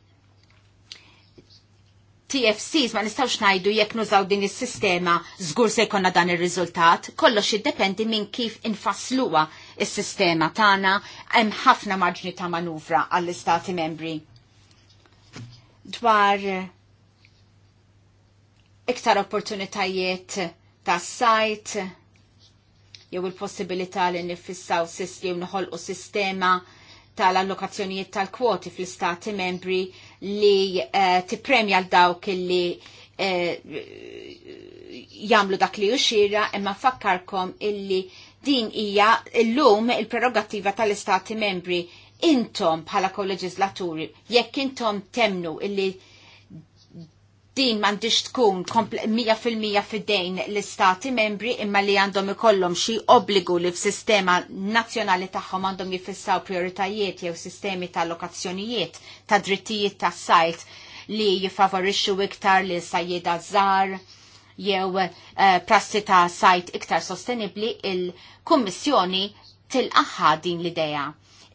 TFCs ma nistawx najdu jekk nużaw din is-sistema żgur se jkollna dan ir-riżultat, kollox jiddependi minn kif infassluha is-sistema tagħna hemm ħafna marġni ta' manuvra għall-istati membri dwar iktar opportunitajiet ta' sajt jew il-possibilità li nifissaw sistemi u sistema tal-allokazzjonijiet tal-kwoti fl-istati membri li uh, tippremja l-dawk li eh, jamlu dak li uxira imma fakkarkom illi din hija l-lum il prerogativa tal-istati membri intom bħala kolleġislaturi, jekk intom temnu illi din mandiġ tkun 100% fidejn l-istati membri imma li għandhom ikollhom xi obbligu li f'sistema nazzjonali tagħhom għandhom jifissaw prioritajiet jew sistemi ta' allokazzjonijiet ta' drittijiet ta' sajt li jifavorixxu iktar li sajjeda żgħar jew uh, prassi ta' sajt iktar sostenibbli il-Kummissjoni tilqaħħa din l-idea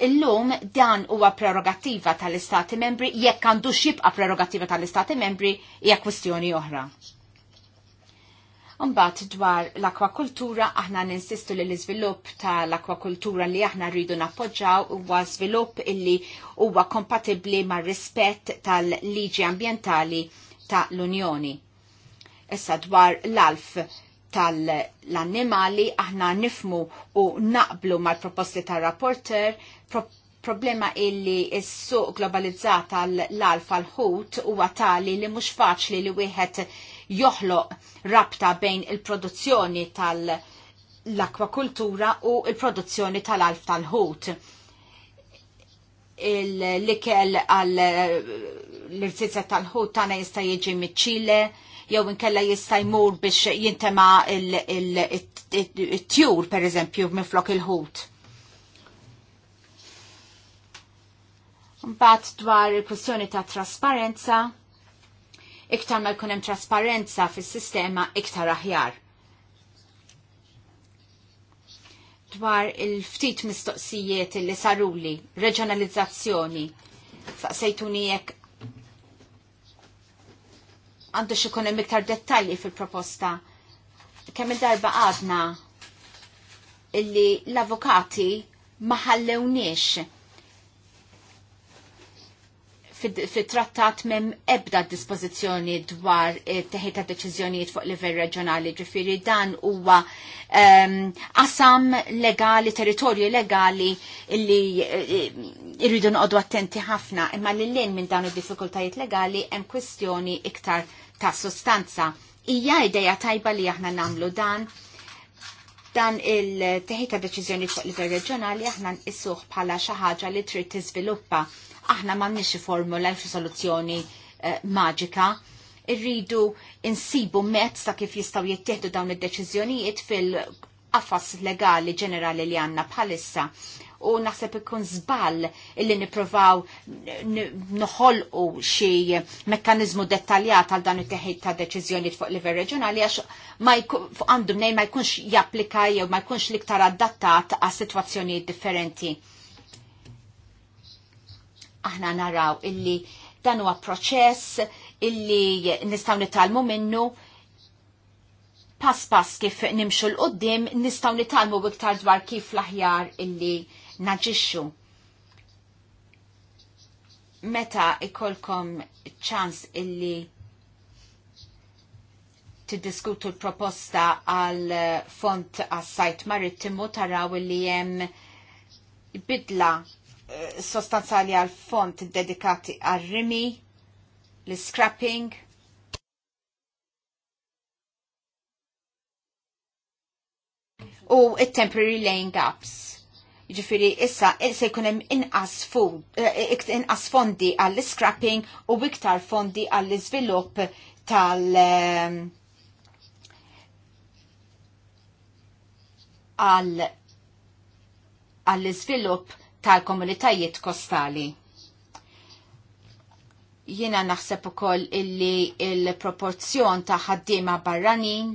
Illum dan huwa prerogattiva tal-Istati membri, jekk għandu xibqa prerogattiva tal-Istati membri, hija kwistjoni oħra. Mbagħad dwar l-akwakultura aħna ninsistu li l-iżvilupp tal-akwakultura li aħna rridu nappoġġaw huwa żvilupp illi huwa kompatibbli mar rispett tal-liġi ambjentali ta' l-Unjoni. Issa dwar l-alf tal-annimali aħna nifmu u naqblu mal-proposti tal-rapporter pro problema illi s-suq globalizzata l-alfa l-ħut u għatali li mux faċli li wieħed joħloq rabta bejn il-produzzjoni tal-akwakultura u il-produzzjoni tal-alf tal-ħut. L-ikel għal l-irtizet tal-ħut tana jista jieġi mit-ċile, jew inkella jista' jmur biex jintema it tjur per eżempju minflok il-ħut. Mbagħad dwar il-kwistjoni ta' trasparenza, iktar ma jkun hemm trasparenza fis-sistema iktar aħjar. dwar il-ftit mistoqsijiet li saruli, reġjonalizzazzjoni, saqsejtuni jekk għandu xikun miktar dettalji fil-proposta. Kemm il-darba għadna illi l-avukati maħallewniex fit-trattat mem ebda dispożizzjoni dwar eh, teħid ta' deċiżjonijiet fuq livell reġjonali, ġifieri dan huwa ehm, qasam legali, territorju legali li eh, irridu noqogħdu attenti ħafna, imma li lejn minn dawn id-diffikultajiet legali hemm kwestjoni iktar ta' sostanza. Ija ideja tajba li aħna namlu dan dan il-teħita deċizjoni fuq livell reġjonali aħna nqisuh bħala xi ħaġa li trid tiżviluppa. Aħna m'għandniex formula xi soluzzjoni eh, maġika. Irridu insibu mezz ta' kif jistgħu jittieħdu dawn id-deċiżjonijiet fil-qafas legali ġenerali li għandna bħalissa u naħseb ikun żball illi niprovaw noħolqu xi mekkaniżmu dettaljat għal dan it-teħid ta' deċiżjonijiet fuq livell reġjonali għax ma għandu nejn ma jkunx japplika jew ma jkunx liktar iktar adattat għas sitwazzjonijiet differenti. Aħna naraw illi dan huwa proċess illi nistgħu nitalmu minnu pass pass kif nimxu l-qoddim nistgħu nitalmu iktar dwar kif l-aħjar illi naġixxu. Meta ikolkom ċans illi tiddiskutu l-proposta għal font għas-sajt marittimu taraw li hemm bidla eh, sostanzjali għal font dedikati għal rimi, l-scrapping. U it-temporary laying gaps. Ġifiri issa se jkun hemm inqas eh, inqas fondi għall-scrapping u iktar fondi għall-iżvilupp tal- ehm, għall għall-iżvilupp tal-komunitajiet kostali Jiena naħseb ukoll illi il-proporzjon ta' ħaddiema barranin,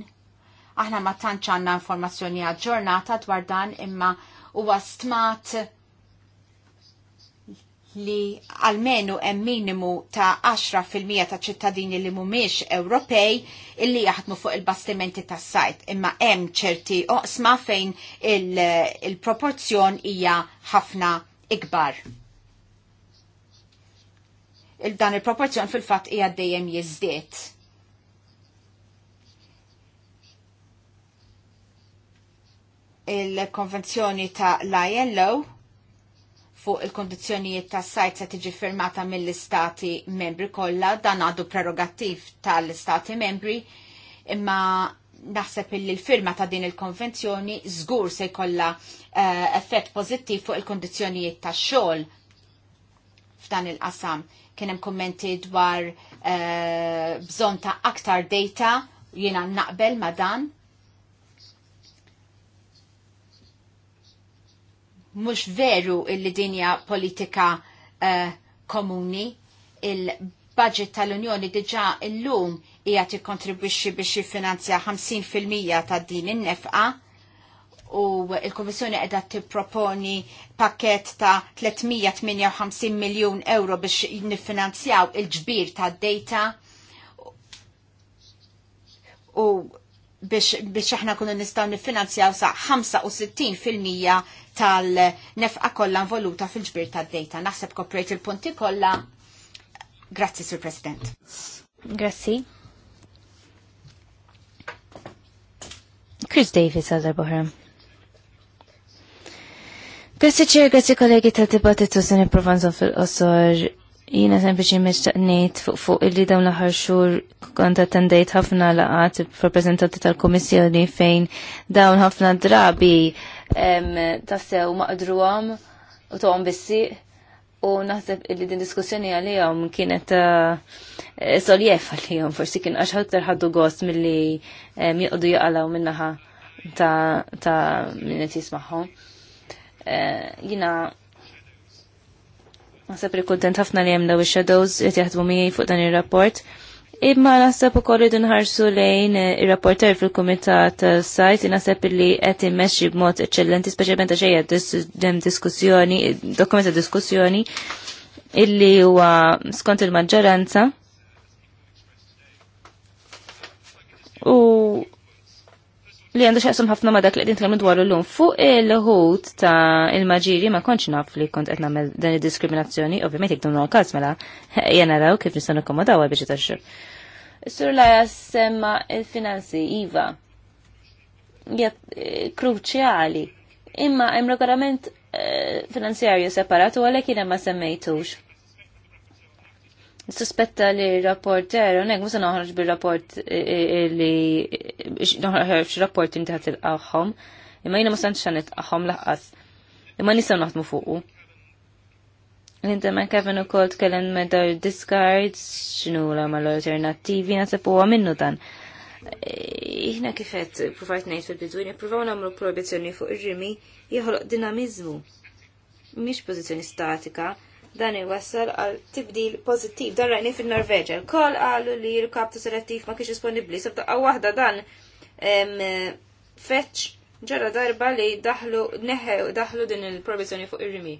aħna ma tantx għandna informazzjoni aġġornata dwar dan imma huwa stmat li għalmenu hemm minimu ta' 10% ta' ċittadini li mhumiex Ewropej illi jaħdmu fuq il-bastimenti tas sajt imma hemm ċerti oqsma fejn il-proporzjon il hija ħafna ikbar. Il Dan il-proporzjon fil-fatt hija dejjem jiżdied. il-konvenzjoni ta' l-ILO fuq il-kondizjonijiet ta' sajt se tiġi firmata mill-istati membri kollha dan għadu prerogattiv tal-istati membri imma naħseb illi l-firma ta' din il-konvenzjoni żgur se jkollha eh, effett pożittiv fuq il-kondizzjonijiet ta' xogħol f'dan il-qasam. Kien hemm kummenti dwar eh, bżonn ta' aktar data jiena naqbel ma' dan mhux veru illi dinja politika uh, komuni il-budget tal-Unjoni diġa illum hija tikkontribwixxi biex jiffinanzja 50% ta' din in-nefqa u il-Kommissjoni qiegħda tipproponi pakket ta' 358 miljun euro biex niffinanzjaw il-ġbir ta' data u biex, biex aħna kunu nistgħu niffinanzjaw sa' 65% tal-nefqa kollha involuta fil-ġbir tad-data. Naħseb koprejt il-punti kollha. Grazzi, Sur President. Grazzi. Chris Davis għal darbohra. Grazzi ċir, grazzi kollegi tal-dibattitu se provanzo fil-qosor Jina sempliċi meċtaqnejt fuq fuq illi dawn l-ħar xur konta tendejt ħafna laqat rappresentanti tal-Komissjoni fejn dawn ħafna drabi tassew maqdruhom u toqgħom bis u naħseb li din diskussjoni għalihom kienet eh, soljef għalihom forsi kien għax ħaktar ħaddu gost milli miqdu jaqalaw minnaħa ta' ta' minnet jismaħħom. Eh, jina naħseb li kuntent ħafna li hemm daw shadows qed jaħdmu miegħi fuq dan ir-rapport. Imma nasab u korridu nħarsu lejn eh, il-rapporter fil-komitat eh, sajt, nasab li qed immexxi b'mod eċċellenti, speċjalment għaxeja dem diskussjoni, dokumenta diskussjoni illi huwa skont il-maġġoranza. U li għandu xaqsum ħafna ma dak li għedin tkellmu dwar l-lum fuq il-ħut ta' il-maġiri ma konċi naf li kont qed nagħmel dan id-diskriminazzjoni, ovvijament jekk dawn għakaz mela jena naraw kif nistgħu għu għal biex taxxur. Sur la semma il-finanzi iva kruċjali imma hemm regolament eh, finanzjarju separatu għalhekk jien ma semmejtux Nisuspetta li r-rapport rapporter, unek musa noħroġ bil-rapport eh, eh, eh, li noħroġ rapport inti ħat il-qaħħom, imma jina musa nxan qaħħom laqqas, imma nisaw naħdmu fuqu. Linda ma Kevin u kol tkellem me dar discards, xinu la ma l-alternativi, nasib u minnu dan. Iħna kifet, provajt nejt fil-bidwini, provaw namlu proibizjoni fuq ir-rimi, jħolq dinamizmu. Miex pozizjoni statika, dan iwassal għal tibdil pozittiv. Dan rajni fin-Norveġa. kol għallu li l-kaptu selettiv ma kienx Sabta għaw waħda dan feċ ġara darba li daħlu neħew daħlu din il-provizjoni fuq ir-rimi.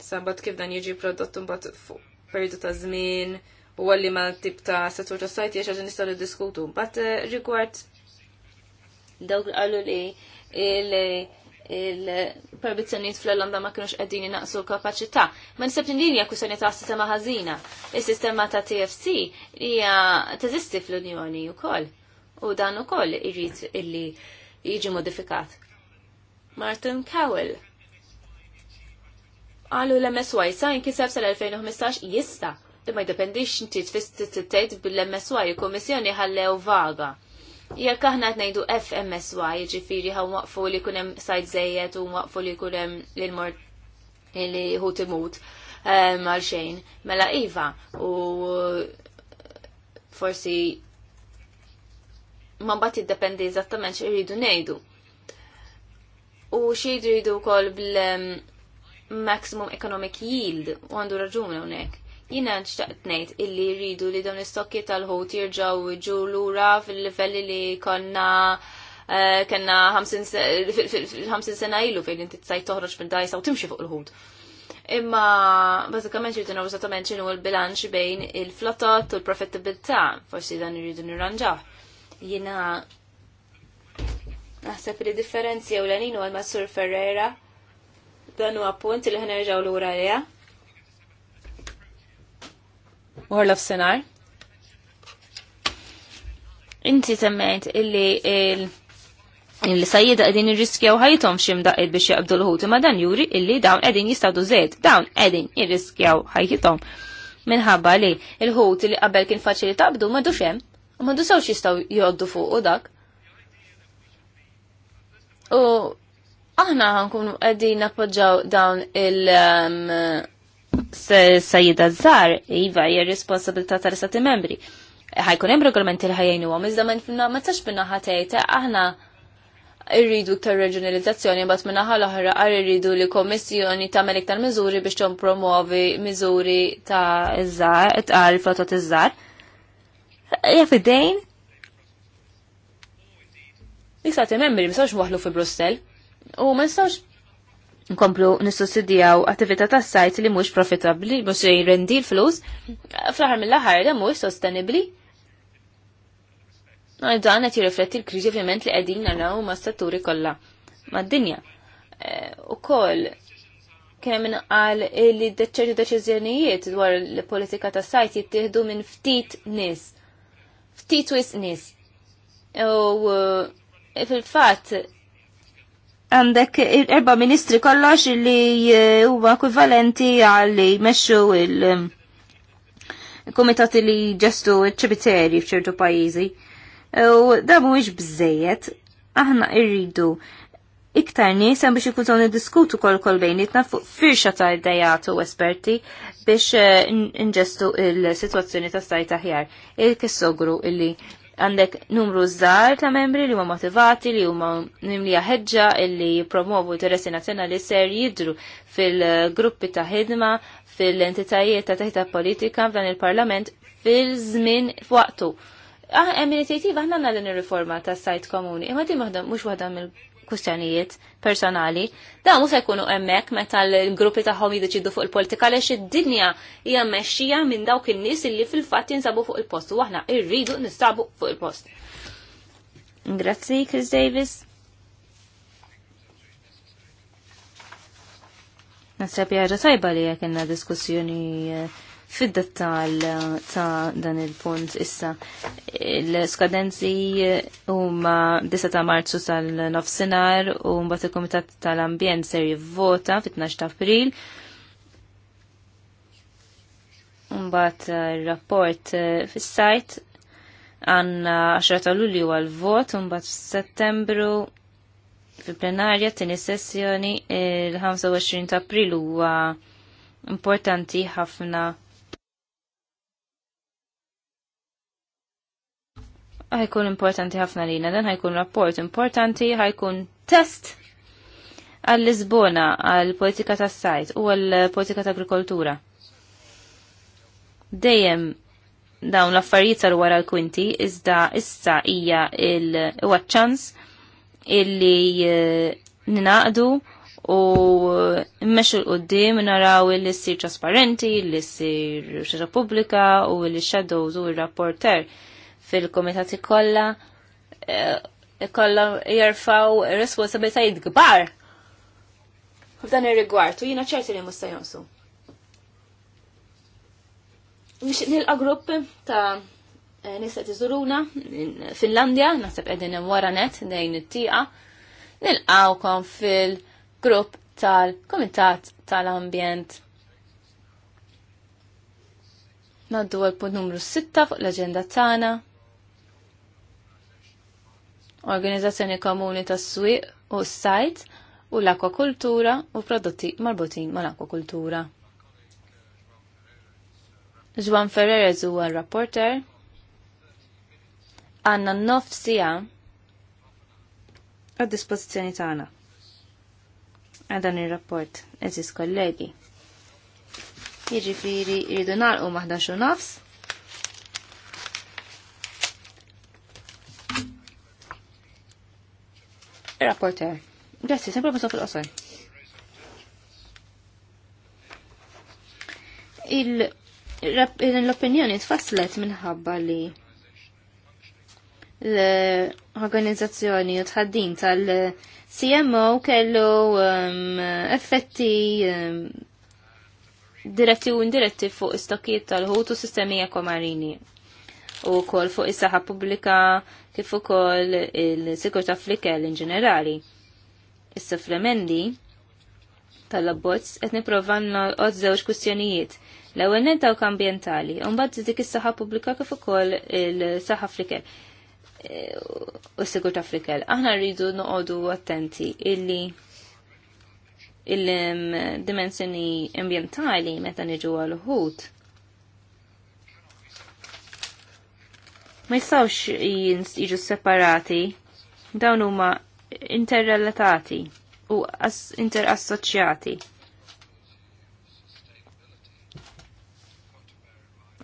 Sabat kif dan jiġi prodott mbagħad fuq periodu ta' żmien u għalli ma' tip ta' settur ta' sajti għax għadin nistaw diskutu. Bat eh, rigward dawk għallu li il perbizzjoniet fl-Olanda ma kienux qegħdin naqsu l-kapaċità. Ma nisab li hija kusoni ta' sistema ħażina. Is-sistema ta' TFC hija teżisti fl-Unjoni wkoll. U dan ukoll irrit illi jiġi modifikat. Martin Cowell Għallu l-MSY sa' jinkisab sal-2015 jista' li ma jdependix inti t tgħid bil-MSY, il-Kummissjoni ħallew vaga Jekk aħna qed ngħidu FMSY, jiġifieri ħa waqfu li jkun hemm sajt żejjed u waqfu li jkun hemm lil mort li hu timut ehm, għal xejn. Mela iva u forsi ma mbagħad jiddependi eżattament x'iridu ngħidu. U xi jridu wkoll bil maximum economic yield u għandu raġun hawnhekk Jina nxtaqt ngħid illi rridu li dawn l-istokki tal-ħut jirġgħu ġu lura fil-livelli li konna eh, kena 50 sena ilu fejn inti tsaj toħroġ minn dajsa u timxi fuq il-ħut. Imma bażikament jridu nagħmlu esattament x'inhu l-bilanċ bejn il-flottot u l-profitabilità, forsi dan irridu nirranġaw. Jiena naħseb li differenzi ewlenin huwa għal massur Ferrera dan huwa punt li ħnerġgħu lura għalija. Warlof Senar. Inti semmejt illi il- illi sajjida għedin irriskjaw ħajtom ximdaqid biex jaqbdu l-ħut, ma dan juri illi dawn għedin jistawdu zed, dawn għedin jirriskjaw ħajtom. Minħabba li il-ħut li qabel kien faċili taqbdu ma u ma dusawx jistaw joddu fuq u dak. U aħna għankun għedin appoġġaw dawn il- um, sajida żgħar iva hija responsabilità tal-istati membri. Ħajkun hemm regolamenti li ħajjejnuhom iżda ma tax minna naħa aħna irridu ktar reġionalizzazzjoni bat minna ħal-ħra għar irridu li kommissjoni melik tal miżuri biex promuovi miżuri ta' iż ta' tqal fotot iż-żgħar. Ja fidejn? sati membri, misawx muħlu fi Brussel. U misawx nkomplu nissussidjaw attività tas sajt li mhux profitabbli mhux jrendi l-flus, fl-aħħar mill-aħħar da mhux sostenibbli. Dan qed jirrifletti l-kriżi ovvjament li qegħdin naraw ma' setturi kollha mad-dinja. Eh, ukoll kemm inqal li ċertu deċiżjonijiet dwar il-politika tas sajt jittieħdu minn ftit nies. Ftit wis nies. U eh, fil-fatt għandek erba ministri kollox li eh, huwa ekwivalenti għal jmexxu il-komitati eh, li ġestu ċ-ċibiteri f'ċertu pajjiżi. U da mhuwiex bżejjed, aħna rridu iktar nisem biex ikun niddiskutu kol kol bejnietna fuq firxa ta' idejat u esperti biex eh, nġestu il-sitwazzjoni ta' stajt aħjar. il kessogru illi għandek numru żgħar ta' membri li huma motivati li huma nimlija ħeġġa li jippromovu interessi nazzjonali ser jidru fil-gruppi ta' ħidma fil-entitajiet ta' teħta politika f'dan il-Parlament fil-żmien f'waqtu. Ah, hemm inizjattiva aħna għandna din ir-riforma ta' sajt komuni, imma din mhux waħda mill kustjonijiet personali, da mu se jkunu hemmhekk meta l-gruppi tagħhom jiddeċidu fuq il-politika għaliex id-dinja hija mmexxija minn dawk in-nies li fil-fatt jinsabu fuq il-post u aħna rridu nistabu fuq il-post. Grazzi, Chris Davis. Nasab jgħada tajba li jek diskussjoni eh, fid-dettal ta' dan il-punt issa. L-skadenzi huma 9 ta' Marzu tal-nofsinhar u mbagħad il-Kumitat tal-Ambjent ser jivvota fit-12 ta' April. Mbagħad ir-rapport fis-sajt għanna 10 ta' Lulju għal-vot, U mbagħad f'Settembru fil-plenarja t sessjoni il-25 ta' April huwa importanti ħafna ħajkun importanti ħafna lina, dan ħajkun rapport importanti, ħajkun test għall-Lisbona, għall-politika tas sajt u għall-politika ta' agrikoltura. Dejjem dawn l-affarijiet sar wara l-kwinti, iżda issa hija il-waċċans illi eh, ninaqdu u mmexxu l qoddim naraw li ssir trasparenti, li ssir xaġa pubblika u illi shadows u r-rapporter fil-komitati kollha jirfaw eh, jerfaw responsabilitajiet kbar f'dan ir-rigward u jiena ċerti li musta jonsu. Nix nilqa' grupp ta' eh, nisa tiżuruna Finlandja, naħseb qegħdin hemm wara net dejn it-tieqa. Nilqawkom fil-grupp tal-Kumitat tal-Ambjent. Naddu għal punt numru 6 fuq l-aġenda tagħna. Organizzazzjoni Komuni tas-Swieq u s-Sajt u l-akwakultura u prodotti marbutin mal-akwakultura. Juan Ferrerez huwa rapporter għanna nof sija għad dispozizjoni tagħna. Għadan ir-rapport eżis kollegi. Jiġifieri jridu nagħlqu maħdax nofs Rapporter. Grazzi, sempre bħu fil-qosor. L-opinjoni tfasslet minħabba li l-organizzazzjoni u tħaddin tal-CMO kellu um, effetti um, diretti u indiretti fuq istokiet tal-ħut u sistemi ekomarini u kol fuq is-saħħa pubblika, kif ukoll il-sigurtà ta' ikel in ġenerali. Issa fl tal-abbozz qed nipprova nqod żewġ kwistjonijiet. L-ewwel net ambjentali, u mbagħad dik is-saħħa pubblika kif ukoll il-saħħa f'likel eh, u s-sigur ta' Aħna rridu noqogħdu attenti illi il-dimensjoni ambientali meta niġu għal ħut ma jistawx jiġu separati, dawn huma interrelatati u interassoċjati.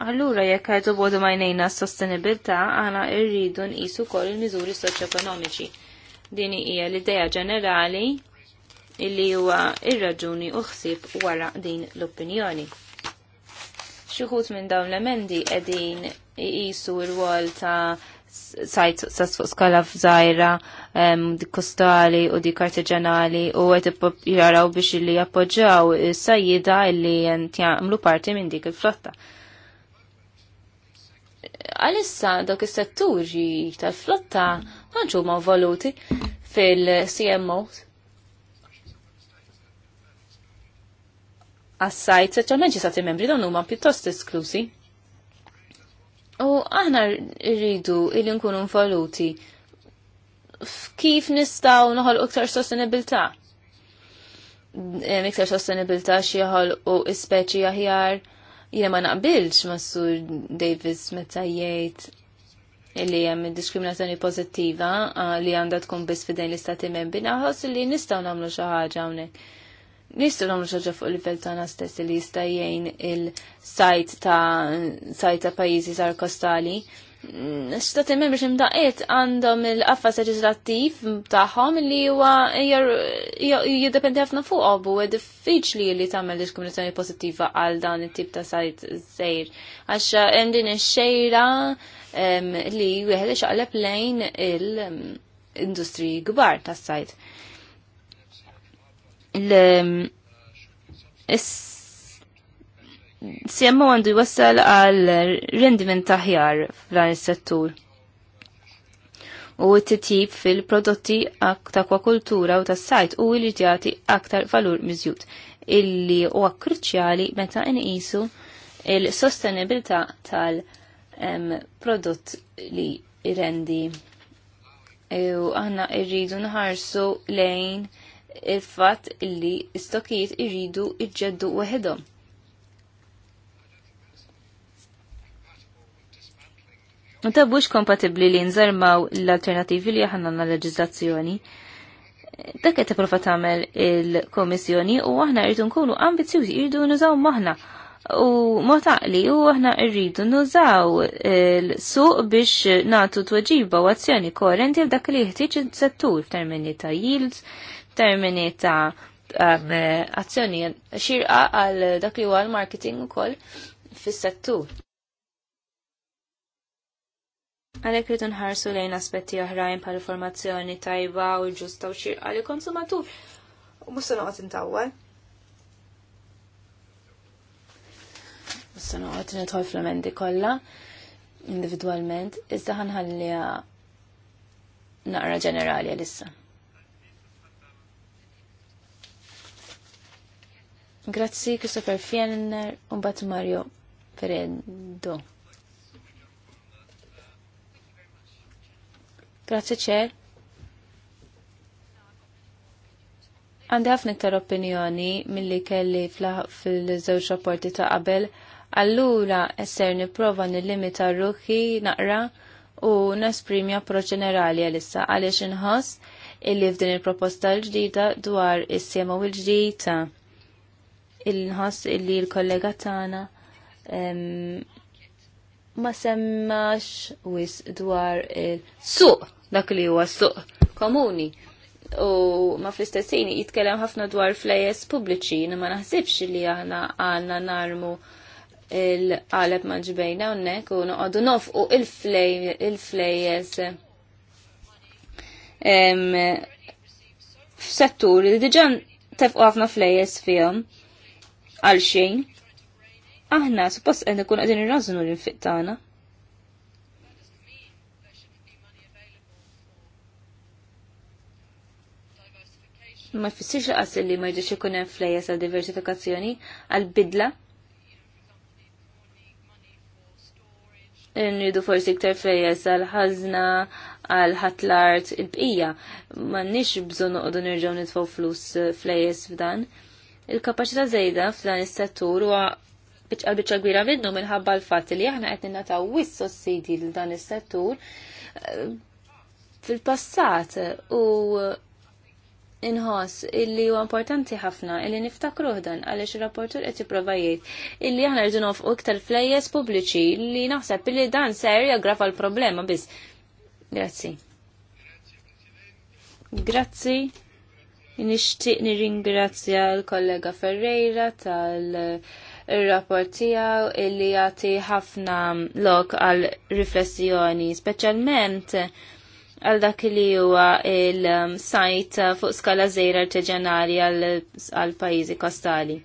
Allura jekk qed bodu majnejna s-sostenibilità, għana rridu nqisu wkoll il-miżuri soċ-ekonomiċi. Din hija l-idea ġenerali illi huwa ir-raġuni u ħsieb wara din l-opinjoni. Xi wħud minn dawn l-emendi qegħdin jisu r-wol ta' sajt sas fuq skala f'żajra dik kostali u dik kartiġanali u għet jaraw biex li jappoġġaw is-sajjida li jagħmlu parti minn dik il-flotta. Għalissa dok is-setturi tal-flotta ħanġu ma' voluti fil-CMO. Għas-sajt, settlement ġisati membri dawn huma pjuttost esklusi. U aħna rridu illi nkunu involuti kif nistaw noħol iktar sostenibilità. Iktar sostenibilità xieħol u ispeċi aħjar jiena ma naqbilx ma' Sur Davis meta jgħid illi hemm diskriminazzjoni pożittiva ah, li għandha tkun biss fidejn l-istati membri naħos li nistgħu nagħmlu xi ħaġa hawnhekk. Nistu namlu xaġa fuq il-livell tagħna stess li jista' jgħin il-sajt ta' sajt ta' pajjiżi sar kostali. Mm, xta' temmen biex imdaqet għandhom il-qafas leġislattiv tagħhom li huwa jiddependi ħafna fuq u diffiċli li tagħmel diskriminazzjoni pożittiva għal dan it-tip ta' sajt żejr. Għax għendin din ix-xejra li wieħed xaqleb lejn il-industriji kbar tas-sajt. Siemmu għandu jwassal għal rendiment taħjar f'dan is-settur. U t-tip fil-prodotti ta' kwakultura u tas sajt u li ġati aktar valur mizjut illi huwa kruċjali meta nqisu il-sostenibilità tal-prodott li rendi. E u aħna rridu nħarsu lejn il-fatt illi istokijiet iridu iġġeddu weħedhom. Ma bux kompatibli li nżarmaw l-alternativi li aħna għandna leġiżlazzjoni, dak qed tipprova tagħmel il-Komissjoni u aħna rridu nkunu ambizzjużi, rridu nużaw maħna u motaqli u aħna rridu nużaw il-suq biex natu tweġiba u azzjoni koerenti l dak li jeħtieġ settur f'termini ta' yields, Termini ta' um, azzjoni xirqa għal dak li huwa l-marketing ukoll fis-settur. Għalek rridu nħarsu lejn aspetti oħrajn pal informazzjoni tajba u ġusta u xirqa li konsumatur. U musta noqgħod intawwa. Musta noqgħod nitħol fl mendi kolla individwalment, iżda ħanħallija naqra ġenerali għalissa. Grazzi Christopher Fjellner un bat Mario Peredo. Grazzi ċer. Għandi ħafna iktar opinjoni mill-li kelli fil-żewġ rapporti ta' qabel, allura esser niprofa nil-limita ruħi naqra u nesprimi approċ ġenerali għalissa għaliex inħoss illi f'din il-proposta l-ġdida dwar is-sema u l-ġdida il-nħoss illi l-kollega tagħna ma semmax wis dwar il-suq dak li huwa suq komuni u ma fl-istessin jitkellem ħafna dwar flejes pubbliċi na ma naħsibx li aħna għandna narmu il qalet maġbejna unnek u noqogħdu nofqu il-flejes f'settur li diġan tefqu ħafna flejes fihom għal xejn. Aħna suppost qed ikun qegħdin irrażnu l infittana tagħna. Ma jfissirx laqas li ma jġiex ikun hemm flejjes sa diversifikazzjoni għal bidla. Nridu forsi iktar flejja għal ħażna għal ħatlart il-bqija. Ma nix bżonn noqogħdu nerġgħu nitfgħu flus eh, flejjes f'dan. Il-kapacità żejda f'dan is-settur huwa biċċa biċċa kbira minnhom minħabba l-fatt li aħna qed ninnataw wis sossidi l dan is-settur eh, fil-passat u inħoss illi huwa importanti ħafna illi niftakruh dan għaliex ir-rapportur qed jipprova jgħid illi aħna rridu nofqu iktar flejjes pubbliċi li naħseb illi dan ser jaggrava l-problema biss. Grazzi. Grazzi. Nixtieq nirringrazzja l-kollega Ferreira tal-rapport tiegħu illi jagħti ħafna lok għal riflessjoni, speċjalment għal dak li huwa il-sajt fuq skala Zejra Artiġanali għal pajjiżi kostali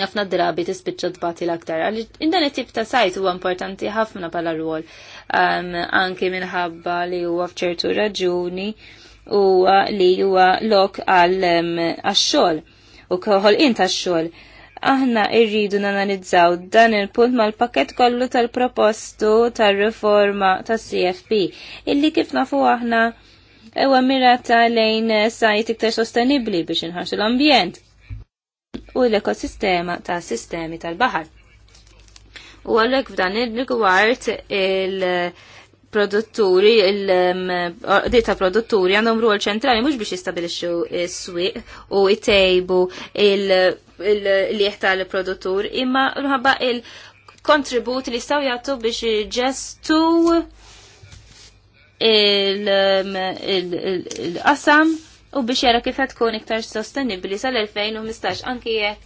ħafna drabi tispiċċa tbati l-aktar. Indan it-tip ta' sajt huwa importanti ħafna pala rwol, um, anki minħabba li huwa f'ċertu raġuni u li huwa lok għal għax-xogħol u koħol inta xogħol Aħna irridu nanalizzaw dan il-punt mal-pakket kollu tal-propostu tal-riforma tas-CFP illi kif nafu aħna ewa mirata lejn sajt iktar sostenibli biex inħarsu l-ambjent u l-ekosistema ta' sistemi tal-baħar. U għallek f'dan il-rigward il-, -rigward il produtturi, il-dita produtturi għandhom ruol ċentrali mhux biex jistabilixxu is swieq u jtejbu il-lieħ tal-produttur, imma minħabba il-kontribut li jistgħu jagħtu biex ġestu il-qasam u biex jara kif tkun iktar sostenibbli sal-2015 anki jekk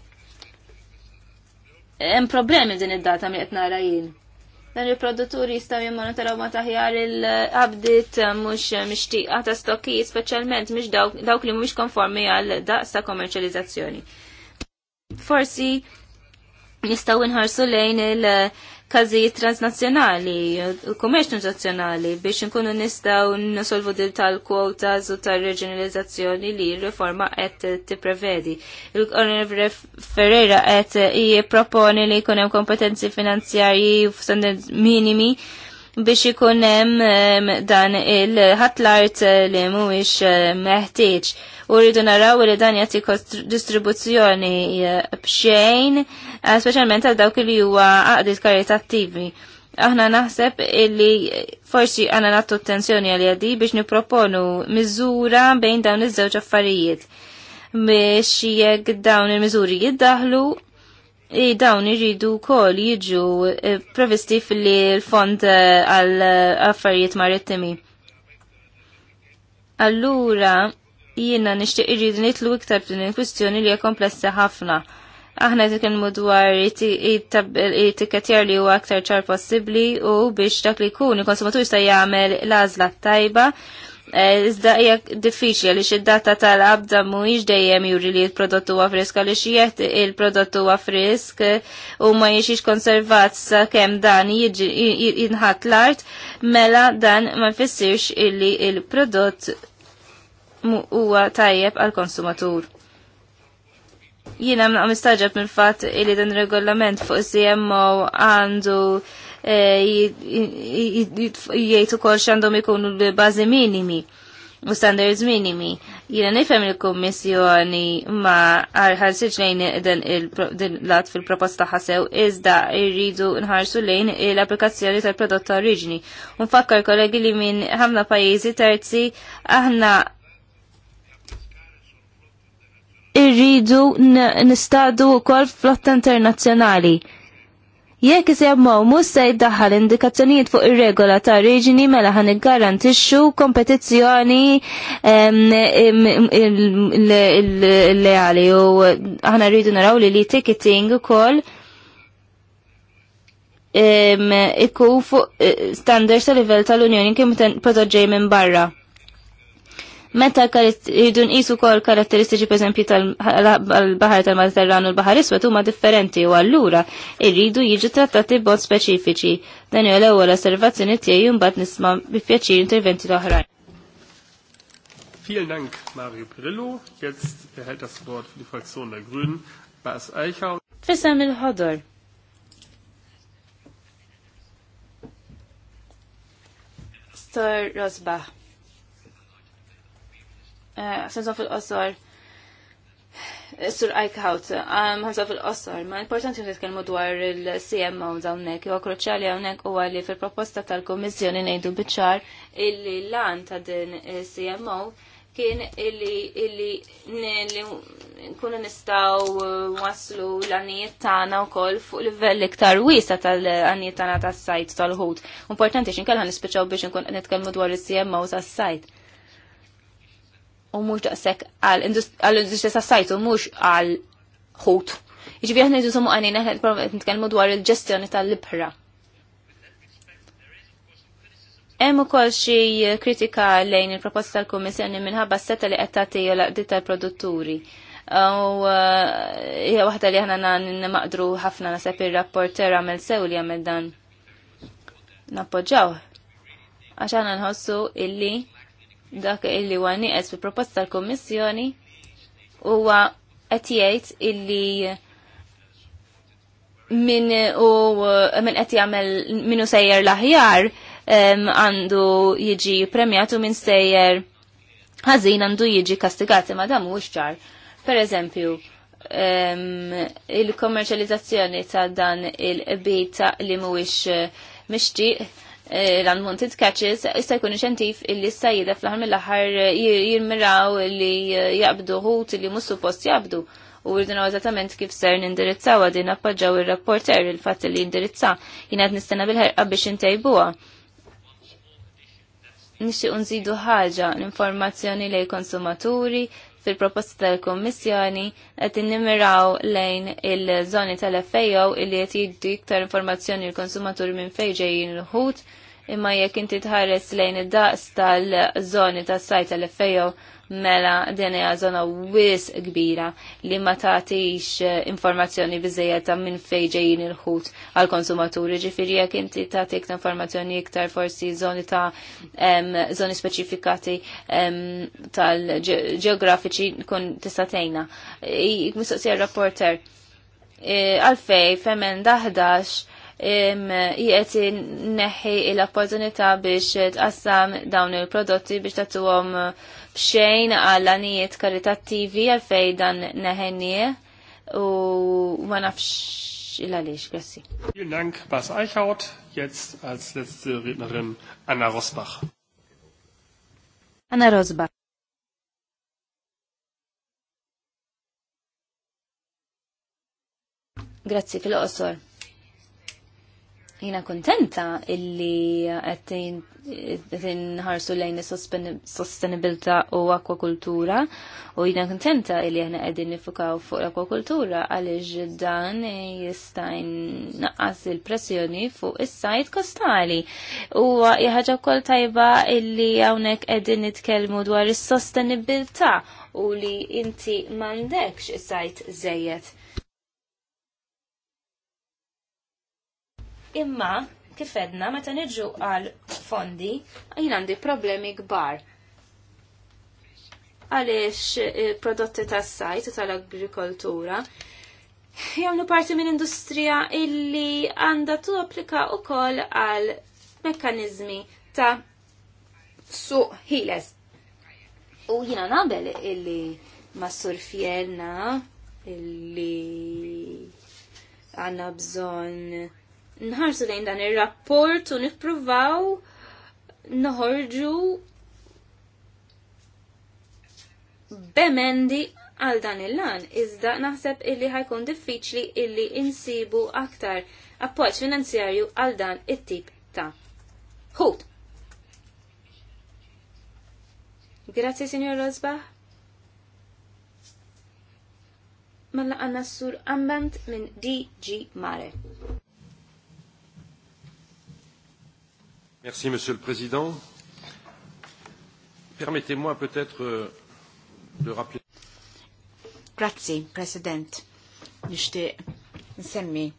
hemm problemi din id-data li qed nara jien dan il-produtturi jistaw jimmonitoraw ma taħjar il-abdit eh, mux eh, mixtiqa ah, ta' stokki, specialment mux dawk li mux konformi għal daqs ta' komerċializzazzjoni. Forsi jistaw inħarsu lejn il- każijiet transnazzjonali, kummerċ transnazjonali biex nkunu nistgħu nisolvu dil tal-kwotas u tal-reġionalizzazzjoni li r-riforma qed tipprevedi. Il-Onorevole Ferreira qed jipproponi li jkun hemm kompetenzi finanzjarji standard minimi biex ikun hemm dan il-ħatlart eh, li mhuwiex eh, meħtieġ. U rridu naraw li dan jagħti distribuzzjoni eh, b'xejn, speċjalment għal dawk li huwa għaqdiet karitattivi aħna naħseb illi forsi għana nattu attenzjoni għal jadi biex niproponu miżura bejn dawn iż-żewġ affarijiet biex jekk dawn il-miżuri jiddaħlu I dawn iridu kol jiġu eh, previsti fil-li l-fond eh, għal eh, affarijiet marittimi. Allura, jiena nishtiq iridu nitlu iktar din il-kwistjoni li hija komplessa ħafna. Aħna nitkellmu dwar it-tikkatjar li huwa aktar ċar possibbli u biex dak li kun il-konsumatur jista' jagħmel l-għażla tajba Eh, iżda hija diffiċli li id-data tal-abda mhuwiex dejjem juri li l-prodott huwa frisk għaliex jieħed il-prodott huwa frisk u ma jiexix konservat kemm dan jinħat l-art mela dan ma jfissirx illi il-prodott huwa tajjeb għal-konsumatur. Jiena mistaġab istaġab mill-fatt illi dan regolament fuq CMO għandu Eh, jgħid ukoll x'għandhom ikunu l-bażi minimi u standards minimi. Jiena nifhem il-Kummissjoni ma għarħal lejn dan il-lat fil-proposta ħasew iżda irridu nħarsu lejn l-applikazzjoni tal prodotta oriġni. Unfakkar kollegi li minn ħamna pajjiżi terzi aħna irridu nistadu wkoll flotta internazzjonali Jekk isemmaw mhux se jiddaħħal indikazzjonijiet fuq ir-regola ta' oriġini mela ħan iggarantixxu kompetizzjoni leali u aħna rridu naraw li li ticketing ukoll ikku fuq eh, standards tal livell tal-Unjoni kien protoġej minn barra. Meta jidun nqisu kol karatteristiċi pereżempju tal bahar tal-Mediterran u l-baħar iswed huma differenti u allura irridu jiġu trattati b'mod speċifiċi. Dan hija l-ewwel osservazzjoni tiegħi u mbagħad nisma' bi pjaċir interventi l-oħrajn. Vielen Dank, Mario Pirillo. Jetzt erhält das Wort für die Fraktion der Grünen Bas Eichau. Fissam il-ħodor. Sir Rosbach ħanżon fil-qosor. Sur Eichhout, um, ħanżon fil-qosor, ma importanti li kelmu dwar il-CMO dawnek, huwa kruċjali hawnhekk huwa li fil-proposta tal-Kummissjoni ngħidu biċċar illi lan ta' din CMO kien illi illi nkunu nistgħu uh, waslu l-għanijiet tagħna wkoll fuq livell iktar wiesa tal-għanijiet tagħna tas-sajt tal-ħut. Importanti x'inkellha nispiċċaw biex nkun nitkellmu dwar is-CMO tas-sajt u mux daqsek għal-industrija ta' sajtu, mux għal-ħut. Iġbi jiġifieri għahna jizum għanina għahna nitkellmu dwar il-ġestjoni tal libra Hemm ukoll xi kritika lejn il-proposta tal-Kummissjoni minħabba s-seta li qed tagħti laqdiet tal-produtturi. U eh, hija waħda li aħna maqdru ħafna naseb ir-rapporter għamel sew li għamel dan. Nappoġġaw. Għax aħna nħossu illi dak illi huwa nieqes fi proposta tal-Kummissjoni huwa qed jgħid illi min u min qed jagħmel minu sejjer l-aħjar għandu jiġi premjat u min sejjer ħażin għandu jiġi kastigati ma dam mhuwiex ċar. Pereżempju, il-kommerċjalizzazzjoni ta' dan il-bita li mhuwiex mixtieq Eh, l-unwanted catches issa jkun inċentiv illi issa jida fl-ħar mill-ħar eh, jirmiraw li eh, jaqbdu ħut illi mussu suppost jaqbdu u rridna eżattament kif ser nindirizzaw għadin appoġġaw il-rapporter il-fatt li indirizza jina qed nistenna bil-ħerqa biex intejbuha. Nixi nżidu ħaġa l-informazzjoni lej konsumaturi fil-proposta tal-Kommissjoni qed innimiraw lejn il-żoni tal-FAO illi qed jiddu iktar informazzjoni l-konsumaturi minn fejn ġejjin l-ħut imma jekk inti tħares lejn id-daqs tal-żoni tas-sajt tal-fejjew mela din hija żona wis kbira li ma tagħtix eh, informazzjoni biżejjed ta' minn fejn ġejjin il-ħut għal konsumaturi ġifieri jekk inti tagħtik informazzjoni iktar forsi żoni ta' żoni speċifikati tal-ġeografiċi kun tista' tgħinna. Mistoqsija rapporter eh, għalfej femen daħdax jieti neħi l-opportunità biex tqassam dawn il-prodotti biex tatuhom bxejn għal anijiet karitattivi għal fej dan neħennie u ma nafx il-għalix, grazzi. Vielen Dank, Bas Eichhaut. Jetzt als letzte Rednerin Anna Rosbach. Anna Rosbach. Grazie, fil-qosor. Jina kontenta illi qed ħarsu lejn is-sostenibilità u akwakultura u jina kontenta illi aħna għedin nifukaw fuq akwakultura għaliex dan jista' naqqas il-pressjoni fuq is-sajt kostali. U ħaġa kol tajba illi hawnhekk qegħdin nitkellmu dwar is-sostenibilità u li inti m'għandekx sajt żejjed Imma kif edna meta niġu għal fondi jina għandi problemi kbar għaliex eh, prodotti tas-sajt tal-agrikoltura jagħmlu parti minn industrija illi għandha applika wkoll għal mekkaniżmi ta' suq ħiles. U jina nabel illi Massur Fjellna illi għanna bżon nħarsu lejn dan ir-rapport u nippruvaw noħorġu bemendi għal dan il-lan, iżda naħseb illi ħajkun diffiċli illi insibu aktar appoġġ finanzjarju għal dan it-tip ta' ħut. Grazie, signor Rosba. Malla għanna s-sur ambant minn DG Mare. Merci, Monsieur le Président. Permettez-moi peut-être euh, de rappeler. Grazzi, President. Nishti nsemmi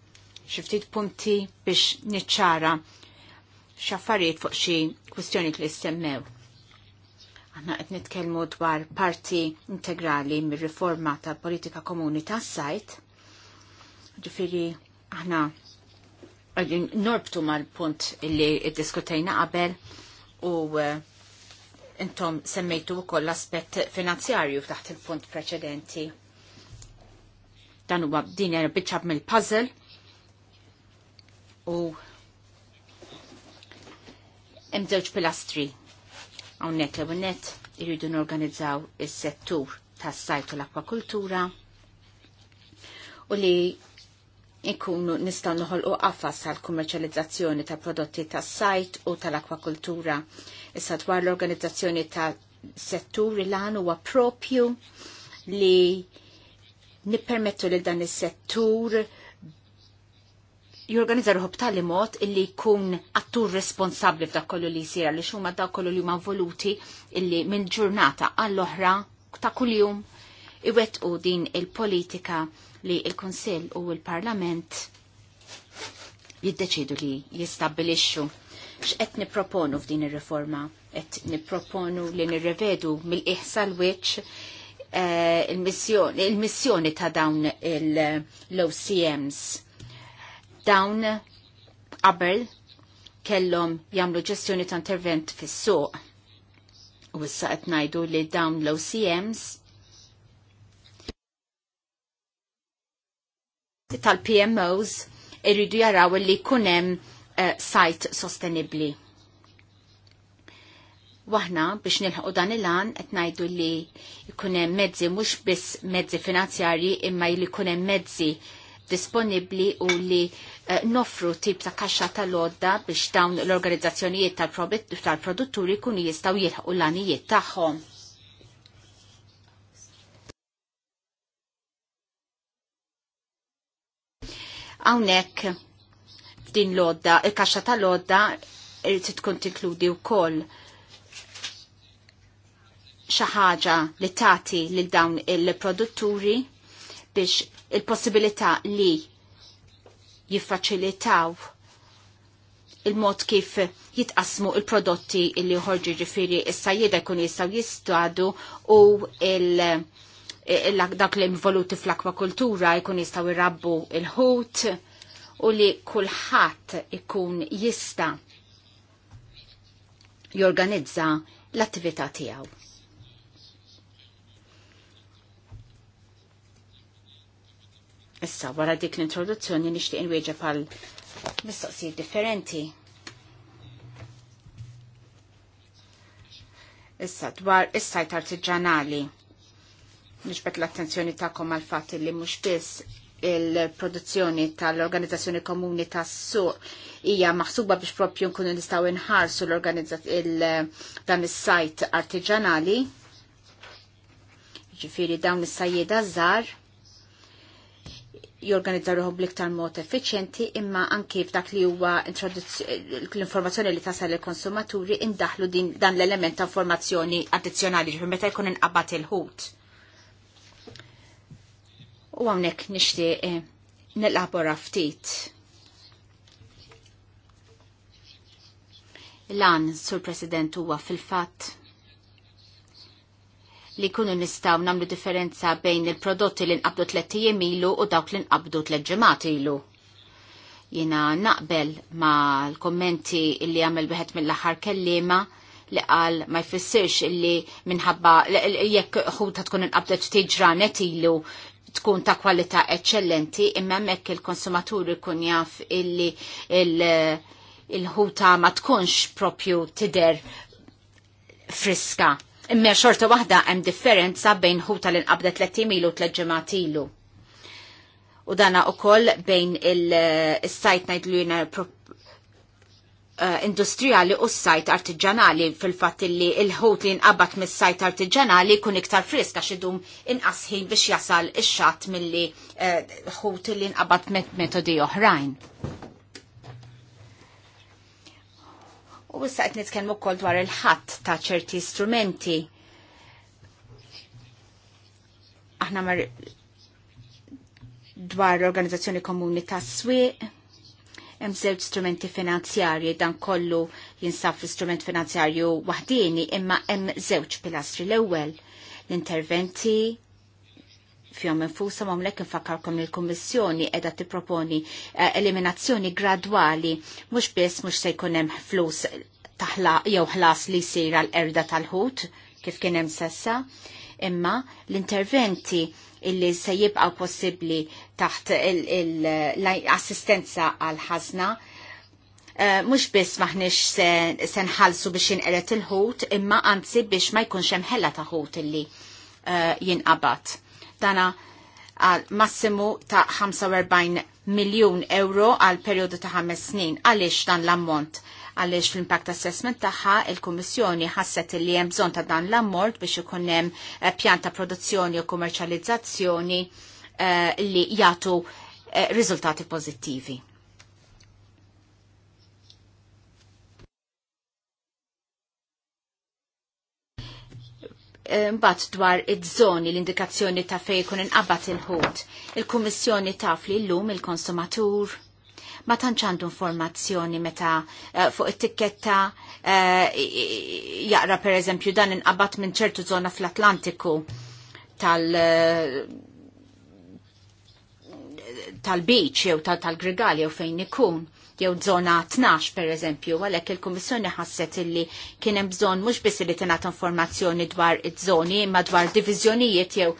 xiftit punti biex niċċara xaffariet fuq xi kwistjoni li semmew. Aħna qed nitkellmu dwar parti integrali mir-riforma tal-politika komuni tas-sajt. Ġifieri aħna norbtu mal-punt li diskutajna qabel u eh, intom semmejtu u koll aspet finanzjarju taħt il-punt preċedenti. Dan huwa din hija biċċab mill-puzzle u hemm żewġ pilastri hawnhekk l net n norganizzaw is-settur tas-sajt u l-akwakultura u li ikunu nistaw noħolqu qafas tal-kummerċjalizzazzjoni ta' prodotti tas sajt u tal-akwakultura. Issa dwar l-organizzazzjoni ta' setturi lan huwa propju li nippermettu li dan is-settur jorganizzar ruħu b'tali mod illi jkun attur responsabli f'dak kollu li jsir li xuma dak kollu li huma voluti illi mill-ġurnata għall-oħra ta' kuljum iwettqu din il-politika li il-Konsil u il-Parlament jiddeċidu li jistabilixxu. X'qed nipproponu f'din ir-riforma? Qed nipproponu li nirrevedu mill iħsal l-wiċċ eh, il-missjoni ta' dawn l-OCMs. Dawn qabel kellhom jagħmlu ġestjoni ta' intervent fis-suq. U issa qed ngħidu li dawn l-OCMs tal-PMOs irridu jaraw li kunem uh, sajt sostenibli. Waħna biex nilħu dan il-għan qed ngħidu li jkunem mezzi mhux biss mezzi finanzjarji imma li jkunem mezzi disponibli u li uh, nofru tip ta' kaxxa tal-odda biex dawn l-organizzazzjonijiet tal-produtturi tal kunu jistaw jilħu l-għanijiet tagħhom. Hawnhekk f'din lodda, il-kaxxa ta' lodda irid tkun tinkludi wkoll xi ħaġa li tagħti lil dawn il-produtturi biex il-possibilità li jiffaċilitaw il-mod kif jitqasmu il-prodotti li ħorġu ġifiri issa jeda jkun jistaw jistadu u il- Eh, dak li involuti fl-akwakultura jkun jistaw irrabbu il-ħut u li kulħadd ikun jista jorganizza l-attività tiegħu. Issa, wara dik l-introduzzjoni nixtieq inwieġa pal mistoqsijiet differenti. Issa, dwar is-sajt artiġanali Nixbet l-attenzjoni ta'kom għal fatt li mhux biss il-produzzjoni tal-Organizzazzjoni Komuni tas-Suq hija maħsuba biex propju nkunu nistgħu inħarsu dan is-sajt artiġanali. Ġifieri dawn is-sajjieda żgħar jorganizzaw ruħu bliktar mod effiċjenti imma anki f'dak li huwa l-informazzjoni li tasal il-konsumaturi indaħlu dan l-element ta' informazzjoni addizzjonali ġifir meta jkun inqabad il-ħut u għawnek nishti eh, nil-labora ftit. Lan, sur President, huwa fil-fat li kunu nistaw namlu differenza bejn il-prodotti li nqabdu tlettijiem ilu u dawk li nqabdu tleġġemat ilu. Jina naqbel ma l-kommenti li għamil biħet mill-axar kellima li qal ma jfissirx illi minħabba jekk ta tkun t tiġra ilu tkun ta' kwalità eccellenti imma hemmhekk il konsumatur ikun jaf illi il-ħuta ma tkunx propju tider friska. Imma xorta waħda hemm differenza bejn ħuta li nqabda 30 ilu u 3 ilu. U dana ukoll bejn il-sajt ngħidlu jiena Eh, industrijali u s-sajt artiġanali fil-fat li il-ħut li nqabbat mis sajt artiġanali kun iktar friska xidum inqasħin biex jasal ix-xat mill-li eh, ħut li nqabbat metodi oħrajn. U issa qed nitkellmu wkoll dwar il-ħadd ta' ċerti strumenti. Aħna mar dwar organizzazzjoni komuni ta' swieq hemm żewġ strumenti finanzjarji dan kollu jinsab fl-istrument finanzjarju waħdini imma hemm żewġ pilastri l-ewwel l-interventi fjom infusa mamlek infakarkom il l-Kommissjoni edha tipproponi eh, eliminazzjoni gradwali mhux biss mhux se jkun hemm flus taħla jew ħlas li jsir għal erda tal-ħut kif kien hemm sessa imma l-interventi illi se jibqaw possibbli taħt l-assistenza għal-ħazna. Eh, mux biss maħnix senħalsu biex jinqeret il-ħut, imma anzi biex ma jkunx hemm ħella ta' ħut illi eh, jinqabat. Dana għal massimu ta' 45 miljon euro għal periodu ta' 5 snin. Għaliex dan l-ammont? Għaliex fl-impact assessment tagħha il-Kummissjoni ħasset li hemm bżonn ta' dan l-ammont biex ikun hemm eh, pjan ta' produzzjoni u komerċalizzazzjoni. Eh, li jagħtu eh, riżultati pożittivi. Eh, mbagħad dwar iż-żoni l-indikazzjoni ta' fejn ikun inqabad il-ħut. Il-Kummissjoni taf li llum il-konsumatur ma tantx għandu informazzjoni meta fuq it-tikketta jaqra pereżempju dan inqabad minn ċertu żona fl-Atlantiku tal tal beċ jew tal-grigal jew fejn ikun jew zona 12 per eżempju, għalhekk il-Kummissjoni ħasset illi kien hemm bżonn mhux biss li tingħata informazzjoni dwar iż-żoni imma dwar diviżjonijiet jew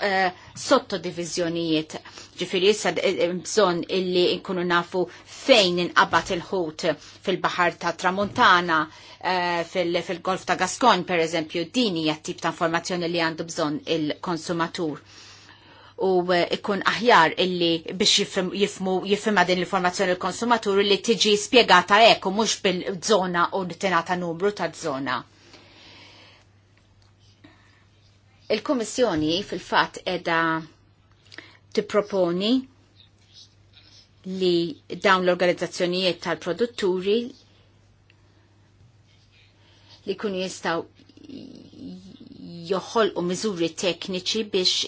eh, sottodiviżjonijiet. Ġifieri issa eh, bżonn illi nkunu nafu fejn inqabad il-ħut fil-Baħar ta' Tramuntana, eh, fil-Golf ta' Gascogne per eżempju, din hija tip ta' informazzjoni li għandu bżonn il-konsumatur u eh, ikun aħjar illi biex jifmu jifma din l-informazzjoni l-konsumatur li tiġi spiegata ek u mux bil-zona u tenata numru ta' zona. il komissjoni fil-fat edha tipproponi li dawn l-organizzazzjonijiet tal-produtturi li kunu jistaw joħolqu miżuri tekniċi biex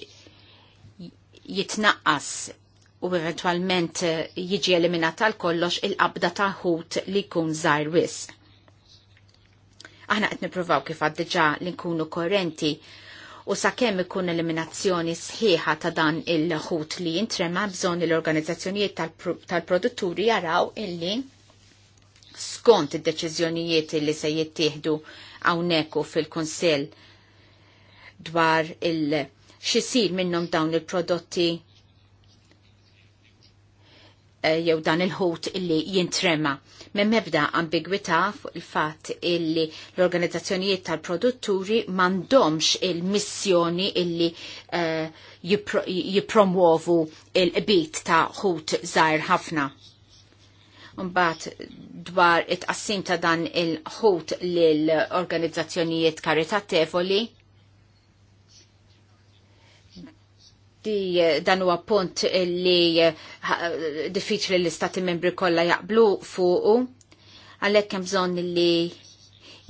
jitnaqqas u eventualment eh, jiġi eliminat l kollox il-qabda ta' ħut li jkun żgħar wisq. Aħna qed nippruvaw kif għad li nkunu korrenti u sakemm ikun eliminazzjoni sħiħa ta' dan il-ħut li jintrema bżonn l-organizzazzjonijiet tal-produtturi jaraw illi skont id-deċiżjonijiet li se jittieħdu hawnhekk fil-Kunsell dwar il- xisir minnom dawn il-prodotti eh, jew dan il-ħut illi jintrema. Mem mebda ambigwita fuq il-fat illi l-organizzazzjonijiet tal-produtturi mandomx il-missjoni illi eh, jipromuovu il-bit ta' ħut zaħir ħafna. Mbagħad dwar it-qassim ta' dan il-ħut lill organizzazzjonijiet karitatevoli di dan huwa punt li diffiċli l-istati membri kollha jaqblu fuqu għalhekk hemm bżonn li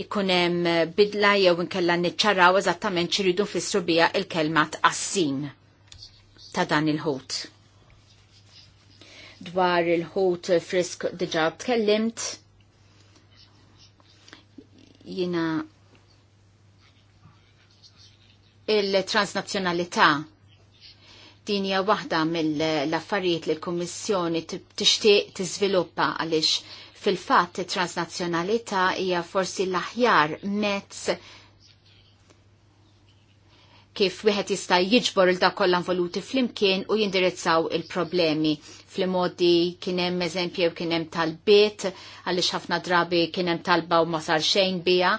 ikun hemm bidla jew inkella niċċaraw eżattament x'iridu nfissru biha il-kelma tqassim ta' dan il-ħut. Dwar il-ħut frisk diġà tkellimt jiena il-transnazzjonalità dinja waħda mill-affarijiet li l-Kummissjoni tixtieq tiżviluppa għaliex fil-fatt transnazzjonalità hija forsi l-aħjar mezz kif wieħed jista' jiġbor il voluti involuti flimkien u jindirizzaw il-problemi. Fl-modi kien hemm eżempju kien hemm talbiet għaliex ħafna drabi kien hemm talba u ma sar xejn biha,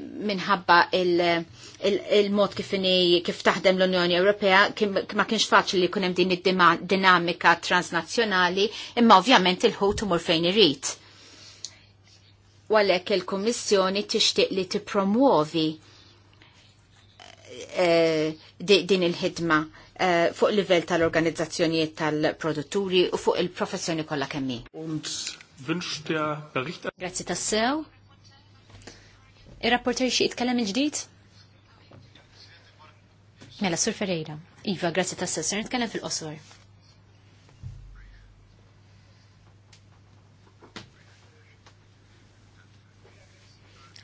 minħabba il-mod il, il kif taħdem l-Unjoni Ewropea ma kienx faċli li kunem din id-dinamika transnazzjonali imma ovvjament il-ħut imur fejn irid. Walek il-Kummissjoni tixtieq li tippromuovi eh, din il-ħidma eh, fuq livell tal-organizzazzjonijiet tal-produtturi u fuq il-professjoni kollha kemm. Und Grazie tassew Ir-rapporter xie jitkellem il-ġdid? Mela, Sur Ferreira. Iva, grazie ta' sessar, nitkellem fil-qosor.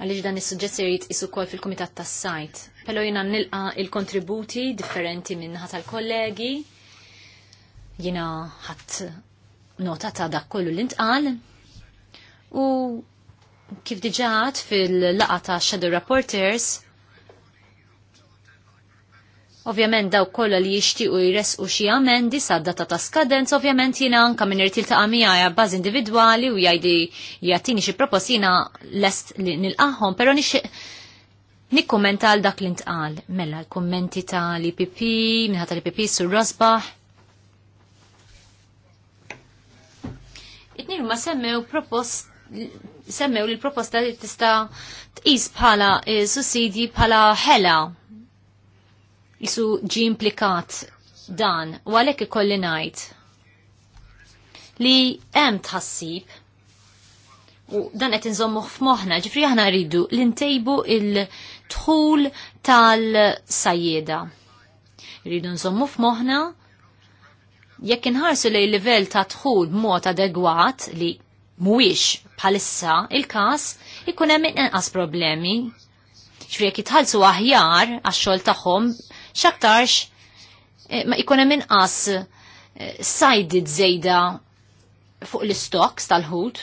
Għalix dan is sugġessirit se isu kol fil-Kumitat tas-Sajt. Pello jina nilqa il-kontributi differenti minn tal-kollegi. Jiena ħadd nota ta' dak kollu l-intqal u kif diġaħat fil-laqa ta' Shadow Reporters, Ovvjament daw kolla li jixtiequ u xi amendi sa data ta' skadenz, ovvjament jiena anka minn irtil ta' għamija baż individwali u jgħidi jagħtini xi propostina lest li nilqahom, però nixtieq nikkummenta għal dak li ntqal. Mela l-kummenti ta' pipi, ipp ta' tal pipi sur Rosbach. It-tnejn ma semmew propos semmew li l-proposta tista' tqis bħala eh, sussidji bħala ħela jisu ġi implikat dan u għalhekk ikolli ngħid li hemm tħassib u dan qed inżommu f'moħħna ġifri aħna rridu li ntejbu il-dħul tal-sajjeda. Rridu nżommu f'moħħna jekk inħarsu lej livell ta' dħul b'mod adegwat li mhuwiex bħalissa il-każ ikun hemm inqas problemi. Ġifieri jitħallsu aħjar għax-xogħol tagħhom x'aktarx eh, ma ikun hemm inqas eh, sajdit żejda fuq l-istoks tal-ħut.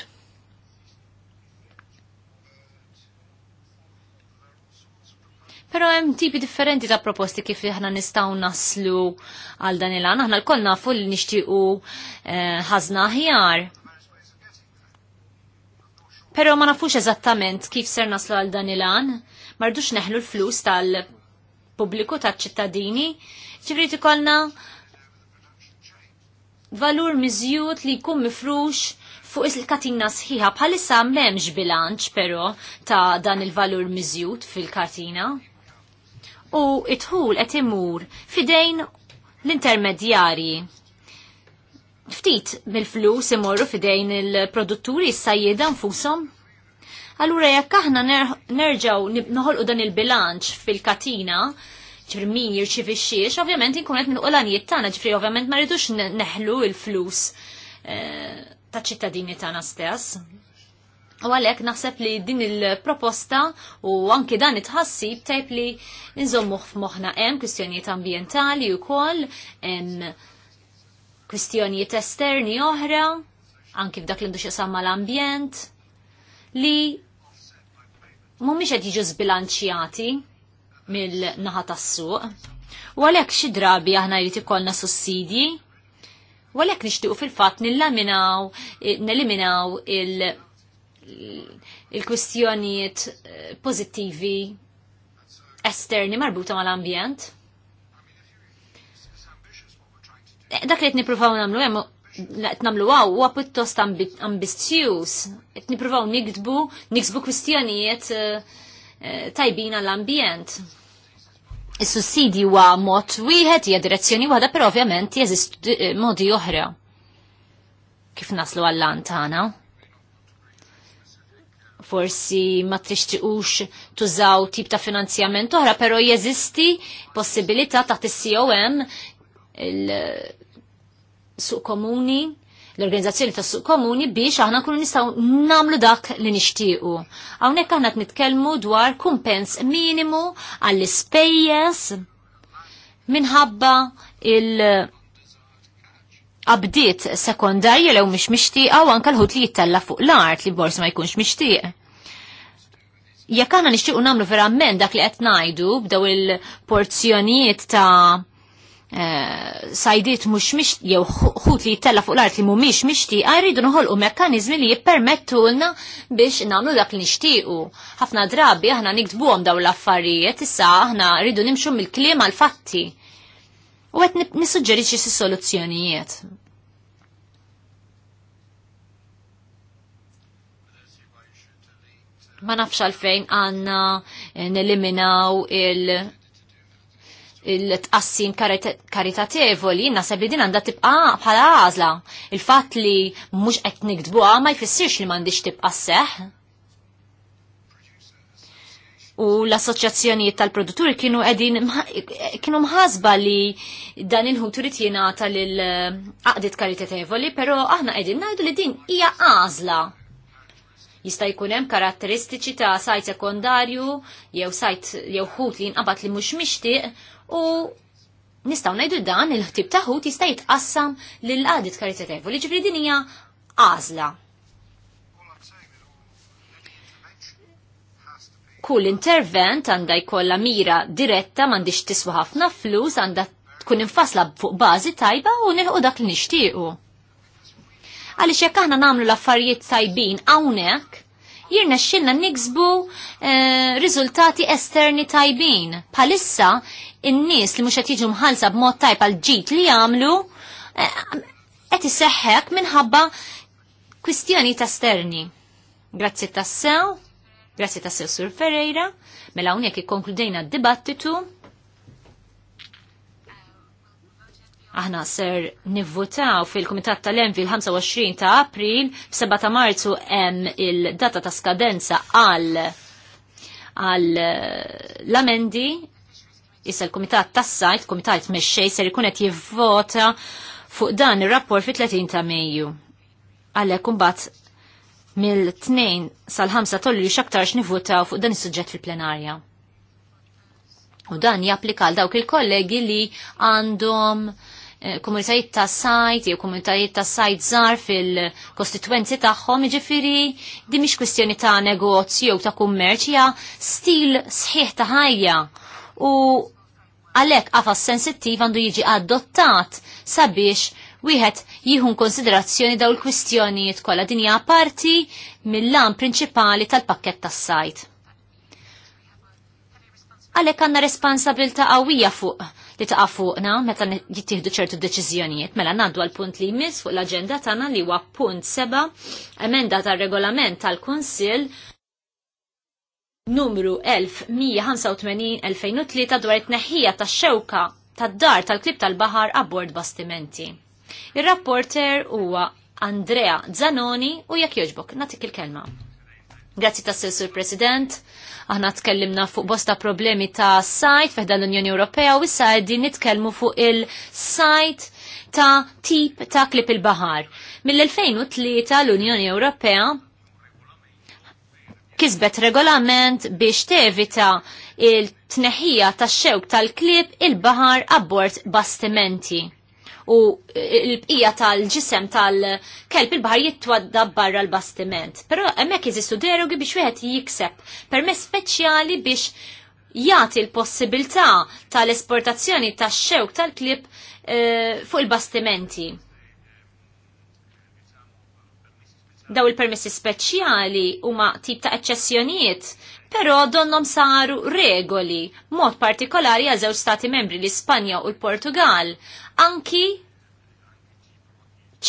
Pero hemm tipi differenti ta' proposti kif aħna nistgħu naslu għal dan il-għan. Aħna l nafu li nixtiequ eh, ħażna eh, Pero ma nafux eżattament kif ser naslu għal dan il-għan, mardux neħlu l-flus tal-pubbliku tal-ċittadini, ċivriti kolna valur mizjut li jkun mifrux fuq il-katina sħiħa bħalissa memx bilanċ pero ta' dan il-valur mizjut fil-katina. U itħul qed imur fidejn l-intermedjarji ftit mill-flus imorru fidejn il-produtturi s-sajjeda nfusom? Allura jekk aħna nerġaw noħolqu dan il-bilanċ fil-katina, ġifri min jirċivi xiex, ovvjament inkunet minn uqlanijiet tagħna, ġifri ovvjament ma rridux neħlu il-flus eh, ta' ċittadini tagħna stess. U għalhekk naħseb li din il-proposta u anki dan it-ħassib tajb li nżommuh f'moħħna hemm kwistjonijiet ambjentali wkoll hemm kwistjonijiet esterni oħra, anki f'dak l-indux jasamma l-ambjent, li mumiex qed jiġu zbilanċjati mill-naħa tas-suq. U għalhekk xi drabi aħna jrid ikollna sussidji, u għalhekk nixtiequ fil-fatt nillaminaw, eh, neliminaw il-kwistjonijiet pozittivi eh, pożittivi esterni marbuta mal-ambjent. dak li qed nippruvaw nagħmlu hemm qed nagħmlu għaw huwa pittost ambizzjuż. Qed nippruvaw nikdbu, niksbu kwistjonijiet eh, eh, tajbin għall-ambjent. Is-sussidji huwa mod wieħed hija direzzjoni waħda, però ovvjament jeżistu eh, modi oħra kif naslu għall-lan tagħna. Forsi ma trixtiqux tużaw tip ta' finanzjament oħra, però jeżisti possibilità ta' TCOM il suq komuni, l-organizzazzjoni ta' suq komuni biex aħna nkunu nistgħu nagħmlu dak li nixtiequ. Hawnhekk aħna nitkellmu dwar kumpens minimu għall-ispejjeż minħabba il- abdiet sekondarja lew mhix mixtieqa u anke l-ħut li jittella fuq l-art li bors ma jkunx mixtieq. Jekk aħna nixtiequ nagħmlu verament dak li qed ngħidu b'daw il-porzjonijiet ta' Eh, sajdiet mux mix jew xut li jittella fuq l-art li mumiex mixtieqa jridu nħolqu mekkanizmi li jippermettu lna biex nagħmlu dak li nixtiequ. Ħafna drabi aħna nikdbuhom daw l-affarijiet, issa aħna rridu nimxu mill-kliem għal-fatti. U għet nissuġġeri xi soluzzjonijiet. ma nafx għalfejn għanna neliminaw il- il-tqassim karitatevoli, nasab li din għandha tibqa bħala għażla. Il-fatt li mhux qed nikdbuha ma jfissirx li m'għandix tibqa seħ. U l-assoċjazzjonijiet tal-produtturi kienu qegħdin kienu mħasba li dan il-ħut irid jingħata lil eh, aqdiet karitatevoli, però aħna qegħdin ngħidu li din hija għażla jista' jkun hemm karatteristiċi ta' sajt sekondarju jew sajt jew ħut li jinqabad li mhux mixtieq u nistaw najdu dan il-ħtib taħu jista' jitqassam lil qadit karitatevoli ġifri din hija għażla. Kull intervent għandha jkollha mira diretta m'għandix tiswa ħafna flus għandha tkun infasla fuq bażi tajba u nilħu dak li nixtiequ. Għaliex jekk aħna nagħmlu l-affarijiet tajbin hawnhekk, jirna xilna niksbu eh, riżultati esterni tajbin. Palissa, in-nies li mhux qed jiġu mħallsa b'mod tajb għal ġid li għamlu eh, qed iseħħek minħabba kwistjoni ta' sterni. Grazzi sew grazzi sew Sur Ferreira, mela hawnhekk ikkonkludejna d-dibattitu. aħna ser nivvutaw fil-Kumitat tal-Envi l-25 ta' April, 7 ta' Marzu hemm il-data ta' skadenza għal eh, l-amendi, issa l-Kumitat tas-sajt, Kumitat meċċej, ser ikun qed jivvota fuq dan ir-rapport fil 30 ta' Mejju. Għalhekk imbagħad mill-2 sal-5 tollu xaktarx nivvutaw fuq dan is-suġġett fil-plenarja. U dan japplika għal dawk il-kollegi li għandhom Eh, komunitajiet ta' sajt jew komunitajiet ta' sajt żgħar fil-kostitwenzi tagħhom, jiġifieri di mhix kwistjoni ta' negozju jew ta' kummerċ hija stil sħiħ ta' ħajja. U għalhekk qafas sensittiv għandu jiġi adottat sabiex wieħed jieħu konsiderazzjoni daw il-kwistjonijiet kollha din hija parti mill-lan prinċipali tal-pakkett tas-sajt. Għalhekk għandna responsabilta qawwija fuq li ta' fuqna meta jittieħdu ċertu deċiżjonijiet. Mela ngħaddu għal punt li jmiss fuq l-aġenda tagħna li huwa punt seba' emenda tar-regolament tal-Kunsill numru 1185-2003 dwar it-neħħija tax-xewka tad-dar tal-klib tal-baħar abbord bastimenti. Ir-rapporter huwa Andrea Zanoni u jekk jogħġbok, natik il-kelma. Grazzi tas Sur President, Aħna tkellimna fuq bosta problemi ta' sajt feħda l-Unjoni Ewropea u issa qegħdin nitkellmu fuq il-sajt ta' tip ta' klip il-bahar. Mill-2003 l-Unjoni Ewropea kisbet regolament biex tevita il-tneħija ta' xewk tal-klib il-bahar abbord bastimenti u l-bqija tal-ġisem tal-kelb il bahar jittwadda barra l-bastiment. Però hemmhekk jizistu derogi biex wieħed jikseb permess speċjali biex jagħti l-possibilità tal-esportazzjoni tax-xewk tal-klib eh, fuq il-bastimenti. daw il-permessi speċjali huma tip ta' eċċessjonijiet però donnom saru regoli, mod partikolari għal stati membri l-Ispanja u l-Portugal, anki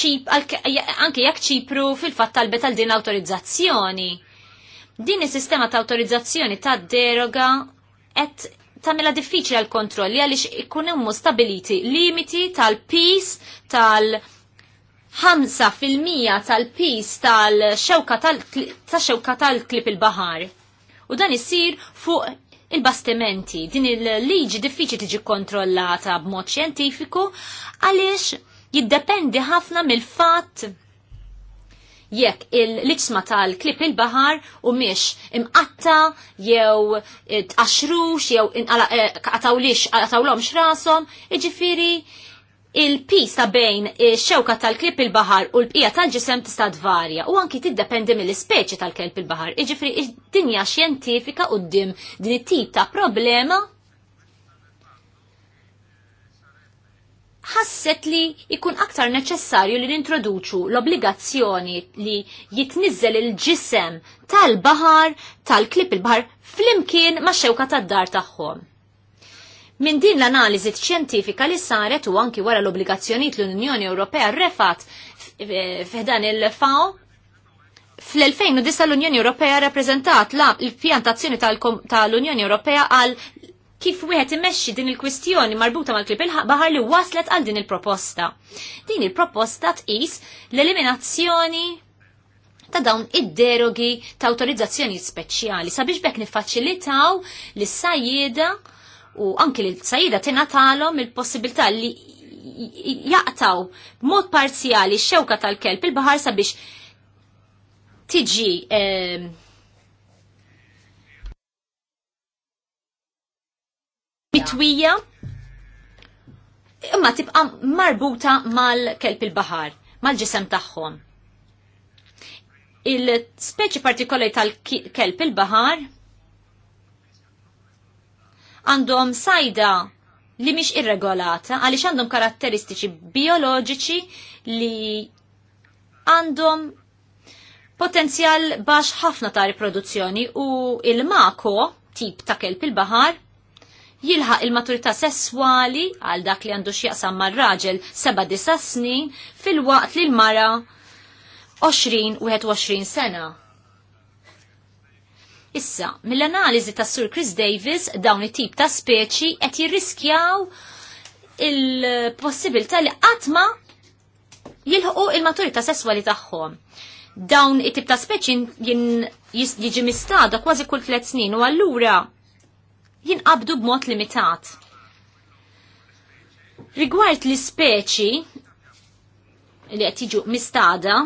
ċip, anki jekk ċipru fil-fatt tal għal din autorizzazzjoni. Din is-sistema ta' autorizzazzjoni ta' deroga qed tagħmilha diffiċli għal kontrolli għaliex ikun hemm stabiliti limiti tal-pis tal-, -pis, fil 5% tal-pis tal-xewka tal-xewka tal-klip il-bahar u dan isir fuq il-bastimenti. Din il-liġi diffiċi tiġi kontrollata b'mod xjentifiku għaliex jiddependi ħafna mill-fatt jekk il-liċsma tal-klip il-bahar u miex imqatta jew tqaxrux jew inqatawlix eh, qatawlhom rasom, iġifieri il-pis ta' bejn xewka tal klip il-bahar u l-bqija tal-ġisem tista' tvarja u anki tiddependi mill-ispeċi tal kelp il-bahar. Iġifri id-dinja xjentifika u d-dim din it-tip ta' problema ħasset li ikun aktar neċessarju li nintroduċu l-obbligazzjoni li jitnizzel il-ġisem tal-bahar tal klip il-bahar flimkien ma' xewka tad-dar tagħhom Min din l-analiżi ċjentifika li saret u anki wara l-obbligazzjonijiet l-Unjoni Ewropea refat f'dan il-FAO fl-2009 l-Unjoni Ewropea rappreżentat la l-pjantazzjoni tal-Unjoni Ewropea għal kif wieħed imexxi din il-kwistjoni marbuta mal-klib il-baħar li waslet għal din il-proposta. Din il-proposta tqis l-eliminazzjoni ta' dawn id-derogi ta' autorizzazzjoni speċjali sabiex bekk niffaċilitaw l sajjeda u anki li sajida tinatalom il-possibilità li jaqtaw mod parzjali xewka tal-kelb il-bahar sabiex tiġi bitwija mitwija imma tibqa marbuta mal-kelb il-bahar, mal-ġisem tagħhom. Il-speċi partikolari tal-kelb il-bahar għandhom sajda li mhix irregolata għaliex għandhom karatteristiċi bioloġiċi li għandhom potenzjal baħx ħafna ta' riproduzzjoni u il-mako tip ta' kelb il-bahar jilħaq il-maturità sesswali għal dak li għandu x'jaqsam mar-raġel seba' disa' snin fil-waqt li l-mara 20-21 sena. Issa, mill-analiżi tas Sur Chris Davis dawn it-tip ta' speċi qed jirriskjaw il-possibilità li qatt ma jilħqu il-maturità sesswali tagħhom. Dawn it-tip ta' speċi jiġi mistada kważi kull tliet snin u allura jinqabdu b'mod limitat. Rigward l speċi li qed jiġu mistada,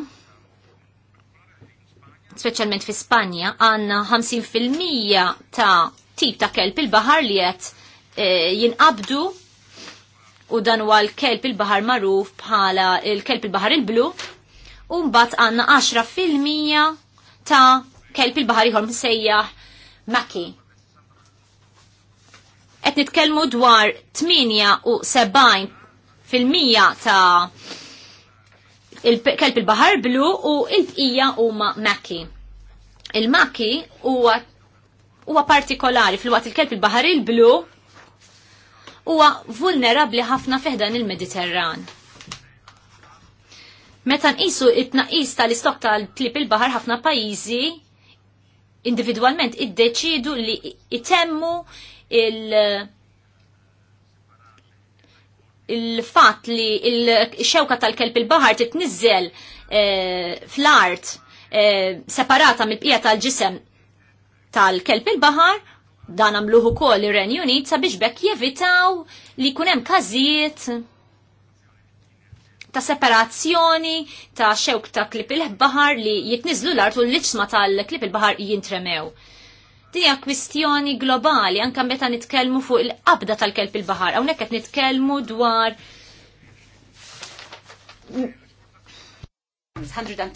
speċjalment fi Spanja, għanna 50% ta' tip ta' kelp il-bahar li jett eh, jinqabdu u dan huwa l-kelb il-bahar magħruf bħala l kelp il-bahar il-blu u mbagħad għandna 10% ta' kelp il-bahar ieħor msejjaħ maki. Qed nitkellmu dwar 78% ta' kelb il-bahar blu u il-bqija huma maki. il maki huwa partikolari fil-waqt il-kelb il-bahar il-blu huwa vulnerabli ħafna fiħdan il-Mediterran. Meta nqisu it-tnaqqis tal-istok tal-klib il-bahar ħafna pajjiżi individualment iddeċidu li itemmu il- il-fat li il-xewka tal-kelb il-bahar titnizzel eh, fl-art eh, separata mill-bqija tal-ġisem tal-kelb il-bahar dan għamluħu kol ir-Ren Unit sabiex bekk jevitaw li kunem kazijiet ta' separazzjoni ta' xewk ta' klip il-bahar li jitnizlu l-art u l-liċma tal-klip il-bahar jintremew. Dija kwistjoni globali, anka meta nitkellmu fuq il-qabda tal-kelb il-bahar, hawnhekk qed nitkellmu dwar 110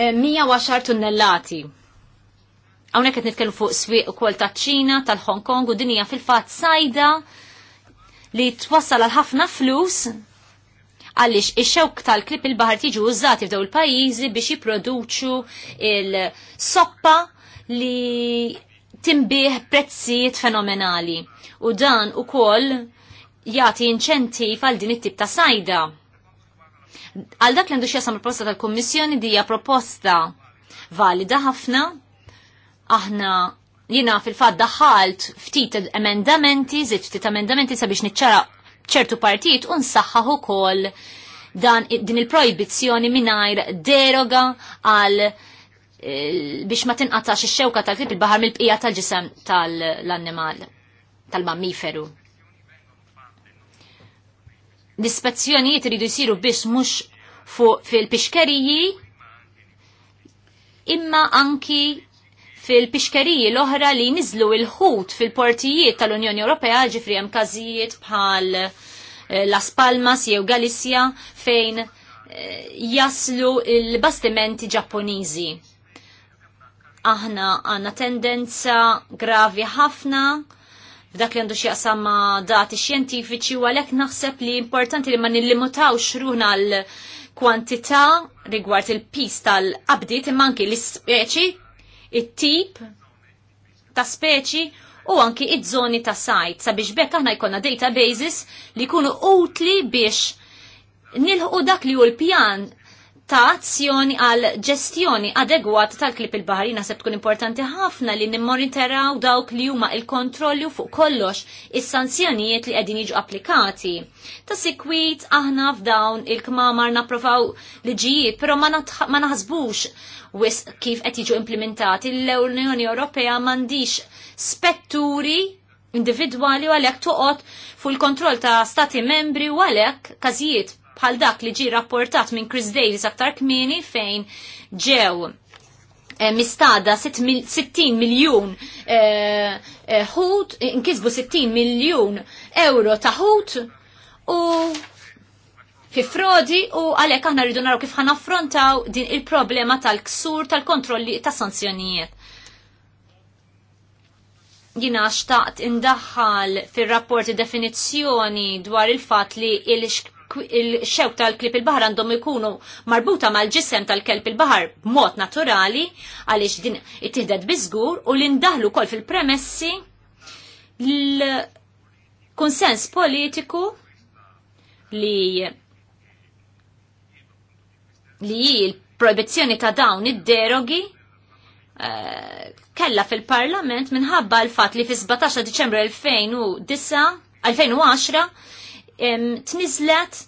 eh, tunnellati. Hawnhekk qed nitkellmu fuq swieq kol taċ-Ċina, tal-Hong Kong u dinija fil fat sajda li twassal għal ħafna flus għaliex ix-xewk tal klip il-baħar tiġu użati f'daw il-pajjiżi biex jipproduċu il-soppa li timbih prezzijiet fenomenali u dan u koll jati inċentiv għal din it-tip ta' sajda. Għal dak l-għandu xjasam proposta tal-Kommissjoni dija proposta valida ħafna, aħna jina fil-fat daħalt ftit emendamenti, zit ftit emendamenti sabiex nitċara ċertu partijiet un saħħaħu kol dan din il-projbizzjoni minajr deroga għal Eh, biex ma tinqatax ix-xewka tal-klib il-baħar mill-bqija tal-ġisem tal-annimal, tal-mammiferu. L-ispezzjonijiet iridu jsiru biex mhux fuq fil-pixkeriji imma anki fil-pixkeriji l-oħra li niżlu il-ħut fil-portijiet tal-Unjoni Ewropea ġifri hemm każijiet bħal eh, Las Palmas jew Galicia fejn eh, jaslu il-bastimenti Ġappuniżi aħna għanna tendenza gravi ħafna f'dak li għandu xieqsam ma' dati xjentifiċi u għalek naħseb li importanti li ma' nillimutaw xruħna l kwantità rigward il-pis tal-abdiet imma anki l-speċi, it-tip ta' speċi u anki id-żoni ta' sajt sabiex bekk aħna jkollna databases li jkunu utli biex nilħu dak li hu l-pjan ta' azzjoni għal ġestjoni adegwata tal-klip il bahri nasib tkun importanti ħafna li nimmoniteraw dawk li huma il-kontrolli fuq kollox is-sanzjonijiet li qegħdin jiġu applikati. Ta' sikwit aħna f'dawn il-kmamar napprovaw liġijiet, però ma naħsbux wis kif qed jiġu implementati l-Unjoni Ewropea m'għandix spetturi individwali u għalhekk toqgħod fuq il-kontroll ta' stati membri u għalhekk każijiet bħal dak li ġi rapportat minn Chris Davis aktar kmini fejn ġew e, mistada 60 miljon ħut, e, inkisbu 60 miljon euro ta' hut u fi frodi u għalek aħna rridu naraw kif affrontaw din il-problema tal-ksur tal-kontrolli ta' sanzjonijiet jina xtaqt indaħħal fil-rapporti definizzjoni dwar il-fat li il il xew tal-klip il-bahar għandhom ikunu marbuta mal-ġisem tal kelp il-bahar b'mod naturali għaliex din it-tihdet biżgur u li ndaħlu kol fil-premessi l-konsens politiku li li l-proibizzjoni ta' dawn id-derogi uh, kella fil-parlament minħabba l-fat li fi 17 Deċembru 2009 2010 tniżlet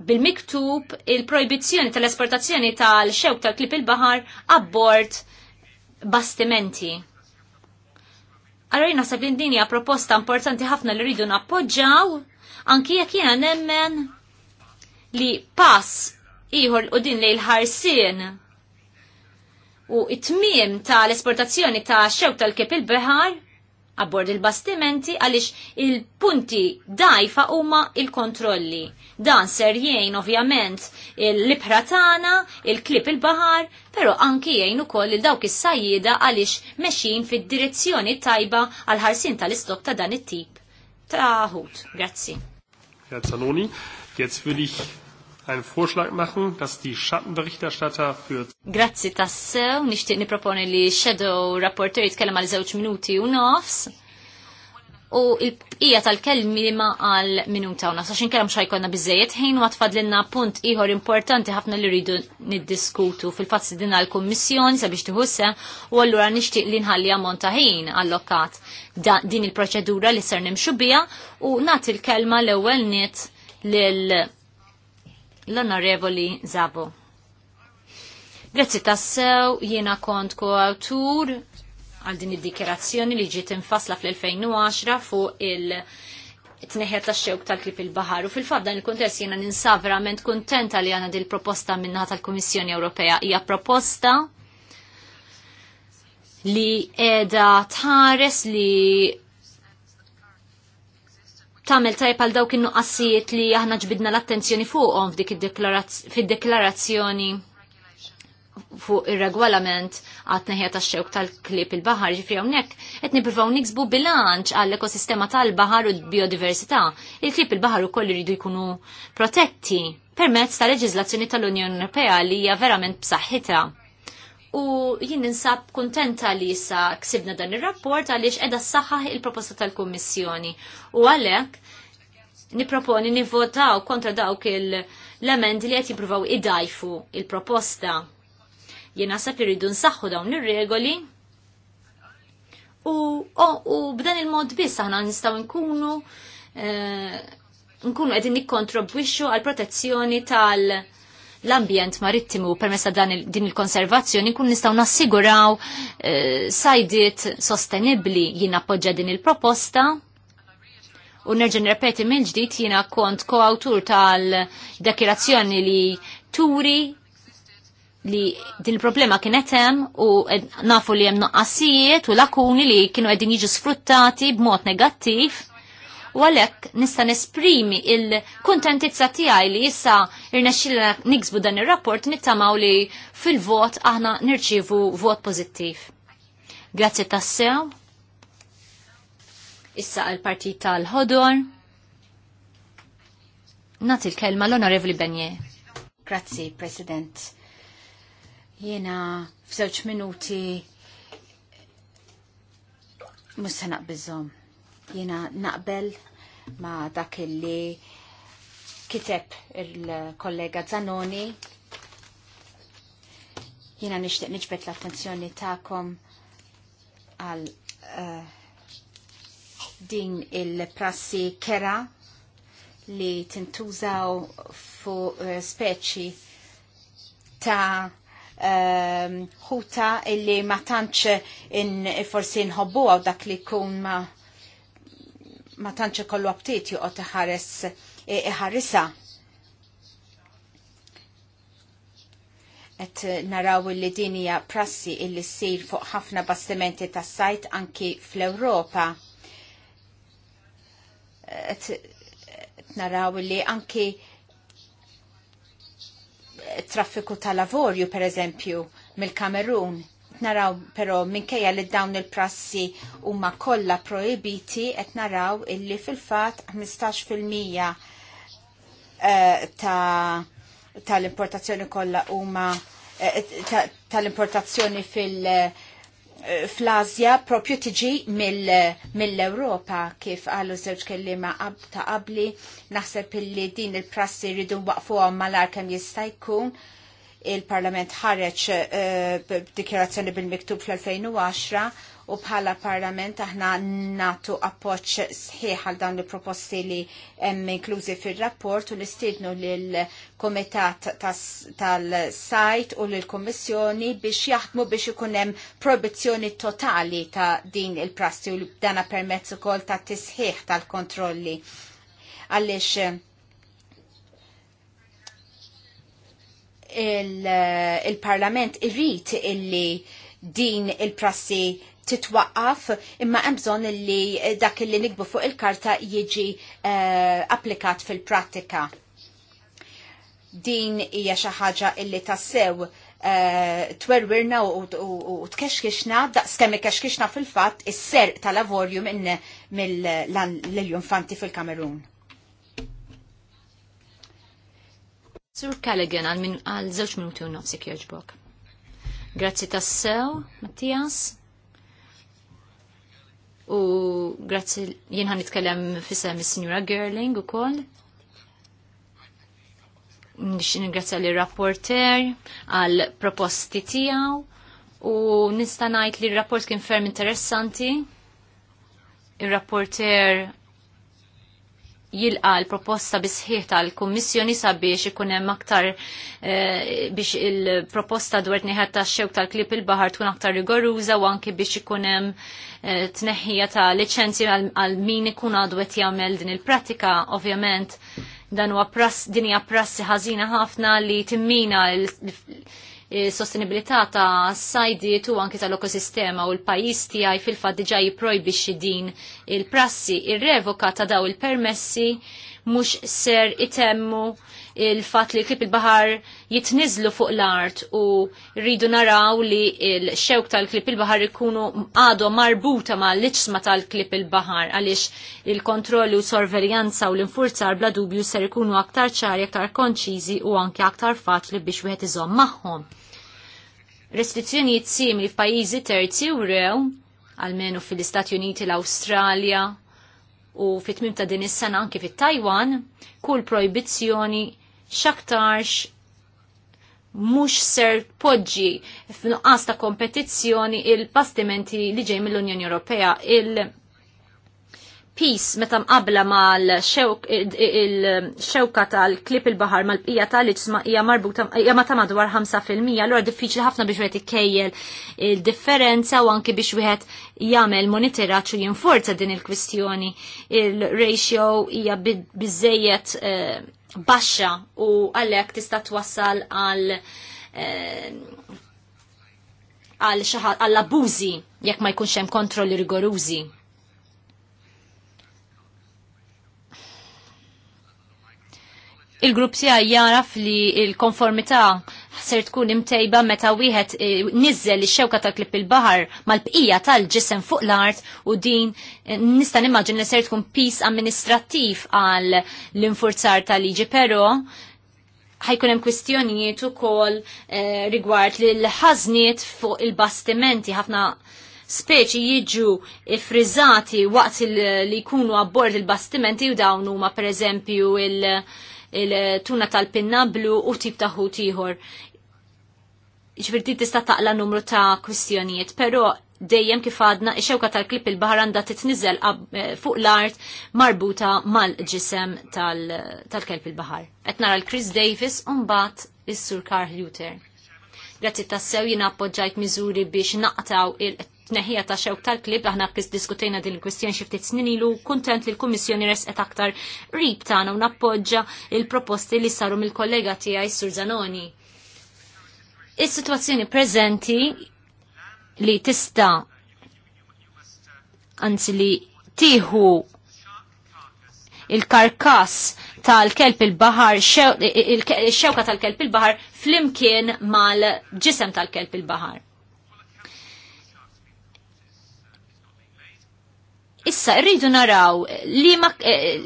bil-miktub il-projbizzjoni tal-esportazzjoni tal-xewk tal-klip il-bahar abbord bastimenti. Allora naħseb li din hija proposta importanti ħafna li rridu nappoġġaw anki jekk jiena nemmen li pass ieħor u din l ħarsien u it-tmiem tal-esportazzjoni tal xewk tal-kip il bahar abbord il-bastimenti għaliex il-punti dajfa huma il-kontrolli. Dan ser jgħin ovvjament l libratana tagħna, il klip il-baħar, però anki jgħin ukoll il dawk is sajjida għaliex mexin fid-direzzjoni tajba għal ħarsin tal-istok ta' dan it-tip. Ta' Grazzi. Grazzi Anoni. Jetzt würde ich einen Vorschlag machen, dass die Schattenberichterstatter für... Grazzi tassew, nishtiq propone li Shadow Rapporteur jitkellem għal żewġ minuti u nofs u il-bqija tal ma għal minuta u nafsa xinkellem xajkonna bizzejiet ħin ma tfadlinna punt iħor importanti ħafna li rridu niddiskutu fil-fatt sidina l-kommissjoni sabiex tħusse u allura nixtieq li nħalli ammonta ħin allokat din il-proċedura li ser nimxu biha u nat il kelma l-ewwel nit lil l-Onorevoli Zabo. Grazzi tassew, jiena kont koautur għal din id-dikjerazzjoni li ġiet infasla fl-2010 fuq il- tneħet ta' xewk tal-klip il-bahar u fil-fabda il-kontest jena ninsa verament kontenta li għana dil proposta minna tal-Komissjoni Ewropea. Hija proposta li edha tħares li tamel tajp għal dawk il nuqqassijiet li aħna ġbidna l-attenzjoni fuqhom fid-deklarazzjoni fuq ir regwalament għat neħja ta' xewk tal klip il-bahar, ġifri għonek, et nipruvaw niksbu bilanċ għall-ekosistema tal-bahar u l-biodiversità. il klip il-bahar u koll rridu jkunu protetti permezz ta' leġizlazzjoni tal-Unjoni Ewropea li hija verament b'saħħitha u jien ninsab kuntenta li jissa ksibna dan ir-rapport għaliex qiegħda saħħaħ il-proposta tal-Kummissjoni. U għalhekk niproponi nivvotaw kontra dawk il emendi li qed jippruvaw idajfu il-proposta. Jien naħseb irridu nsaħħu dawn ir-regoli u, u b'dan il-mod biss aħna nistgħu nkunu eh, nkunu qegħdin nikkontribwixxu għall protezzjoni tal- l-ambjent marittimu permessa dan il, din il-konservazzjoni kun nistaw nassiguraw eh, sajdiet sostenibli jina appoġġa din il-proposta u nerġa nirrepeti minn ġdid jina kont koautur tal-dekirazzjoni li turi li din il-problema kienet hemm u nafu li hemm noqqasijiet u lakuni li kienu qegħdin jiġu sfruttati b'mod negattiv u għalhekk nista' nesprimi il-kuntentizza tiegħi li issa irnexxilna niksbu dan ir-rapport nittamaw li fil-vot aħna nirċievu vot pozittiv. Grazzi tassew. Issa għal-partit tal-ħodor. Nati l-kelma l-Onorevli Benje. Grazzi, President. Jena f'żewġ minuti Mus se naqbiżhom. Jena naqbel ma dak li kiteb il-kollega Zanoni. Jena nishtiq nġbet l-attenzjoni ta'kom għal uh, din il-prassi kera li tintużaw fu uh, eh, speċi ta' eh, ħuta uh, illi ma tantx in forsi nħobbu għaw dak li kun ma' ma tantx kollu aptit joqgħod iħares e, iħarisa. Et naraw li din hija prassi illi ssir fuq ħafna bastimenti tas-sajt anki fl-Ewropa. Et naraw li anki traffiku tal-lavorju per eżempju mill-Kamerun naraw pero minkejja li dawn il-prassi huma kollha proibiti qed naraw illi fil-fatt 15% eh, ta' tal-importazzjoni kollha huma eh, tal-importazzjoni fil- eh, fl-Azja propju tiġi mill-Europa kif għallu żewġ kellima ta' qabli naħseb illi din il-prassi ridu waqfu għom malar kemm jista' jkun il-Parlament ħareġ eh, dikjarazzjoni bil-miktub fl-2010 u bħala Parlament aħna natu appoċ sħiħ għal dan il proposti li hemm inklużi fir-rapport u nistiednu lill-Komitat tal-Sajt u lill-Kommissjoni biex jaħdmu biex ikun hemm proibizzjoni totali ta' din il-prassi u dana permezz ukoll ta' tisħiħ tal-kontrolli. Għaliex Eh, il-Parlament il irrit illi din il-prassi titwaqqaf imma hemm bżonn illi dak illi nikbu fuq il-karta jiġi uh, applikat fil-prattika. Din hija xi ħaġa illi tassew Uh, twerwirna u tkexkixna, daqskemm kexkixna fil-fatt is-serq tal-avorju minn mill-infanti fil-Kamerun. Sur Callaghan għal min għal zewċ minuti u nofsi joġbok. Grazzi tassew, Mattias. U grazzi jien għan nitkellem fissem is signora Gerling u koll. grazzi għal il rapporter għal proposti tijaw u nista' ngħid li r-rapport kien ferm interessanti. Ir-rapporter jilqa l-proposta bisħiħ tal-Kummissjoni sabiex ikun hemm aktar eh, biex il-proposta dwar tnieħed tax-xewk tal-klib il-baħar tkun aktar rigoruża u anke biex ikun hemm eh, tneħħija ta' liċenzji għal min ikun għadu qed jagħmel din il-pratika ovvjament dan huwa prass din hija prassi ħażina ħafna li timmina sostenibilità ta' sajdiet u anki tal-ekosistema u l-pajis tiegħi fil-fatt diġà jipprojbixxi din il-prassi Irrevoka revoka ta' daw il-permessi mhux ser itemmu il-fat li klip il-bahar jitnizlu fuq l-art u rridu naraw li il-xewk tal-klip il-bahar ikunu għadhom marbuta ma' l-iċsma tal-klip il-bahar għaliex il-kontrolli u sorveljanza u l-infurzar bla dubju ser ikunu aktar ċari, aktar konċizi u anke aktar faċli biex wieħed iżomm magħhom. Restrizzjonijiet simili f'pajjiżi terzi u rew, għalmenu fil-Istati Uniti, l-Awstralja, u fit-tmim ta' din is-sena anke fit-Taiwan, kull proibizzjoni xaktarx mhux ser poġġi f'nuqqas ta' kompetizzjoni il-bastimenti li ġej mill-Unjoni Ewropea il peace meta mqabla mal-xewka tal-klip il-bahar mal-bqija tal ma hija marbuta hija ma ta' madwar 5% allura diffiċli ħafna biex wieħed ikkejjel il-differenza u anke biex wieħed jagħmel monitoraġġ u jinforza din il-kwistjoni. Il-ratio hija biżejjed eh, baxxa u għalhekk tista' twassal għal eh, għal għall-abużi jekk ma jkunx hemm kontrolli rigorużi. il-grupp tija jaraf li l-konformità ser tkun imtejba meta wieħed eh, nizzel ix-xewka tal klip il-baħar mal-bqija tal-ġisem fuq l-art u din eh, nista' nimmaġin li ser tkun pis amministrattiv għal l-infurzar tal-liġi però ħajkun hemm kwistjonijiet ukoll eh, rigward l ħażniet fuq il-bastimenti ħafna speċi jiġu frizzati waqt li jkunu abbord il-bastimenti u dawn huma pereżempju il-tuna tal-pinna blu u tip ta' ħutiħor. Ġvirti tista' taqla numru ta' kwistjonijiet, però dejjem kif għadna ix-xewka tal-klip il-baħar għandha titniżel fuq l-art marbuta mal-ġisem tal-kelb il-baħar. Etnara l-Chris Davis u mbagħad is-Sur Carl Luther. Grazzi tassew jina appoġġajt miżuri biex naqtaw il Tneħħija ta' xewk tal-klib aħna kis diskutejna din il-kwestjoni xi ftit snin ilu kuntent li l-Kummissjoni resqet aktar rib tagħna u nappoġġa il-proposti li saru mill-kollega tiegħi Sur Zanoni. Is-sitwazzjoni preżenti li tista' anzi li tieħu il-karkas tal-kelp il-bahar, il-xewka tal-kelp il-bahar flimkien mal-ġisem tal-kelp il-bahar. Issa rridu naraw eh, li ma eh,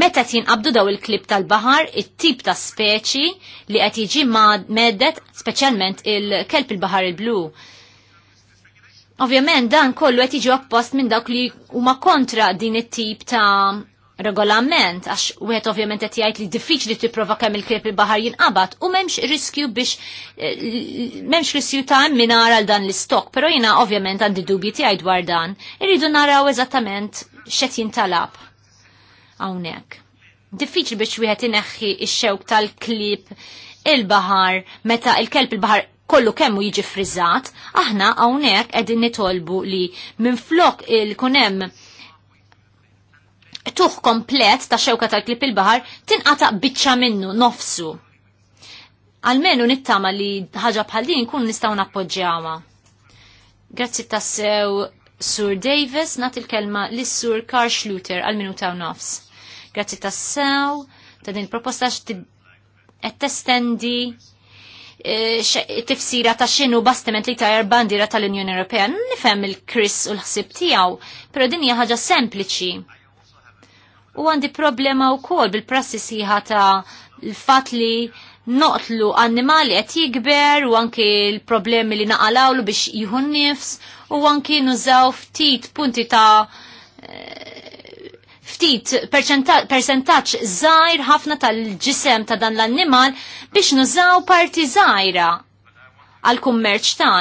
meta qabdu daw il-klib tal-bahar, it-tip ta' speċi li qed jiġi meddet, speċjalment il-kelb il-bahar il-blu. Ovvjament dan kollu qed jiġu appost minn dawk li huma kontra din it-tip ta' regolament, għax u għet ovvjament għet jgħajt li diffiċli tipprova kemm il-klip il-bahar jinqabad, u memx riskju biex, eh, memx riskju ta' minnara għal dan l-istok, pero jina ovvjament għandi dubji tiegħi dwar dan, irridu naraw eżattament xet jintalab hawnhekk. Diffiċli biex wieħed ineħħi il xewk tal-klip il-bahar, meta il-kelb il-bahar kollu kemmu jiġi frizzat, aħna hawnhekk qegħdin nitolbu li minflok il-kunem tuħ komplet ta' xewka tal-klip il-bahar tinqata biċċa minnu nofsu. Almenu nittama li ħaġa bħal din kun nistaw nappoġġjawa. Grazzi tassew Sur Davis nat il-kelma li sur Karl Schluter għal-minu ta' nofs. Grazzi tas-sew ta' din proposta qed testendi e, tifsira ta' xinu bastiment li ta' bandira tal-Unjoni Ewropea. Nifhem il-Kris u l-ħsib tiegħu, però din hija ħaġa sempliċi U għandi problema u kol bil-prassi siħa ta' l-fat li noqtlu annimali għet jikber u anki l-problemi li naqalawlu biex jihun nifs u anki nużaw ftit punti ta' eh, ftit percentaċ zaħir ħafna tal-ġisem ta' dan l-annimal biex nużaw parti zaħira għal-kummerċ ta'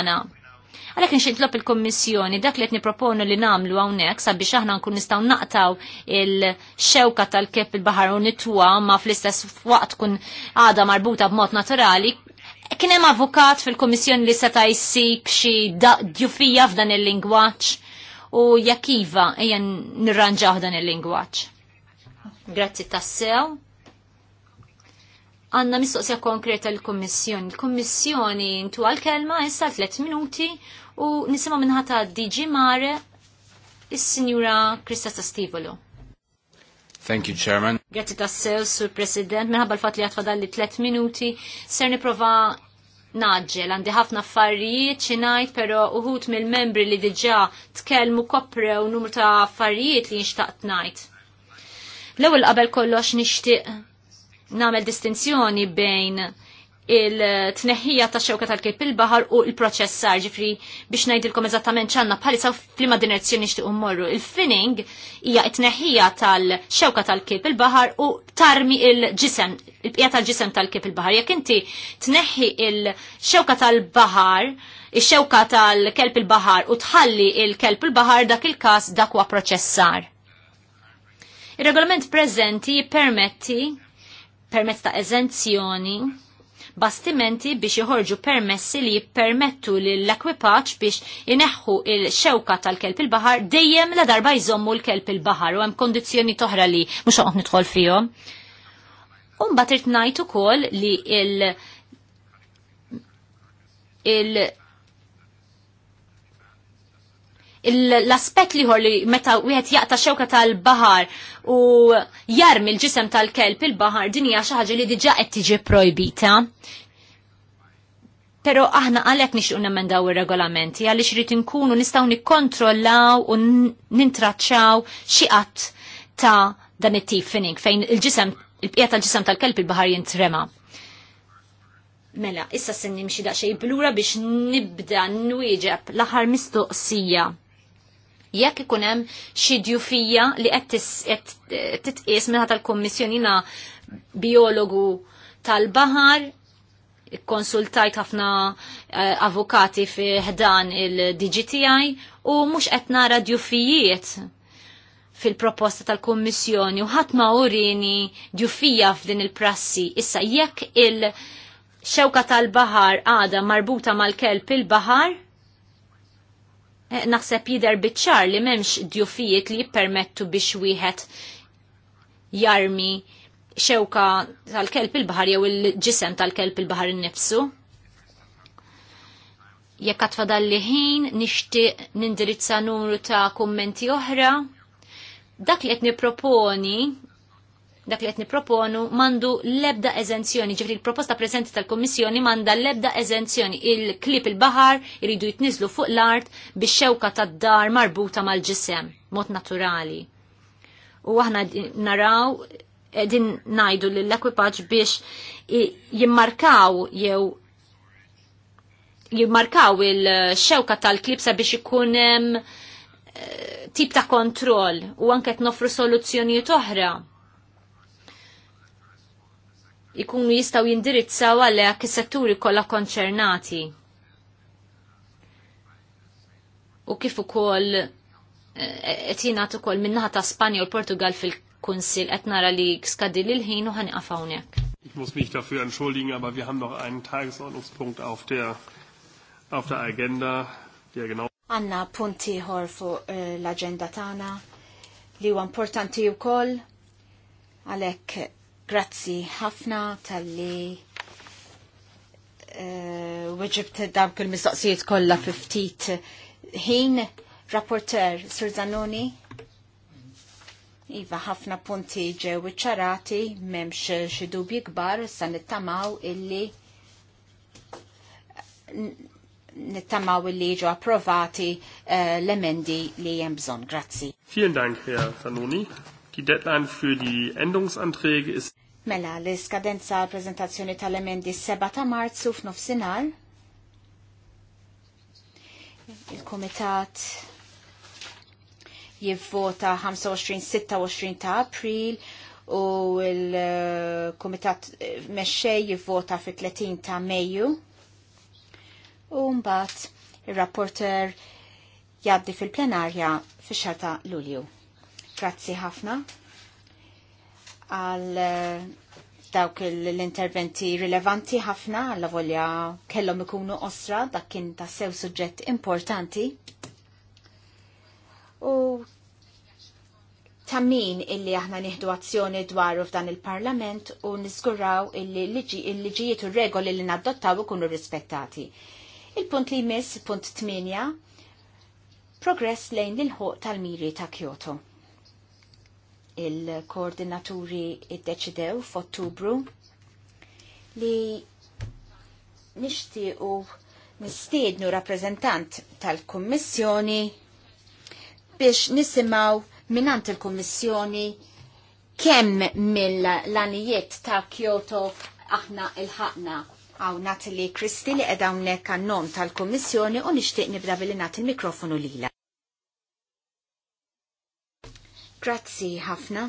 Għalhekk nxitlob il-Kommissjoni dak li qed niproponu li nagħmlu hawnhekk sabiex aħna nkun nistgħu naqtaw il-xewka tal-kep il-baħar u nitwa ma fl-istess waqt kun għada marbuta b'mod naturali. Kien hemm avukat fil-Kummissjoni li seta' jsib xi djufija f'dan il-lingwaġġ u jekk iva ejja nirranġaw dan il-lingwaġġ. Grazzi tassew għanna mistoqsija konkreta l-Kommissjoni. L-Kommissjoni intu għal-kelma issa 3 minuti u nisimgħu ħata DJ Mare is-Sinjura Krista Sastivolo. Thank you, Chairman. Grazzi sew Sur President. Minħabba l-fat li għatfadal li tlet minuti, ser niprofa naġġel. Għandi ħafna affarijiet ċinajt, pero uħut mill-membri li diġa tkellmu u numru ta' affarijiet li nxtaqt najt. L-ewel qabel kollox nixtieq nagħmel distinzjoni bejn il-tneħħija ta' xewka tal-kejp il-bahar u il-proċessar ġifri biex najdilkom eżattament ċanna bħalissa flima direzzjoni xtiq morru. Il-finning hija t-tneħħija tal-xewka tal-kejp il-bahar u tarmi il-ġisem, il pija tal-ġisem tal-kejp il-bahar. Jek inti tneħħi il-xewka tal-bahar, il-xewka tal-kelp il-bahar u tħalli il-kelp il-bahar dak il-kas dakwa proċessar. Il-regolament preżenti permetti permezz ta' eżenzjoni bastimenti biex joħorġu permessi li jippermettu l-ekwipaċ biex ineħħu il-xewka tal kelp il-bahar dejjem la darba jżommu l kelp il-bahar u hemm kondizzjoni toħra li mhux qed nidħol fihom. Un irid ngħid ukoll li il- il l-aspett liħor li meta wieħed jaqta xewka tal-baħar u jarmi l-ġisem tal-kelb il-baħar din hija xi ħaġa li diġà qed tiġi projbita. Pero aħna għalhekk nixtiequ nemendaw ir-regolamenti għaliex rid inkunu nistgħu nikkontrollaw u nintraċċaw xi qatt ta' dan it-tip fejn il-ġisem il-bqija tal-ġisem tal-kelb il-baħar jintrema. Mela, issa s-sinni mxida xej blura biex nibda nwieġeb l aħħar mistoqsija jekk ikun hemm xi djufija li qed eh, titqies minħa tal-Kummissjonina biologu tal-baħar konsultajt ħafna eh, avukati fi ħdan il-DGTI u mhux qed nara djufijiet fil-proposta tal-Kommissjoni u ħadd ma urini djufija f'din il-prassi. Issa jekk il-xewka tal-baħar għada marbuta mal-kelb il-baħar, Eh, naħseb jider bitċar li memx djufijiet li jippermettu biex wieħed jarmi xewka tal-kelb il-bahar jew il-ġisem tal-kelb il-bahar innifsu. Jekk għatfadal li ħin nixtieq nindirizza numru ta' kummenti oħra, dak li qed nipproponi dak li qed niproponu mandu lebda eżenzjoni, ġifri il-proposta preżenti tal-Kommissjoni manda lebda eżenzjoni. Il-klip il-baħar iridu jitniżlu fuq l-art biex xewka tad-dar marbuta mal-ġisem, mod naturali. U aħna naraw din najdu l-ekwipaġġ biex jimmarkaw jew jimmarkaw il-xewka tal-klipsa biex ikun eh, tip ta' kontroll u anke nofru soluzzjonijiet oħra ikunu jistaw jindirizzaw għalle is-setturi kollha konċernati. U kif ukoll eh, qed jingħat ukoll minnaħa ta' Spanja u portugal fil-Kunsil qed nara li skadil il-ħin u ħanqaf hawnhekk. Ich muss mich dafür entschuldigen, aber wir haben noch einen Tagesordnungspunkt auf der auf der Agenda, der genau Anna punti horfu fuq eh, l-agenda tagħna li huwa importanti wkoll għalhekk Grazzi ħafna tal-li eh, weġibt dawk il-mistoqsijiet kollha fi ftit ħin. Rapporter Sir Zanoni. Iva ħafna punti ġew iċċarati m'hemmx xi dubji kbar sa nittamaw illi nittamaw illi ġew approvati eh, l-emendi li hemm bżonn. Grazzi. Vielen Dank, Herr Zanoni. Die Deadline für die Änderungsanträge ist Mela, l-iskadenza għal prezentazzjoni tal-emendi 7 ta' marzu f'nofsinhar. Il-Komitat jivvota 25-26 ta' april u il-Komitat mexxej jivvota fi 30 ta' Mejju. U mbagħad ir-rapporter jaddi fil-plenarja fix-xar ta' Lulju. Grazzi ħafna għal eh, dawk l-interventi rilevanti ħafna għalla volja kellhom ikunu osra dak kien ta' sew suġġett importanti. U ta' min illi aħna nieħdu azzjoni dwar f'dan il-Parlament u niżguraw illi l-liġijiet u regoli li nadottaw ikunu rispettati. Il-punt li jmiss, punt 8, progress lejn l-ħuq tal-miri ta' Kyoto il-koordinaturi id-deċidew f'Ottubru li nixtiequ nistiednu rappreżentant tal-Kummissjoni biex nisimaw minant il-Kommissjoni kemm mill-lanijiet ta' Kyoto aħna il-ħakna għaw Natalie Kristi li edha unnek għannom tal-Kommissjoni u nishtiq nibda billi nat il-mikrofonu lila. Grazzi ħafna.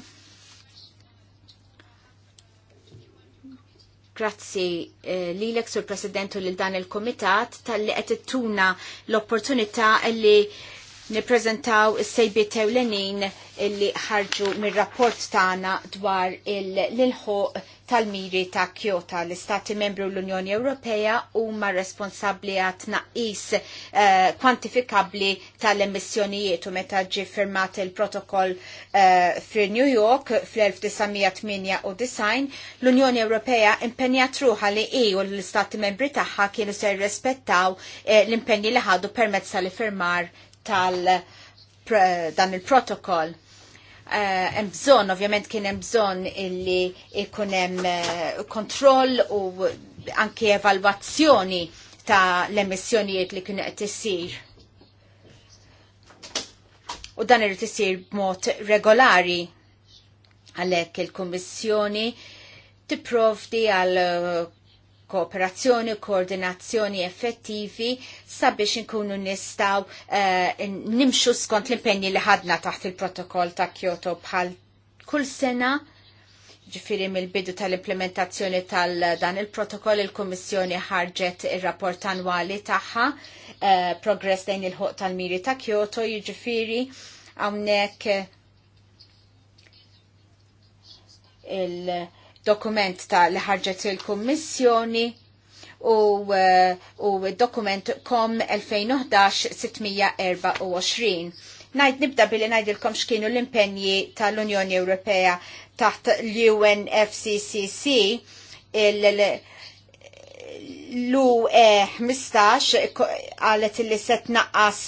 Grazzi eh, li l sur presidentu lil dan il-komitat tal-li qed tuna l-opportunità li niprezentaw is-sejbiet ewlenin li ħarġu mir-rapport tagħna dwar il ħu tal-miri ta' Kyoto. L-Istati membri l-Unjoni Ewropea huma responsabbli għat naqis uh, eh, kwantifikabbli tal-emissjonijiet u meta ġi firmat il-protokoll uh, eh, fir New York fl-1998 l-Unjoni Ewropea impenjat ruħa li i u l-Istati membri tagħha kienu se jirrispettaw eh, l-impenji li ħadu permezz tal-firmar tal-dan il-protokoll Eh, hemm uh, bżonn, ovvjament kien hemm bżonn illi ikun hemm eh, kontroll u anke evalwazzjoni ta' l-emissjonijiet li kien qed isir. U dan irid isir b'mod regolari għalhekk il-Kummissjoni tipprovdi għal eh, kooperazzjoni, koordinazzjoni effettivi sabiex inkunu nistaw uh, nimxu skont l-impenni li ħadna taħt il-protokoll ta' Kyoto bħal kull sena ġifiri mill-bidu tal-implementazzjoni tal-dan il-protokoll il kummissjoni ħarġet il-rapport annwali tagħha uh, progress dejn il-ħoq tal-miri ta' Kyoto jiġifieri hawnhekk il- dokument ta' li ħarġet il-Kummissjoni u, eh, u dokument kom 2011-624. Najd nibda billi najdilkom xkienu l-impenji tal-Unjoni Ewropea taħt l-UNFCCC l-UE 15 għalet li set naqqas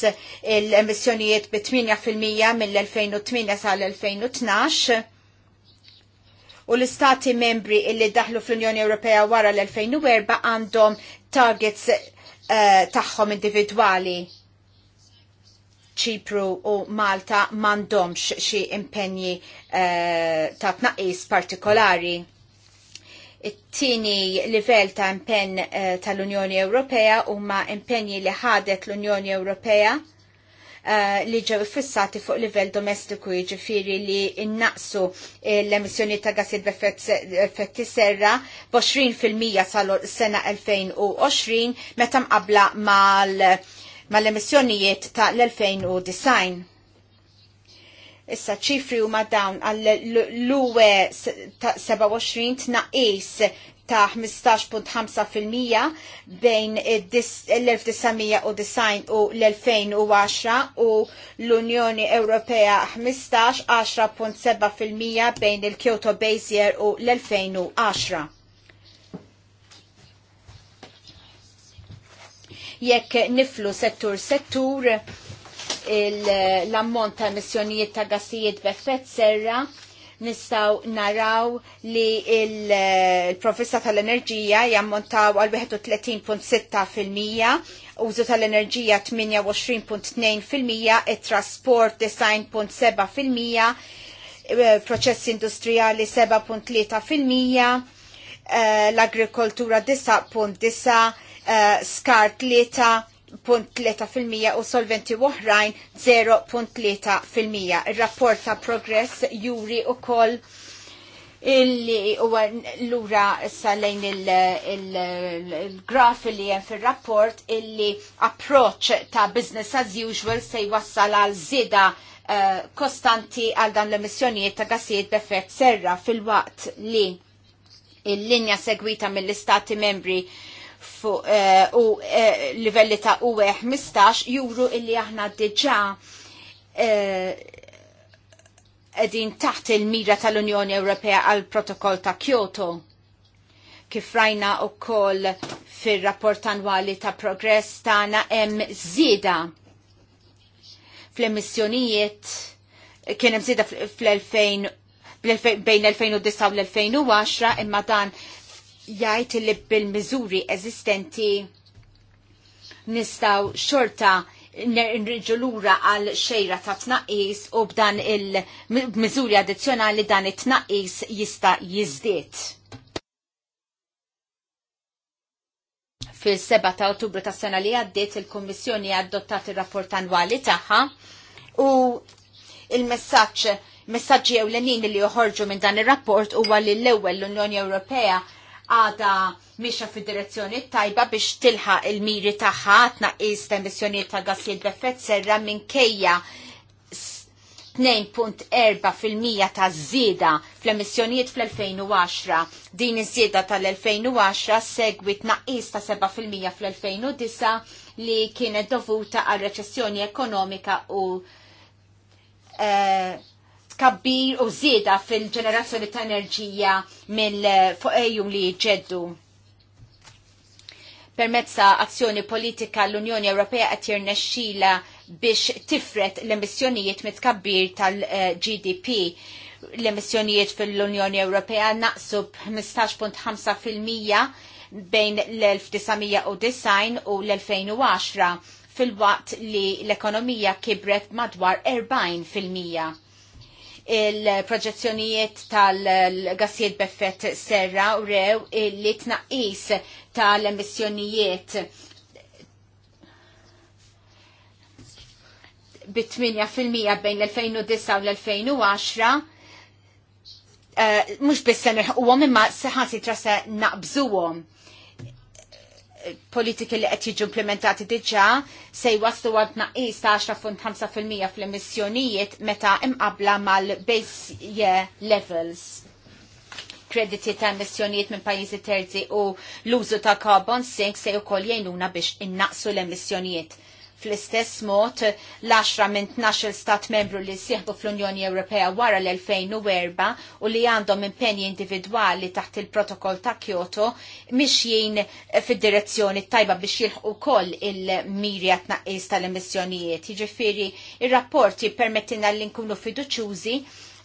l-emissjonijiet bi 8 mill-2008 sal-2012 u l-istati membri illi daħlu fl-Unjoni Ewropea wara l-2004 għandhom targets uh, tagħhom individwali. Ċipru u Malta m'għandhomx xi impenji uh, ta' tnaqqis partikolari. It-tieni livell ta' impenn uh, tal-Unjoni Ewropea huma impenji li ħadet l-Unjoni Ewropea Eh, li ġew fissati fuq livell domestiku jiġifieri li innaqsu l-emissjoni ta' gassil b'effetti serra b'20% sal-sena 2020 meta mqabla mal-emissjonijiet ta' l-2009. Issa ċifri huma dawn għall l-UE 27 tnaqis ta' 15.5% bejn l-1990 u l-2010 u l-Unjoni Ewropea 15-10.7% bejn il-Kyoto Basier u l-2010. Jekk niflu settur settur l-ammont ta' emissjonijiet ta' gassijiet b'effett serra nistaw naraw li il-professa tal-enerġija jammontaw għal 31.6% użu tal-enerġija 28.2%, it-trasport 9.7%, eh, proċess industrijali 7.3%, eh, l-agrikoltura 9.9%, eh, skart 3%, 0.3% u solventi oħrajn 0.3%. Il-rapport ta' progress juri u koll illi u l-ura salajn il-graf il, il, il li jen fil-rapport illi approach ta' business as usual se jwassal għal zida uh, kostanti għal dan l-emissjonijiet ta' gassijiet b'effett serra fil-waqt li il-linja segwita mill-istati membri fuq eh, u eh, livelli ta' UE eh, 15 juru illi aħna diġa edin taħt il-mira tal-Unjoni Ewropea għal protokoll ta' Kyoto kif rajna u koll fil-rapport annwali ta' progress tana hemm zida fl-emissjonijiet kien hemm zida fl-2000 bejn 2009 u l-2010 imma dan jajt li bil-miżuri eżistenti nistaw xorta nirġulura għal xejra ta' tnaqis u b'dan il-miżuri addizzjonali dan it-tnaqis jista' jizdiet. Fil-7 ta' ottubru ta' sena li għaddiet il-Kommissjoni adottat il-rapport annwali tagħha u il-messaġġ messaġġi ewlenin li joħorġu minn dan ir-rapport huwa li l-ewwel l-Unjoni Ewropea għada miexa fil-direzzjoni tajba biex tilħa il-miri taħħa tnaqqis ta' emissjoniet ta' gassijiet beffet serra minkejja 2.4% ta' zida fl-emissjonijiet fl-2010. Din iż-żieda tal-2010 segwit naqqis ta' 7% fl-2009 li kienet dovuta għal reċessjoni ekonomika u uh, tkabbir u zieda fil-ġenerazzjoni ta' enerġija mill-fuqejjum eh, li jġeddu. Permezza azzjoni politika l-Unjoni Ewropea qed jirnexxila biex tifret l-emissjonijiet mit-tkabbir tal-GDP l-emissjonijiet fil-Unjoni Ewropea naqsu b-15.5% bejn l-1990 u l-2010 fil-waqt li l-ekonomija kibret madwar 40% il-proġezzjonijiet tal-gassijiet beffet serra u rew illi tnaqis tal-emissjonijiet bit 8% bejn l-2009 u l-2010 bis mux u għom imma seħansi trasa għom politiki li qed jiġu implementati diġà se jwaslu għad naqis ta' 10.5% fl-emissjonijiet meta imqabla mal-base year levels krediti ta' emissjonijiet minn pajjiżi terzi u l-użu ta' carbon sink se jkoll jgħinuna biex innaqsu l-emissjonijiet Fl-istess mod, l-10 minn 12 stat membru li sieħbu fl-Unjoni Ewropea wara l-2004 u li għandhom impenji individwali taħt il-protokoll ta' Kyoto mixjien fid-direzzjoni tajba biex jilħu koll il-mirja tnaqqis tal-emissjonijiet. Ġifiri, il rapporti permettina l-inkunu fiduċjużi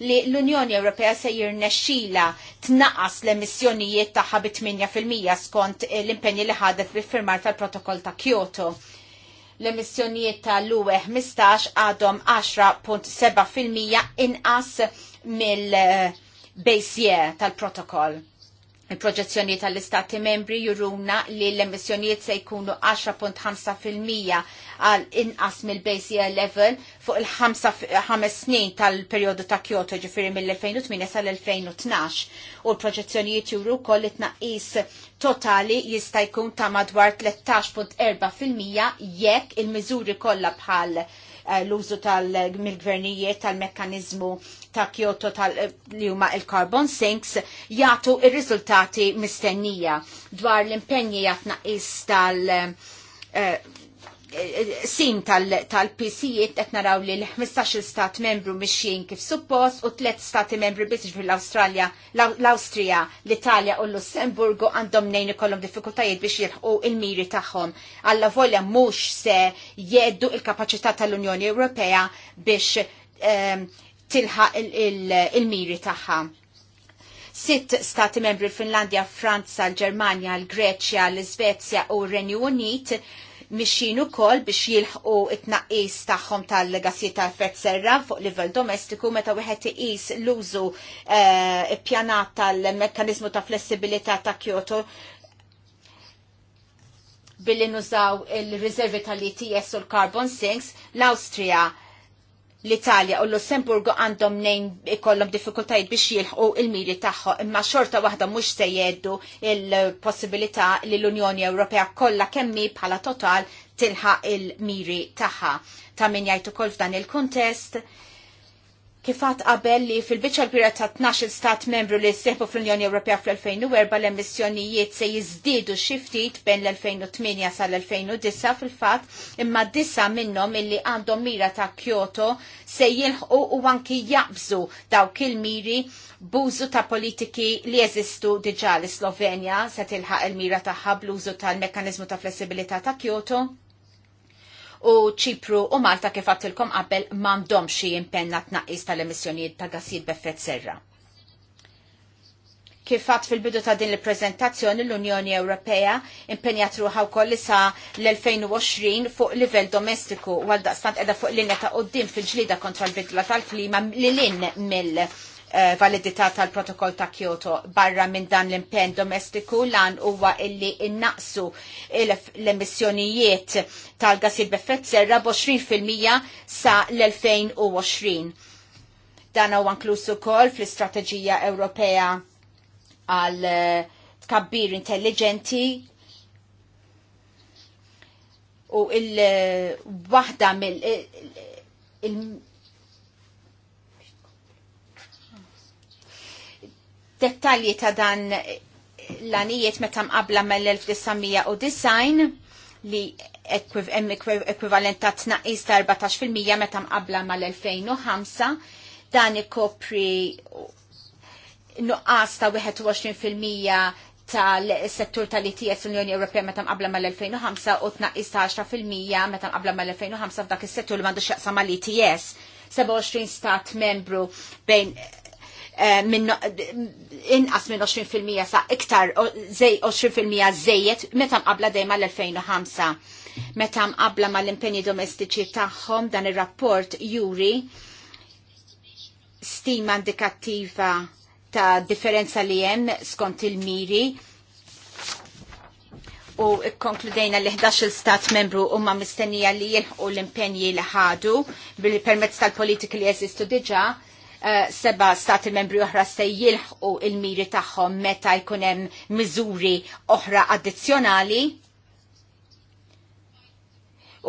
li l-Unjoni Ewropea se jirnexxila tnaqqas l-emissjonijiet tagħha bit 8% skont l-impenji li ħadet bil-firmar tal-protokoll ta' Kyoto l-emissjonijiet tal-UE15 għadhom 10.7% inqas mill year tal-protokoll. Il-proġezzjoni tal-Istati membri juruna li l-emissjonijiet se jkunu 10.5% għal inqas mill-base year level fuq il-5 snin tal-periodu ta' Kyoto ġifiri mill-2008 sal-2012 u l-proġezzjonijiet juru koll it-naqis totali jista' jkun ta' madwar 13.4% jekk il-miżuri kollha bħal Eh, l-użu tal-gvernijiet tal-mekkanizmu ta' Kyoto tal-li eh, huma il-carbon sinks jagħtu ir-riżultati mistennija dwar l-impenji jatnaqis tal- eh, Sin tal-PC qed naraw li l-15 stat membru mixjin kif suppost u tliet stati membri biss fil-Awstralja, l-Awstrija, l-Italja u l-Lussemburgu għandhom nejn ikollhom diffikultajiet biex jilħqu il-miri tagħhom. Alla volja mhux se jeddu il-kapaċità tal-Unjoni Ewropea biex ehm, tilħaq il-miri tagħha sitt stati membri l-Finlandja, Franza, l-Germania, l-Greċja, l-Svezja u r-Renju Unit mixin ukoll biex jilħqu it-tnaqqis tagħhom tal-gassijiet ta' effett serra fuq livell domestiku meta wieħed iqis l-użu eh, ippjanat tal-mekkaniżmu ta' flessibilità ta' Kyoto billi nużaw il-riservi tal-ETS u l-carbon sinks, l-Austria l-Italja u l-Lussemburgu għandhom nejn ikollhom diffikultajiet biex jilħqu il-miri tagħhom, imma xorta waħda mhux se jeddu il-possibilità li l-Unjoni Ewropea kollha kemmi bħala total tilħaq il-miri tagħha. Ta' min jgħid ukoll f'dan il-kuntest kifat qabel li fil-bicċa l-bira ta' 12 stat membru li seħbu fl-Unjoni Ewropea fl-2004 l-emissjonijiet se jizdidu xiftit bejn l-2008 sal-2009 fil-fat imma disa minnom illi għandhom mira ta' Kyoto se jilħu u anki jaqbżu dawk il-miri bużu ta' politiki li jeżistu diġa l-Slovenja se tilħaq il-mira ta' bluzu tal-mekanizmu ta' flessibilità ta' Kyoto u ċipru u Malta kif għattilkom qabel mandom xie impenna tnaqqis tal-emissjonijiet ta' gassijiet b'effet serra. Kif għatt fil-bidu ta' din il-prezentazzjoni l-Unjoni Ewropea impenjat ruħaw kolli sa' l-2020 fuq livell domestiku għal daqstant edha fuq linja ta' qoddim fil-ġlida kontra l-bidla tal-klima l-lin mill- Eh, validità tal-protokoll ta' Kyoto barra minn dan l-impenn domestiku lan huwa illi innaqsu l-emissjonijiet tal-gasil b'effett serra b'20% sa l-2020. Dan huwa inklusu wkoll fl-Istrateġija Ewropea għal eh, tkabbir intelligenti u il-waħda eh, mill- Dettalji ta' dan l-anijiet meta mqabla mill-1990 li ekwivalent ta' tnaqis ta' 14% meta mqabla mal-2005 dan ikopri nuqqas ta' 21% tal-settur tal-ITS l-Unjoni Ewropea meta mqabla mal-2005 u tnaqqis ta' 10% meta mqabla mal-2005 f'dak is-settur li m'għandux jaqsam mal-ITS. 27 stat membru bejn Eh, inqas minn 20% sa iktar 20% żejjed meta qabla dejjem l-2005. Meta mqabla mal-impenji domestiċi tagħhom dan ir-rapport juri stima indikattiva ta' differenza li hemm skont il-miri u konkludejna li 11 stat membru ma mistennija li jilħu l-impenji li ħadu bil-permezz tal-politika li jeżistu diġa Eh, seba stati membri oħra se jilħqu il-miri tagħhom meta jkun hemm miżuri oħra addizzjonali.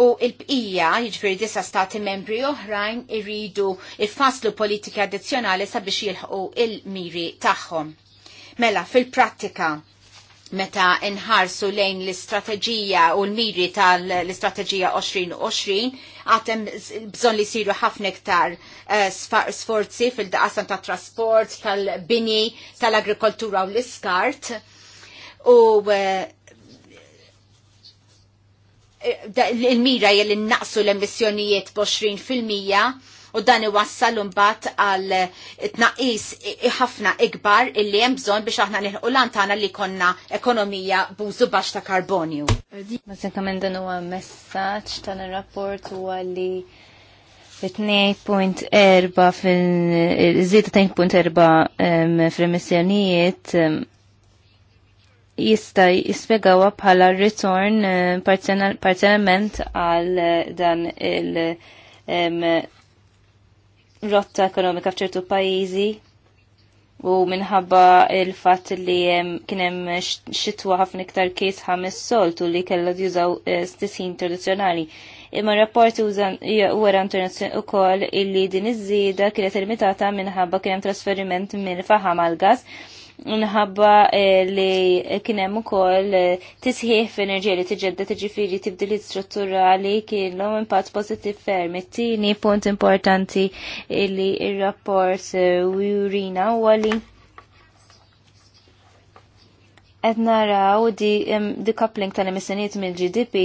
U il-bqija, jiġifieri disa stati membri oħrajn iridu ifasslu politika addizzjonali sabiex jilħqu il-miri tagħhom. Mela, fil-prattika, meta nħarsu lejn l-istrateġija u l-miri tal-istrateġija 2020, għatem bżon li siru ħafna iktar eh, sforzi fil-daqasan ta' trasport, tal-bini, tal-agrikoltura u l-iskart. U il-mira eh, eh, jell naqsu l-emissjonijiet b'20 fil-mija u dan iwassal mbagħad għal tnaqis ħafna ikbar illi hemm bżonn biex aħna nilħu lantana li konna ekonomija bużu baċ ta' karbonju. Mażen kamen dan huwa messaġġ tal-rapport huwa li 2.4 fil zita 2.4 fil-emissjonijiet jista jispegawa bħala return parzialment għal dan il- rotta ekonomika f'ċertu pajjiżi u minħabba il-fatt li kien hemm xitwa ħafna iktar kies ħames soltu li kellha jużaw eh, stisħin tradizzjonali. Imma rapport wara internazzjonali ukoll illi din iż-żieda kienet limitata minħabba kien hemm trasferiment mill-faħam għal gas minħabba eh, li kienem u koll eh, tisħiħ f-enerġija li tiġedda tiġifiri tibdili strutturali kienlom impatt pozitiv ferm. Tini punt importanti li il-rapport jurina eh, u għali Qed raw di decoupling tal-emissjonijiet mill-GDP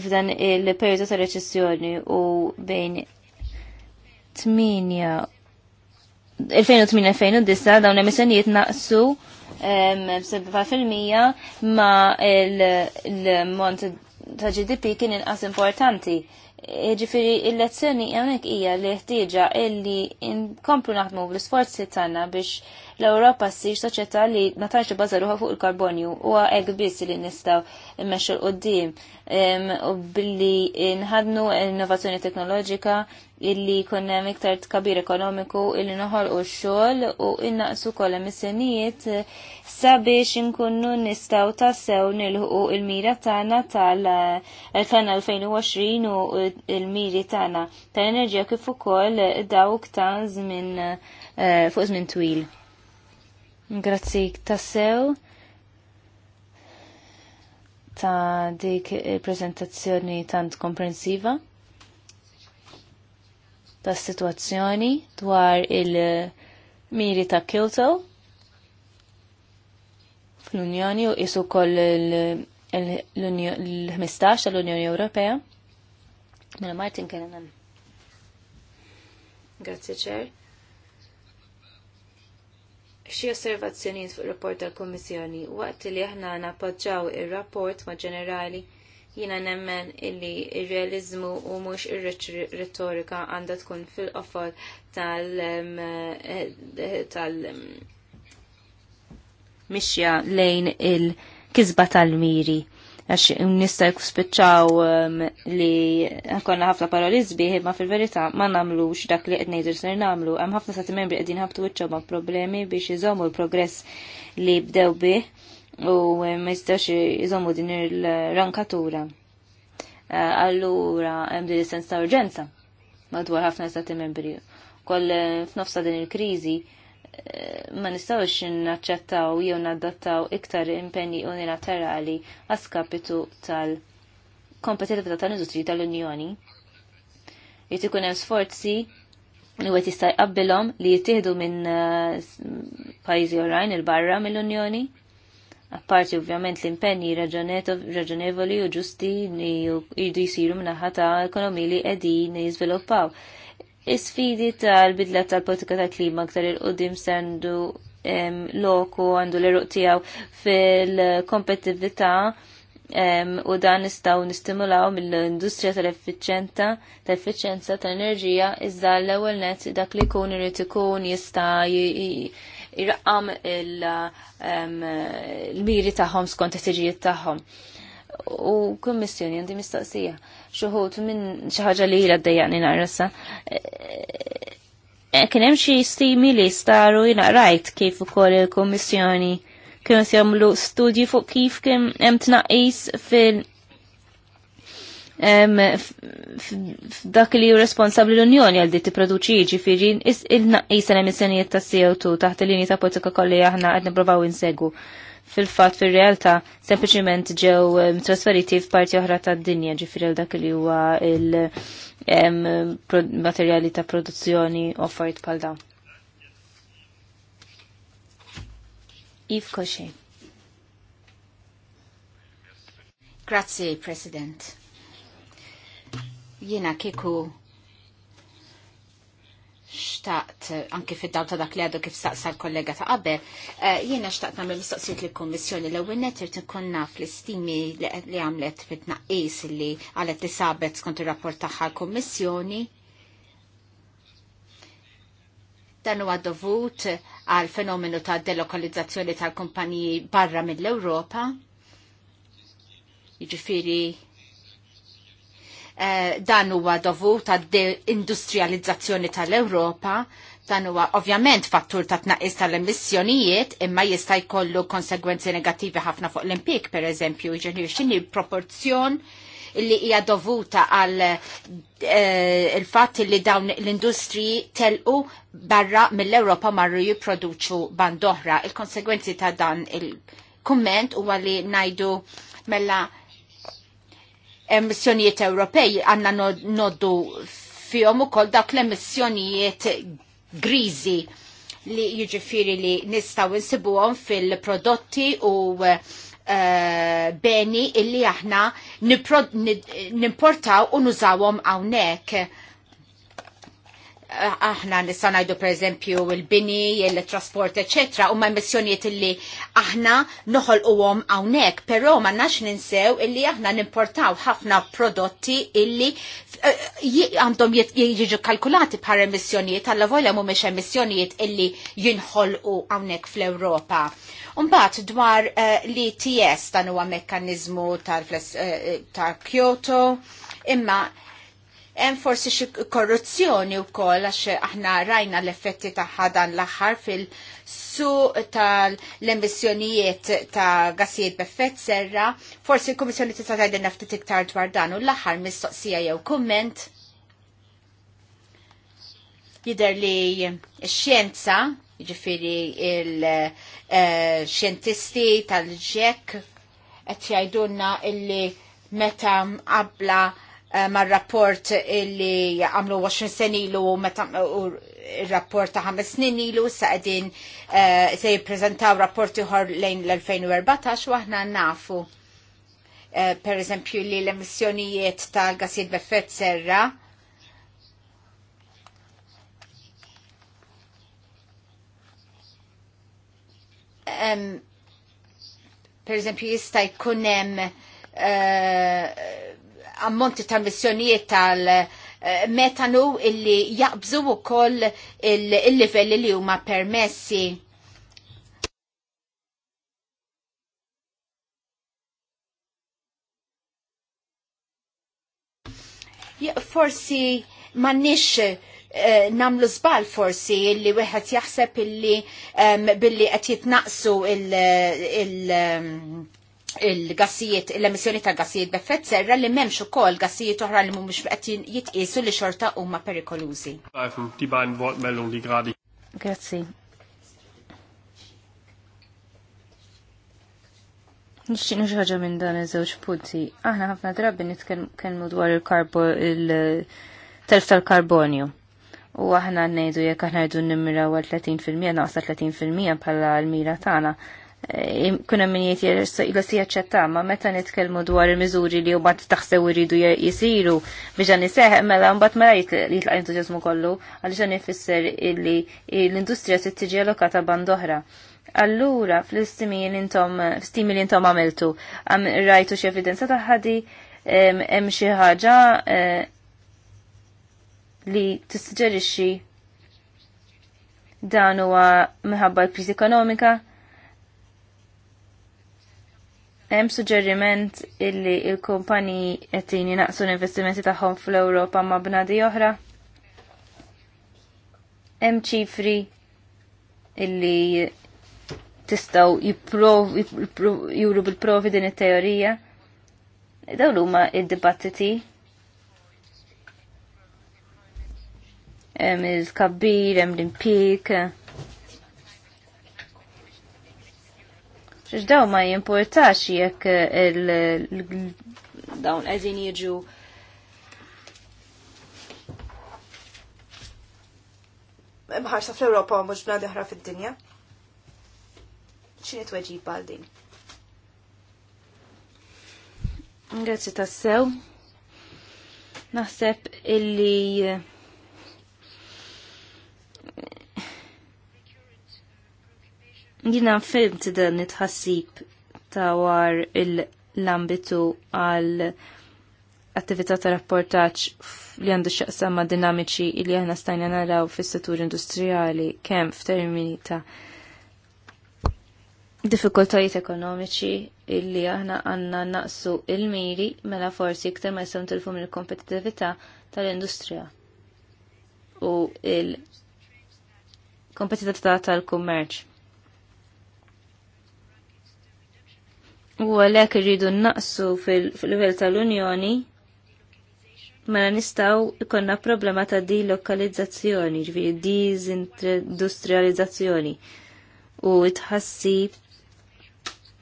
f'dan il-periodu ta' reċessjoni u bejn 8 2008-2009 dawn emissjonijiet naqsu b-7% ma il-mont ta' GDP kien inqas importanti. Ġifiri, il-lezzjoni għamek ija li ħtieġa illi nkomplu naħdmu bl-sforzi tagħna biex l-Ewropa ssir soċjetà li ma tantx bażaruha fuq il-karbonju u hekk biss li nistgħu immexxu l qoddim u billi nħadnu innovazzjoni teknoloġika illi konna miktar tkabir ekonomiku illi noħol u xol u innaqsu kol emissjonijiet sabiex inkunnu nistaw tassew nilħu il-mira tana tal-2020 u il-miri tana tal-enerġija kif ukoll dawk ta' żmien eh, fuq żmien twil. Grazzi tassew ta' dik il-prezentazzjoni tant komprensiva ta' situazzjoni dwar il-miri ta' Kyoto fl-Unjoni u jisu koll l-15 tal-Unjoni Ewropea. Mela Martin kien Grazie ċer xie osservazzjonijiet fuq rapport tal komissjoni waqt li aħna nappoġġaw ir-rapport ma' ġenerali Jiena nemmen illi il realizmu u mhux ir-retorika għandha tkun fil-qofol tal eh, eh, mixja lejn il-kizba tal-miri għax nista' spiċċaw li konna ħafna paroli sbieħ ma fil-verità ma nagħmlux dak li qed ngħidu ser nagħmlu. Hemm ħafna stati membri qegħdin ħabtu wiċċhom ma' problemi biex iżommu l-progress li bdew bih u ma jistax jżommu din il-rankatura. Eh, allura hemm din sens ta' urġenza madwar ħafna stati membri. Koll eh, f'nofsa din il-kriżi eh, ma nistawx naċċettaw jew nadattaw iktar impenni unilaterali għaskapitu tal-kompetitività tal industri tal-Unjoni. Jrid ikun hemm sforzi li wieħed jista' jqabbilhom li jittieħdu minn pajjiżi oħrajn il-barra mill-Unjoni apparti ovvjament l impenni raġonevoli u ġusti li jridu jisiru minnaħa ta' ekonomi li qegħdin niżviluppaw. Is-sfidi tal-bidla tal-politika tal-klima aktar il-qudiem sendu loku għandu l-eruq tiegħu fil-kompetittività u dan nistaw nistimulaw mill-industrija tal-effiċenza tal-effiċenza tal-enerġija iżda l-ewwel net dak li jkun irid ikun jista' irqam il-miri tagħhom skont it-tiġijiet tagħhom. U kummissjoni għandi mistaqsija. Xuħut minn xi ħaġa li ilha ddejjaqni naqrasa. Eh, kien hemm xi stimi li staru jinaqrajt kif ukoll il-kummissjoni kienu jagħmlu studji fuq kif kien hemm tnaqqis fil- f'dak li ju responsabli l-Unjoni għal ditti produċi ġifiri il-naqisa emissjonijiet ta' CO2 taħt il-linji ta' politika kolli aħna għad provaw insegu. Fil-fat, fil-realta, sempliciment ġew trasferiti f'parti oħra ta' dinja ġifiri għal dak li huwa il-materjali ta' produzzjoni offert pal dawn. Yves Grazie, President. Jiena kieku xtaqt, anki fid-daw ta' dak li għadu kif staqsa l-kollega ta' qabel, eh, jiena xtaqt nagħmel mistaqsijiet li kommissjoni l-ewwel net irid inkun naf l-istimi li għamlet fit-tnaqqis li għalet li sabet skont ir-rapport tagħha l-kummissjoni. Dan huwa dovut għal fenomenu ta' delokalizzazzjoni tal-kumpaniji barra mill-Ewropa. Jiġifieri Eh, dan huwa dovut ta' industrializzazzjoni tal-Ewropa, dan huwa ovvjament fattur ta' tnaqqis tal-emissjonijiet imma jista' jkollu konsegwenzi negattivi ħafna fuq l-impik pereżempju, ġenir x'inhi proporzjon li hija dovuta għal eh, il-fatt li dawn l-industriji telqu barra mill-Ewropa marru jipproduċu bandoħra. Il-konsegwenzi ta' dan il-kumment huwa li najdu mella emissjonijiet Ewropej għanna noddu fihom ukoll dak l-emissjonijiet griżi li jiġifieri li nistgħu insibuhom fil-prodotti u Uh, beni illi aħna nimportaw u nużawhom hawnhekk aħna nista' ngħidu pereżempju il-bini, il-trasport, eċetera, huma emissjonijiet illi aħna noħolquhom hawnhekk, però ma nax ninsew illi aħna nimportaw ħafna prodotti illi eh, għandhom jiġu kalkulati bħal emissjonijiet alla volja mhumiex emissjonijiet illi jinħolqu hawnhekk fl-Ewropa. Umbat dwar eh, l ts dan huwa mekkaniżmu tal-Kyoto eh, imma Hemm forsi xi korruzzjoni wkoll għax aħna rajna l-effetti tagħha dan l-aħħar fil-su tal-emissjonijiet ta' gassijiet b'effett serra, forsi l-Kummissjoni tista' tgħidilna naftit iktar dwar dan u l-aħħar mistoqsija jew kumment. Jider li x-xjenza, jiġifieri il-xjentisti eh, tal-ġek qed jgħidulna illi meta qabla Eh, mar rapport illi għamlu 20 sen ilu u rapport ta' 5 snin ilu sa' edin eh, se jiprezentaw rapporti ħor lejn l-2014 u aħna nafu eh, per eżempju li l-emissjonijiet ta' gasid b'effett serra per eżempju jista' jkunem ammonti ta' missjonijiet tal-metanu illi jaqbżu u koll il-level il li huma permessi. Forsi mannix eh, namlu zbal forsi illi wieħed jaħseb illi um, billi qed jitnaqsu il-, il um, il-gassijiet, l-emissjoni ta' gassijiet b'effett serra li memx ukoll gassijiet oħra li mhumiex qed jitqisu li xorta huma perikolużi. Grazzi. Nixtieq ħaġa minn dan iż-żewġ punti. Aħna ħafna drabi nitkellmu dwar il-karbo il-telf tal-karbonju. U aħna ngħidu jekk aħna rridu nimmiraw għal 30% naqsa 30% bħala l-mira tagħna kuna min jgħid ċetta, ma meta nitkellmu dwar il-mizuri li huma taħsew iridu jisiru biex għan seħ, mela mbat mela jitla entuzjazmu kollu, għaliex għan jifisser illi l-industrija se tiġi allokata oħra. Allura, fl-istimi stimi li intom għamiltu, għam rajtu xie evidenza taħħadi, hemm xi ħaġa eh, li tissuġġerixxi dan huwa minħabba l-kriżi ekonomika, Hemm suġġeriment illi il-kumpaniji qed jinaqsu l-investimenti tagħhom fl-Ewropa ma' bnadi oħra. Hemm ċifri illi tistgħu juru bil-provi din it-teorija. Dawn huma id-dibattiti hemm il-kabbir, hemm l-impik. x'daw ma jimportax jekk il-dawn qegħdin jiġu mħarsa fl-Europa mux bnad oħra fid-dinja. ċini t-weġib għal din? Grazzi tassew. Naħseb illi Jina fimt dan nitħassib ta' war l-ambitu għal attività ta' rapportaċ li għandu xaqsamma dinamiċi li aħna stajna naraw fis-settur industrijali kemm f'termini ta' diffikultajiet ekonomiċi illi aħna għanna naqsu il-miri mela forsi iktar ma jisam tilfu mill kompetitività tal-industrija u il-kompetitività tal-kummerċ. U għalek irridu naqsu fil-livell tal-Unjoni, mela nistaw ikonna problema ta' dilokalizzazzjoni, ġviri dizindustrializzazzjoni. U itħassi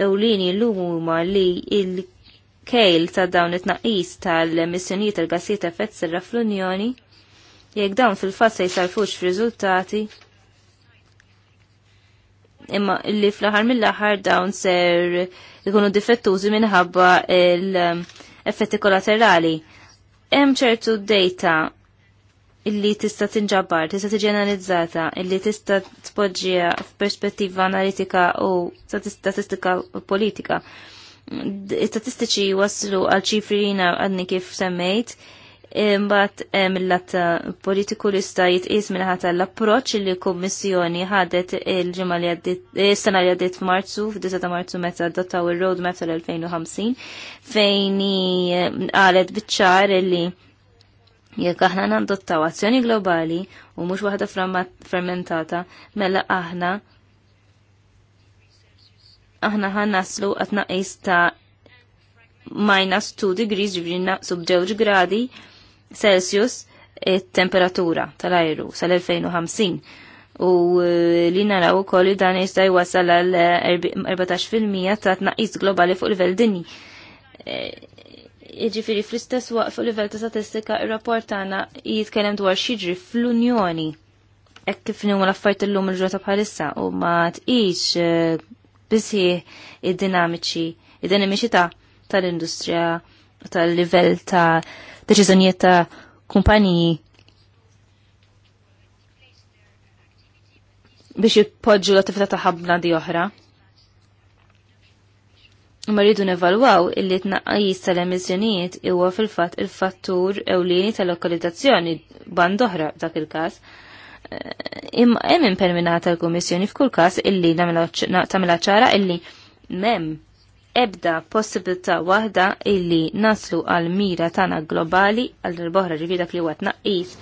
ewlini l-lumuma li il-kejl ta' dawn it-naqis tal-emissjonijiet tal-gassijiet effett serra fl-Unjoni, jekk dawn fil-fat se jisarfux f'riżultati, imma li fl-aħħar mill-aħħar dawn ser ikunu difettużi minħabba l-effetti kollaterali. Hemm ċertu data illi tista' tinġabbar, tista' tiġi analizzata, illi tista' tpoġġiha f'perspettiva analitika u statistika politika. Statistiċi waslu għal ċifrina għadni kif semmejt, imbagħad eh, mill il-lat eh, politiku li sta jitqies minħata l-approċċ li l-Kummissjoni ħadet il-ġimgħa li għaddit eh, sena li għaddit f'Marzu f'disa ta' Marzu meta adottaw ir-roadmap tal-2050 fejn qalet biċ-ċar li jekk aħna nandottaw azzjoni globali u mhux waħda fermentata, mela aħna aħna naslu għatnaqis ta' minus 2 degrees ġivri naqsu b'ġewġ gradi Celsius it-temperatura tal-ajru sal-2050 u eh, li naraw ukoll li dan jista' jwassal għal 14% eh, ta' tnaqqis globali fuq livell dinji. Jiġifieri fl-istess waqt fuq livell ta' statistika ir-rapport tagħna jitkellem dwar xiġri fl-Unjoni hekk kif huma l-affarijiet illum il-ġota bħalissa u ma tqix bisih id-dinamiċi, id-dinamiċità tal-industrija tal-livell ta' deċiżjonijiet ta' kumpaniji biex jippoġġu l-attività ta' ħabna di oħra. Imma rridu nevalwaw illi tnaqqis tal-emissjonijiet huwa fil-fatt il-fattur ewlieni tal-lokalizzazzjoni band oħra dak il-każ. Eh, imma hemm imperminata l-Kummissjoni f'kull każ illi tagħmilha ċara illi mem ebda possibilità waħda illi naslu għal mira tagħna globali għal boħra ġifi dak li għat tnaqqis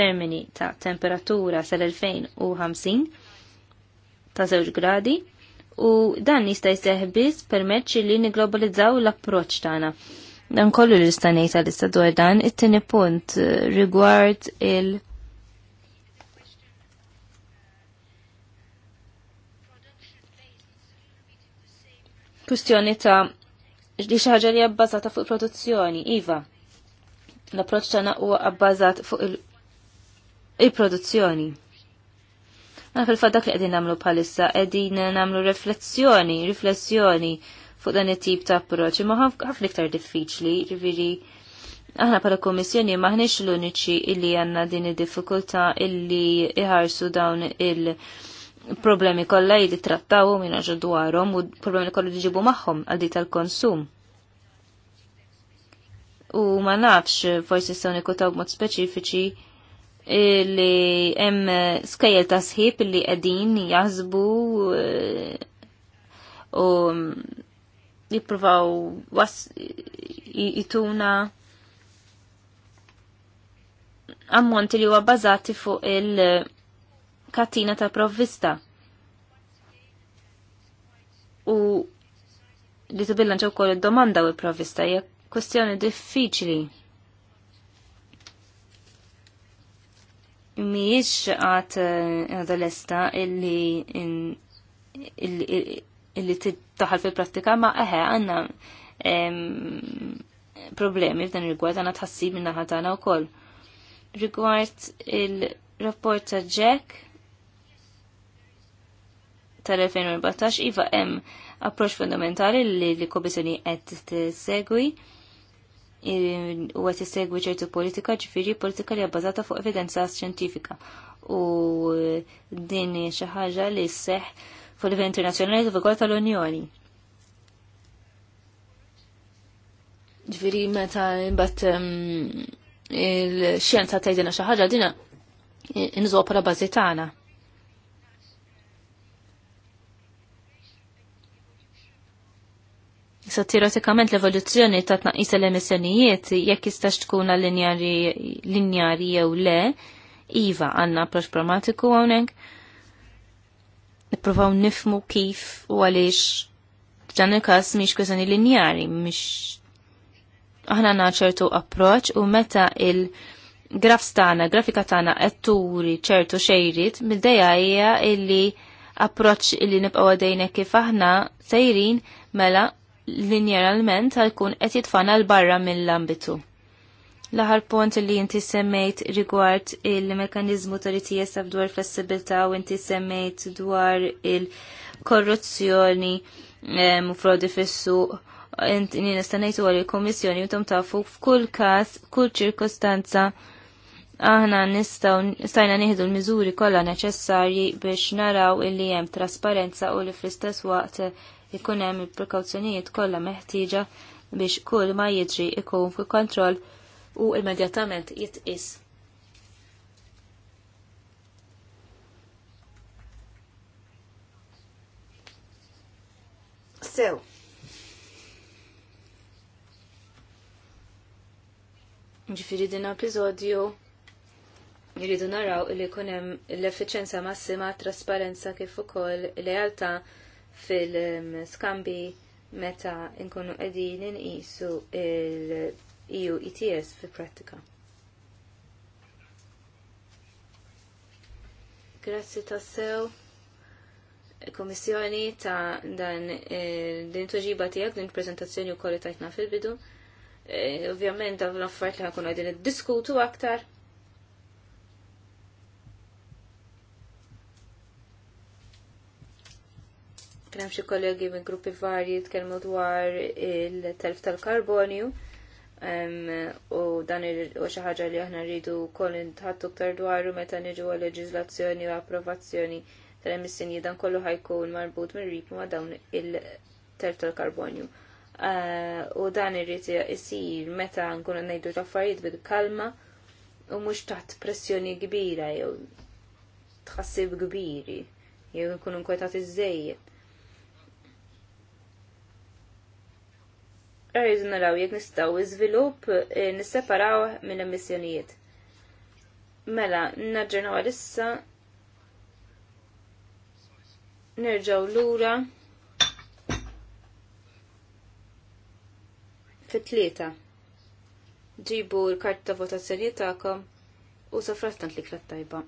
termini ta' temperatura sal-2050 ta' 0 gradi u dan jista' jseħħ biss permezz li nigglobalizzaw l-approċċ tagħna. Dan kollu li nista' ngħid għal dan it-tieni punt eh, rigward il- kwistjoni ta' li xi ħaġa li abbażata fuq il-produzzjoni, iva. L-approċċ tagħna huwa abbażat fuq il-produzzjoni. Għan fil-fat dak li qegħdin nagħmlu bħalissa qegħdin nagħmlu riflessjoni, riflessjoni fuq dan it-tip ta' approċċ, imma ħafna iktar diffiċli, ġifieri aħna pala komissjoni maħniex l-uniċi illi għanna din id diffikultà illi iħarsu dawn il- problemi kollha li minn ħaġa dwarhom u problemi kollha jiġibu magħhom għal dik tal-konsum. U ma nafx forsi sawni nikutaw mod speċifiċi li hemm skajl ta' sħib li qegħdin jazbu eh, u mm, jippruvaw was jituna ammonti li huwa bażati fuq il- katina ta' provvista. U li tibillanċa wkoll id-domanda u l-provvista hija kwestjoni diffiċli. Mhijiex għat eh, għadalesta illi illi t-taħal fil-prattika ma eħe għandna problemi f'dan rigward għanna tħassib minna naħa tagħna wkoll. Rigward il-rapport ta' Jack, tal-2014 iva hemm approċ fundamentali li l-Komissjoni qed tissegwi u qed jissegwi ċertu politika ġifiri politika li bbażata fuq evidenza xjentifika. U din xi ħaġa li seħ fuq livell internazzjonali fil tal-Unjoni. Ġifiri meta mbagħad ehm, il-xjenza tgħidilna xi ħaġa dina inżopra bażi tagħna. Sa teoretikament l-evoluzzjoni ta' tnaqqis l-emissjonijiet jekk jistax tkun linjari jew le, iva għanna approċ pragmatiku hawnhekk. Nippruvaw nifmu kif u għaliex f'dan il-każ mhix kwestjoni linjari, mhix aħna għandna ċertu approċ u meta il- graf stana, grafika tana etturi ċertu xejrit, mid-deja hija illi approċ illi nibqaw għadejna kif aħna sejrin mela linjeralment għalkun qed jitfana l-barra mill-ambitu. L-aħar punt li inti semmejt rigward il-mekanizmu ta' RTS dwar flessibilta u inti semmejt dwar il-korruzzjoni u frodi fis-suq inti nistanajtu għal il-Komissjoni u tom tafu f'kull kas, kull ċirkostanza aħna nistaw stajna nieħdu l-miżuri kollha neċessarji biex naraw illi hemm trasparenza u li fl-istess waqt ikun hemm il-prekawzjonijiet kollha meħtieġa biex kull ma jiġri ikun fi kontroll u immedjatament jitqis. Sew. Ġifiri din episodju jridu naraw li kunem l-effiċenza massima, trasparenza kif ukoll lealtà fil-skambi meta nkunu qegħdin inqisu il-EU ETS fil-prattika. Grazzi tassew komissjoni ta' dan din toġiba tiegħek din prezentazzjoni wkoll tajtna fil-bidu. Eh, ovvjament dawn l-affarijiet li ħakun qegħdin iddiskutu aktar Kien hemm xi kollegi minn gruppi varji tkellmu dwar il-telf tal-karbonju u dan u xi ħaġa li aħna rridu wkoll intħattu ktar u meta niġu għal leġiżlazzjoni u approvazzjoni tal emissjoni dan kollu ħajkun marbut minn ripu ma' dawn il-telf tal-karbonju. Eh, u dan irrid isir meta nkunu ngħidu l-affarijiet bil-kalma u mhux taħt pressjoni kbira jew tħassib kbiri jew nkunu nkwetati iż rridu naraw jekk nistgħu iżvilupp eh, nisseparaw minn emissjonijiet Mela, naġġernaw għalissa nerġaw lura fit-tlieta. Ġibu l-karta votazzjoni tagħkom u safrastant li tajba.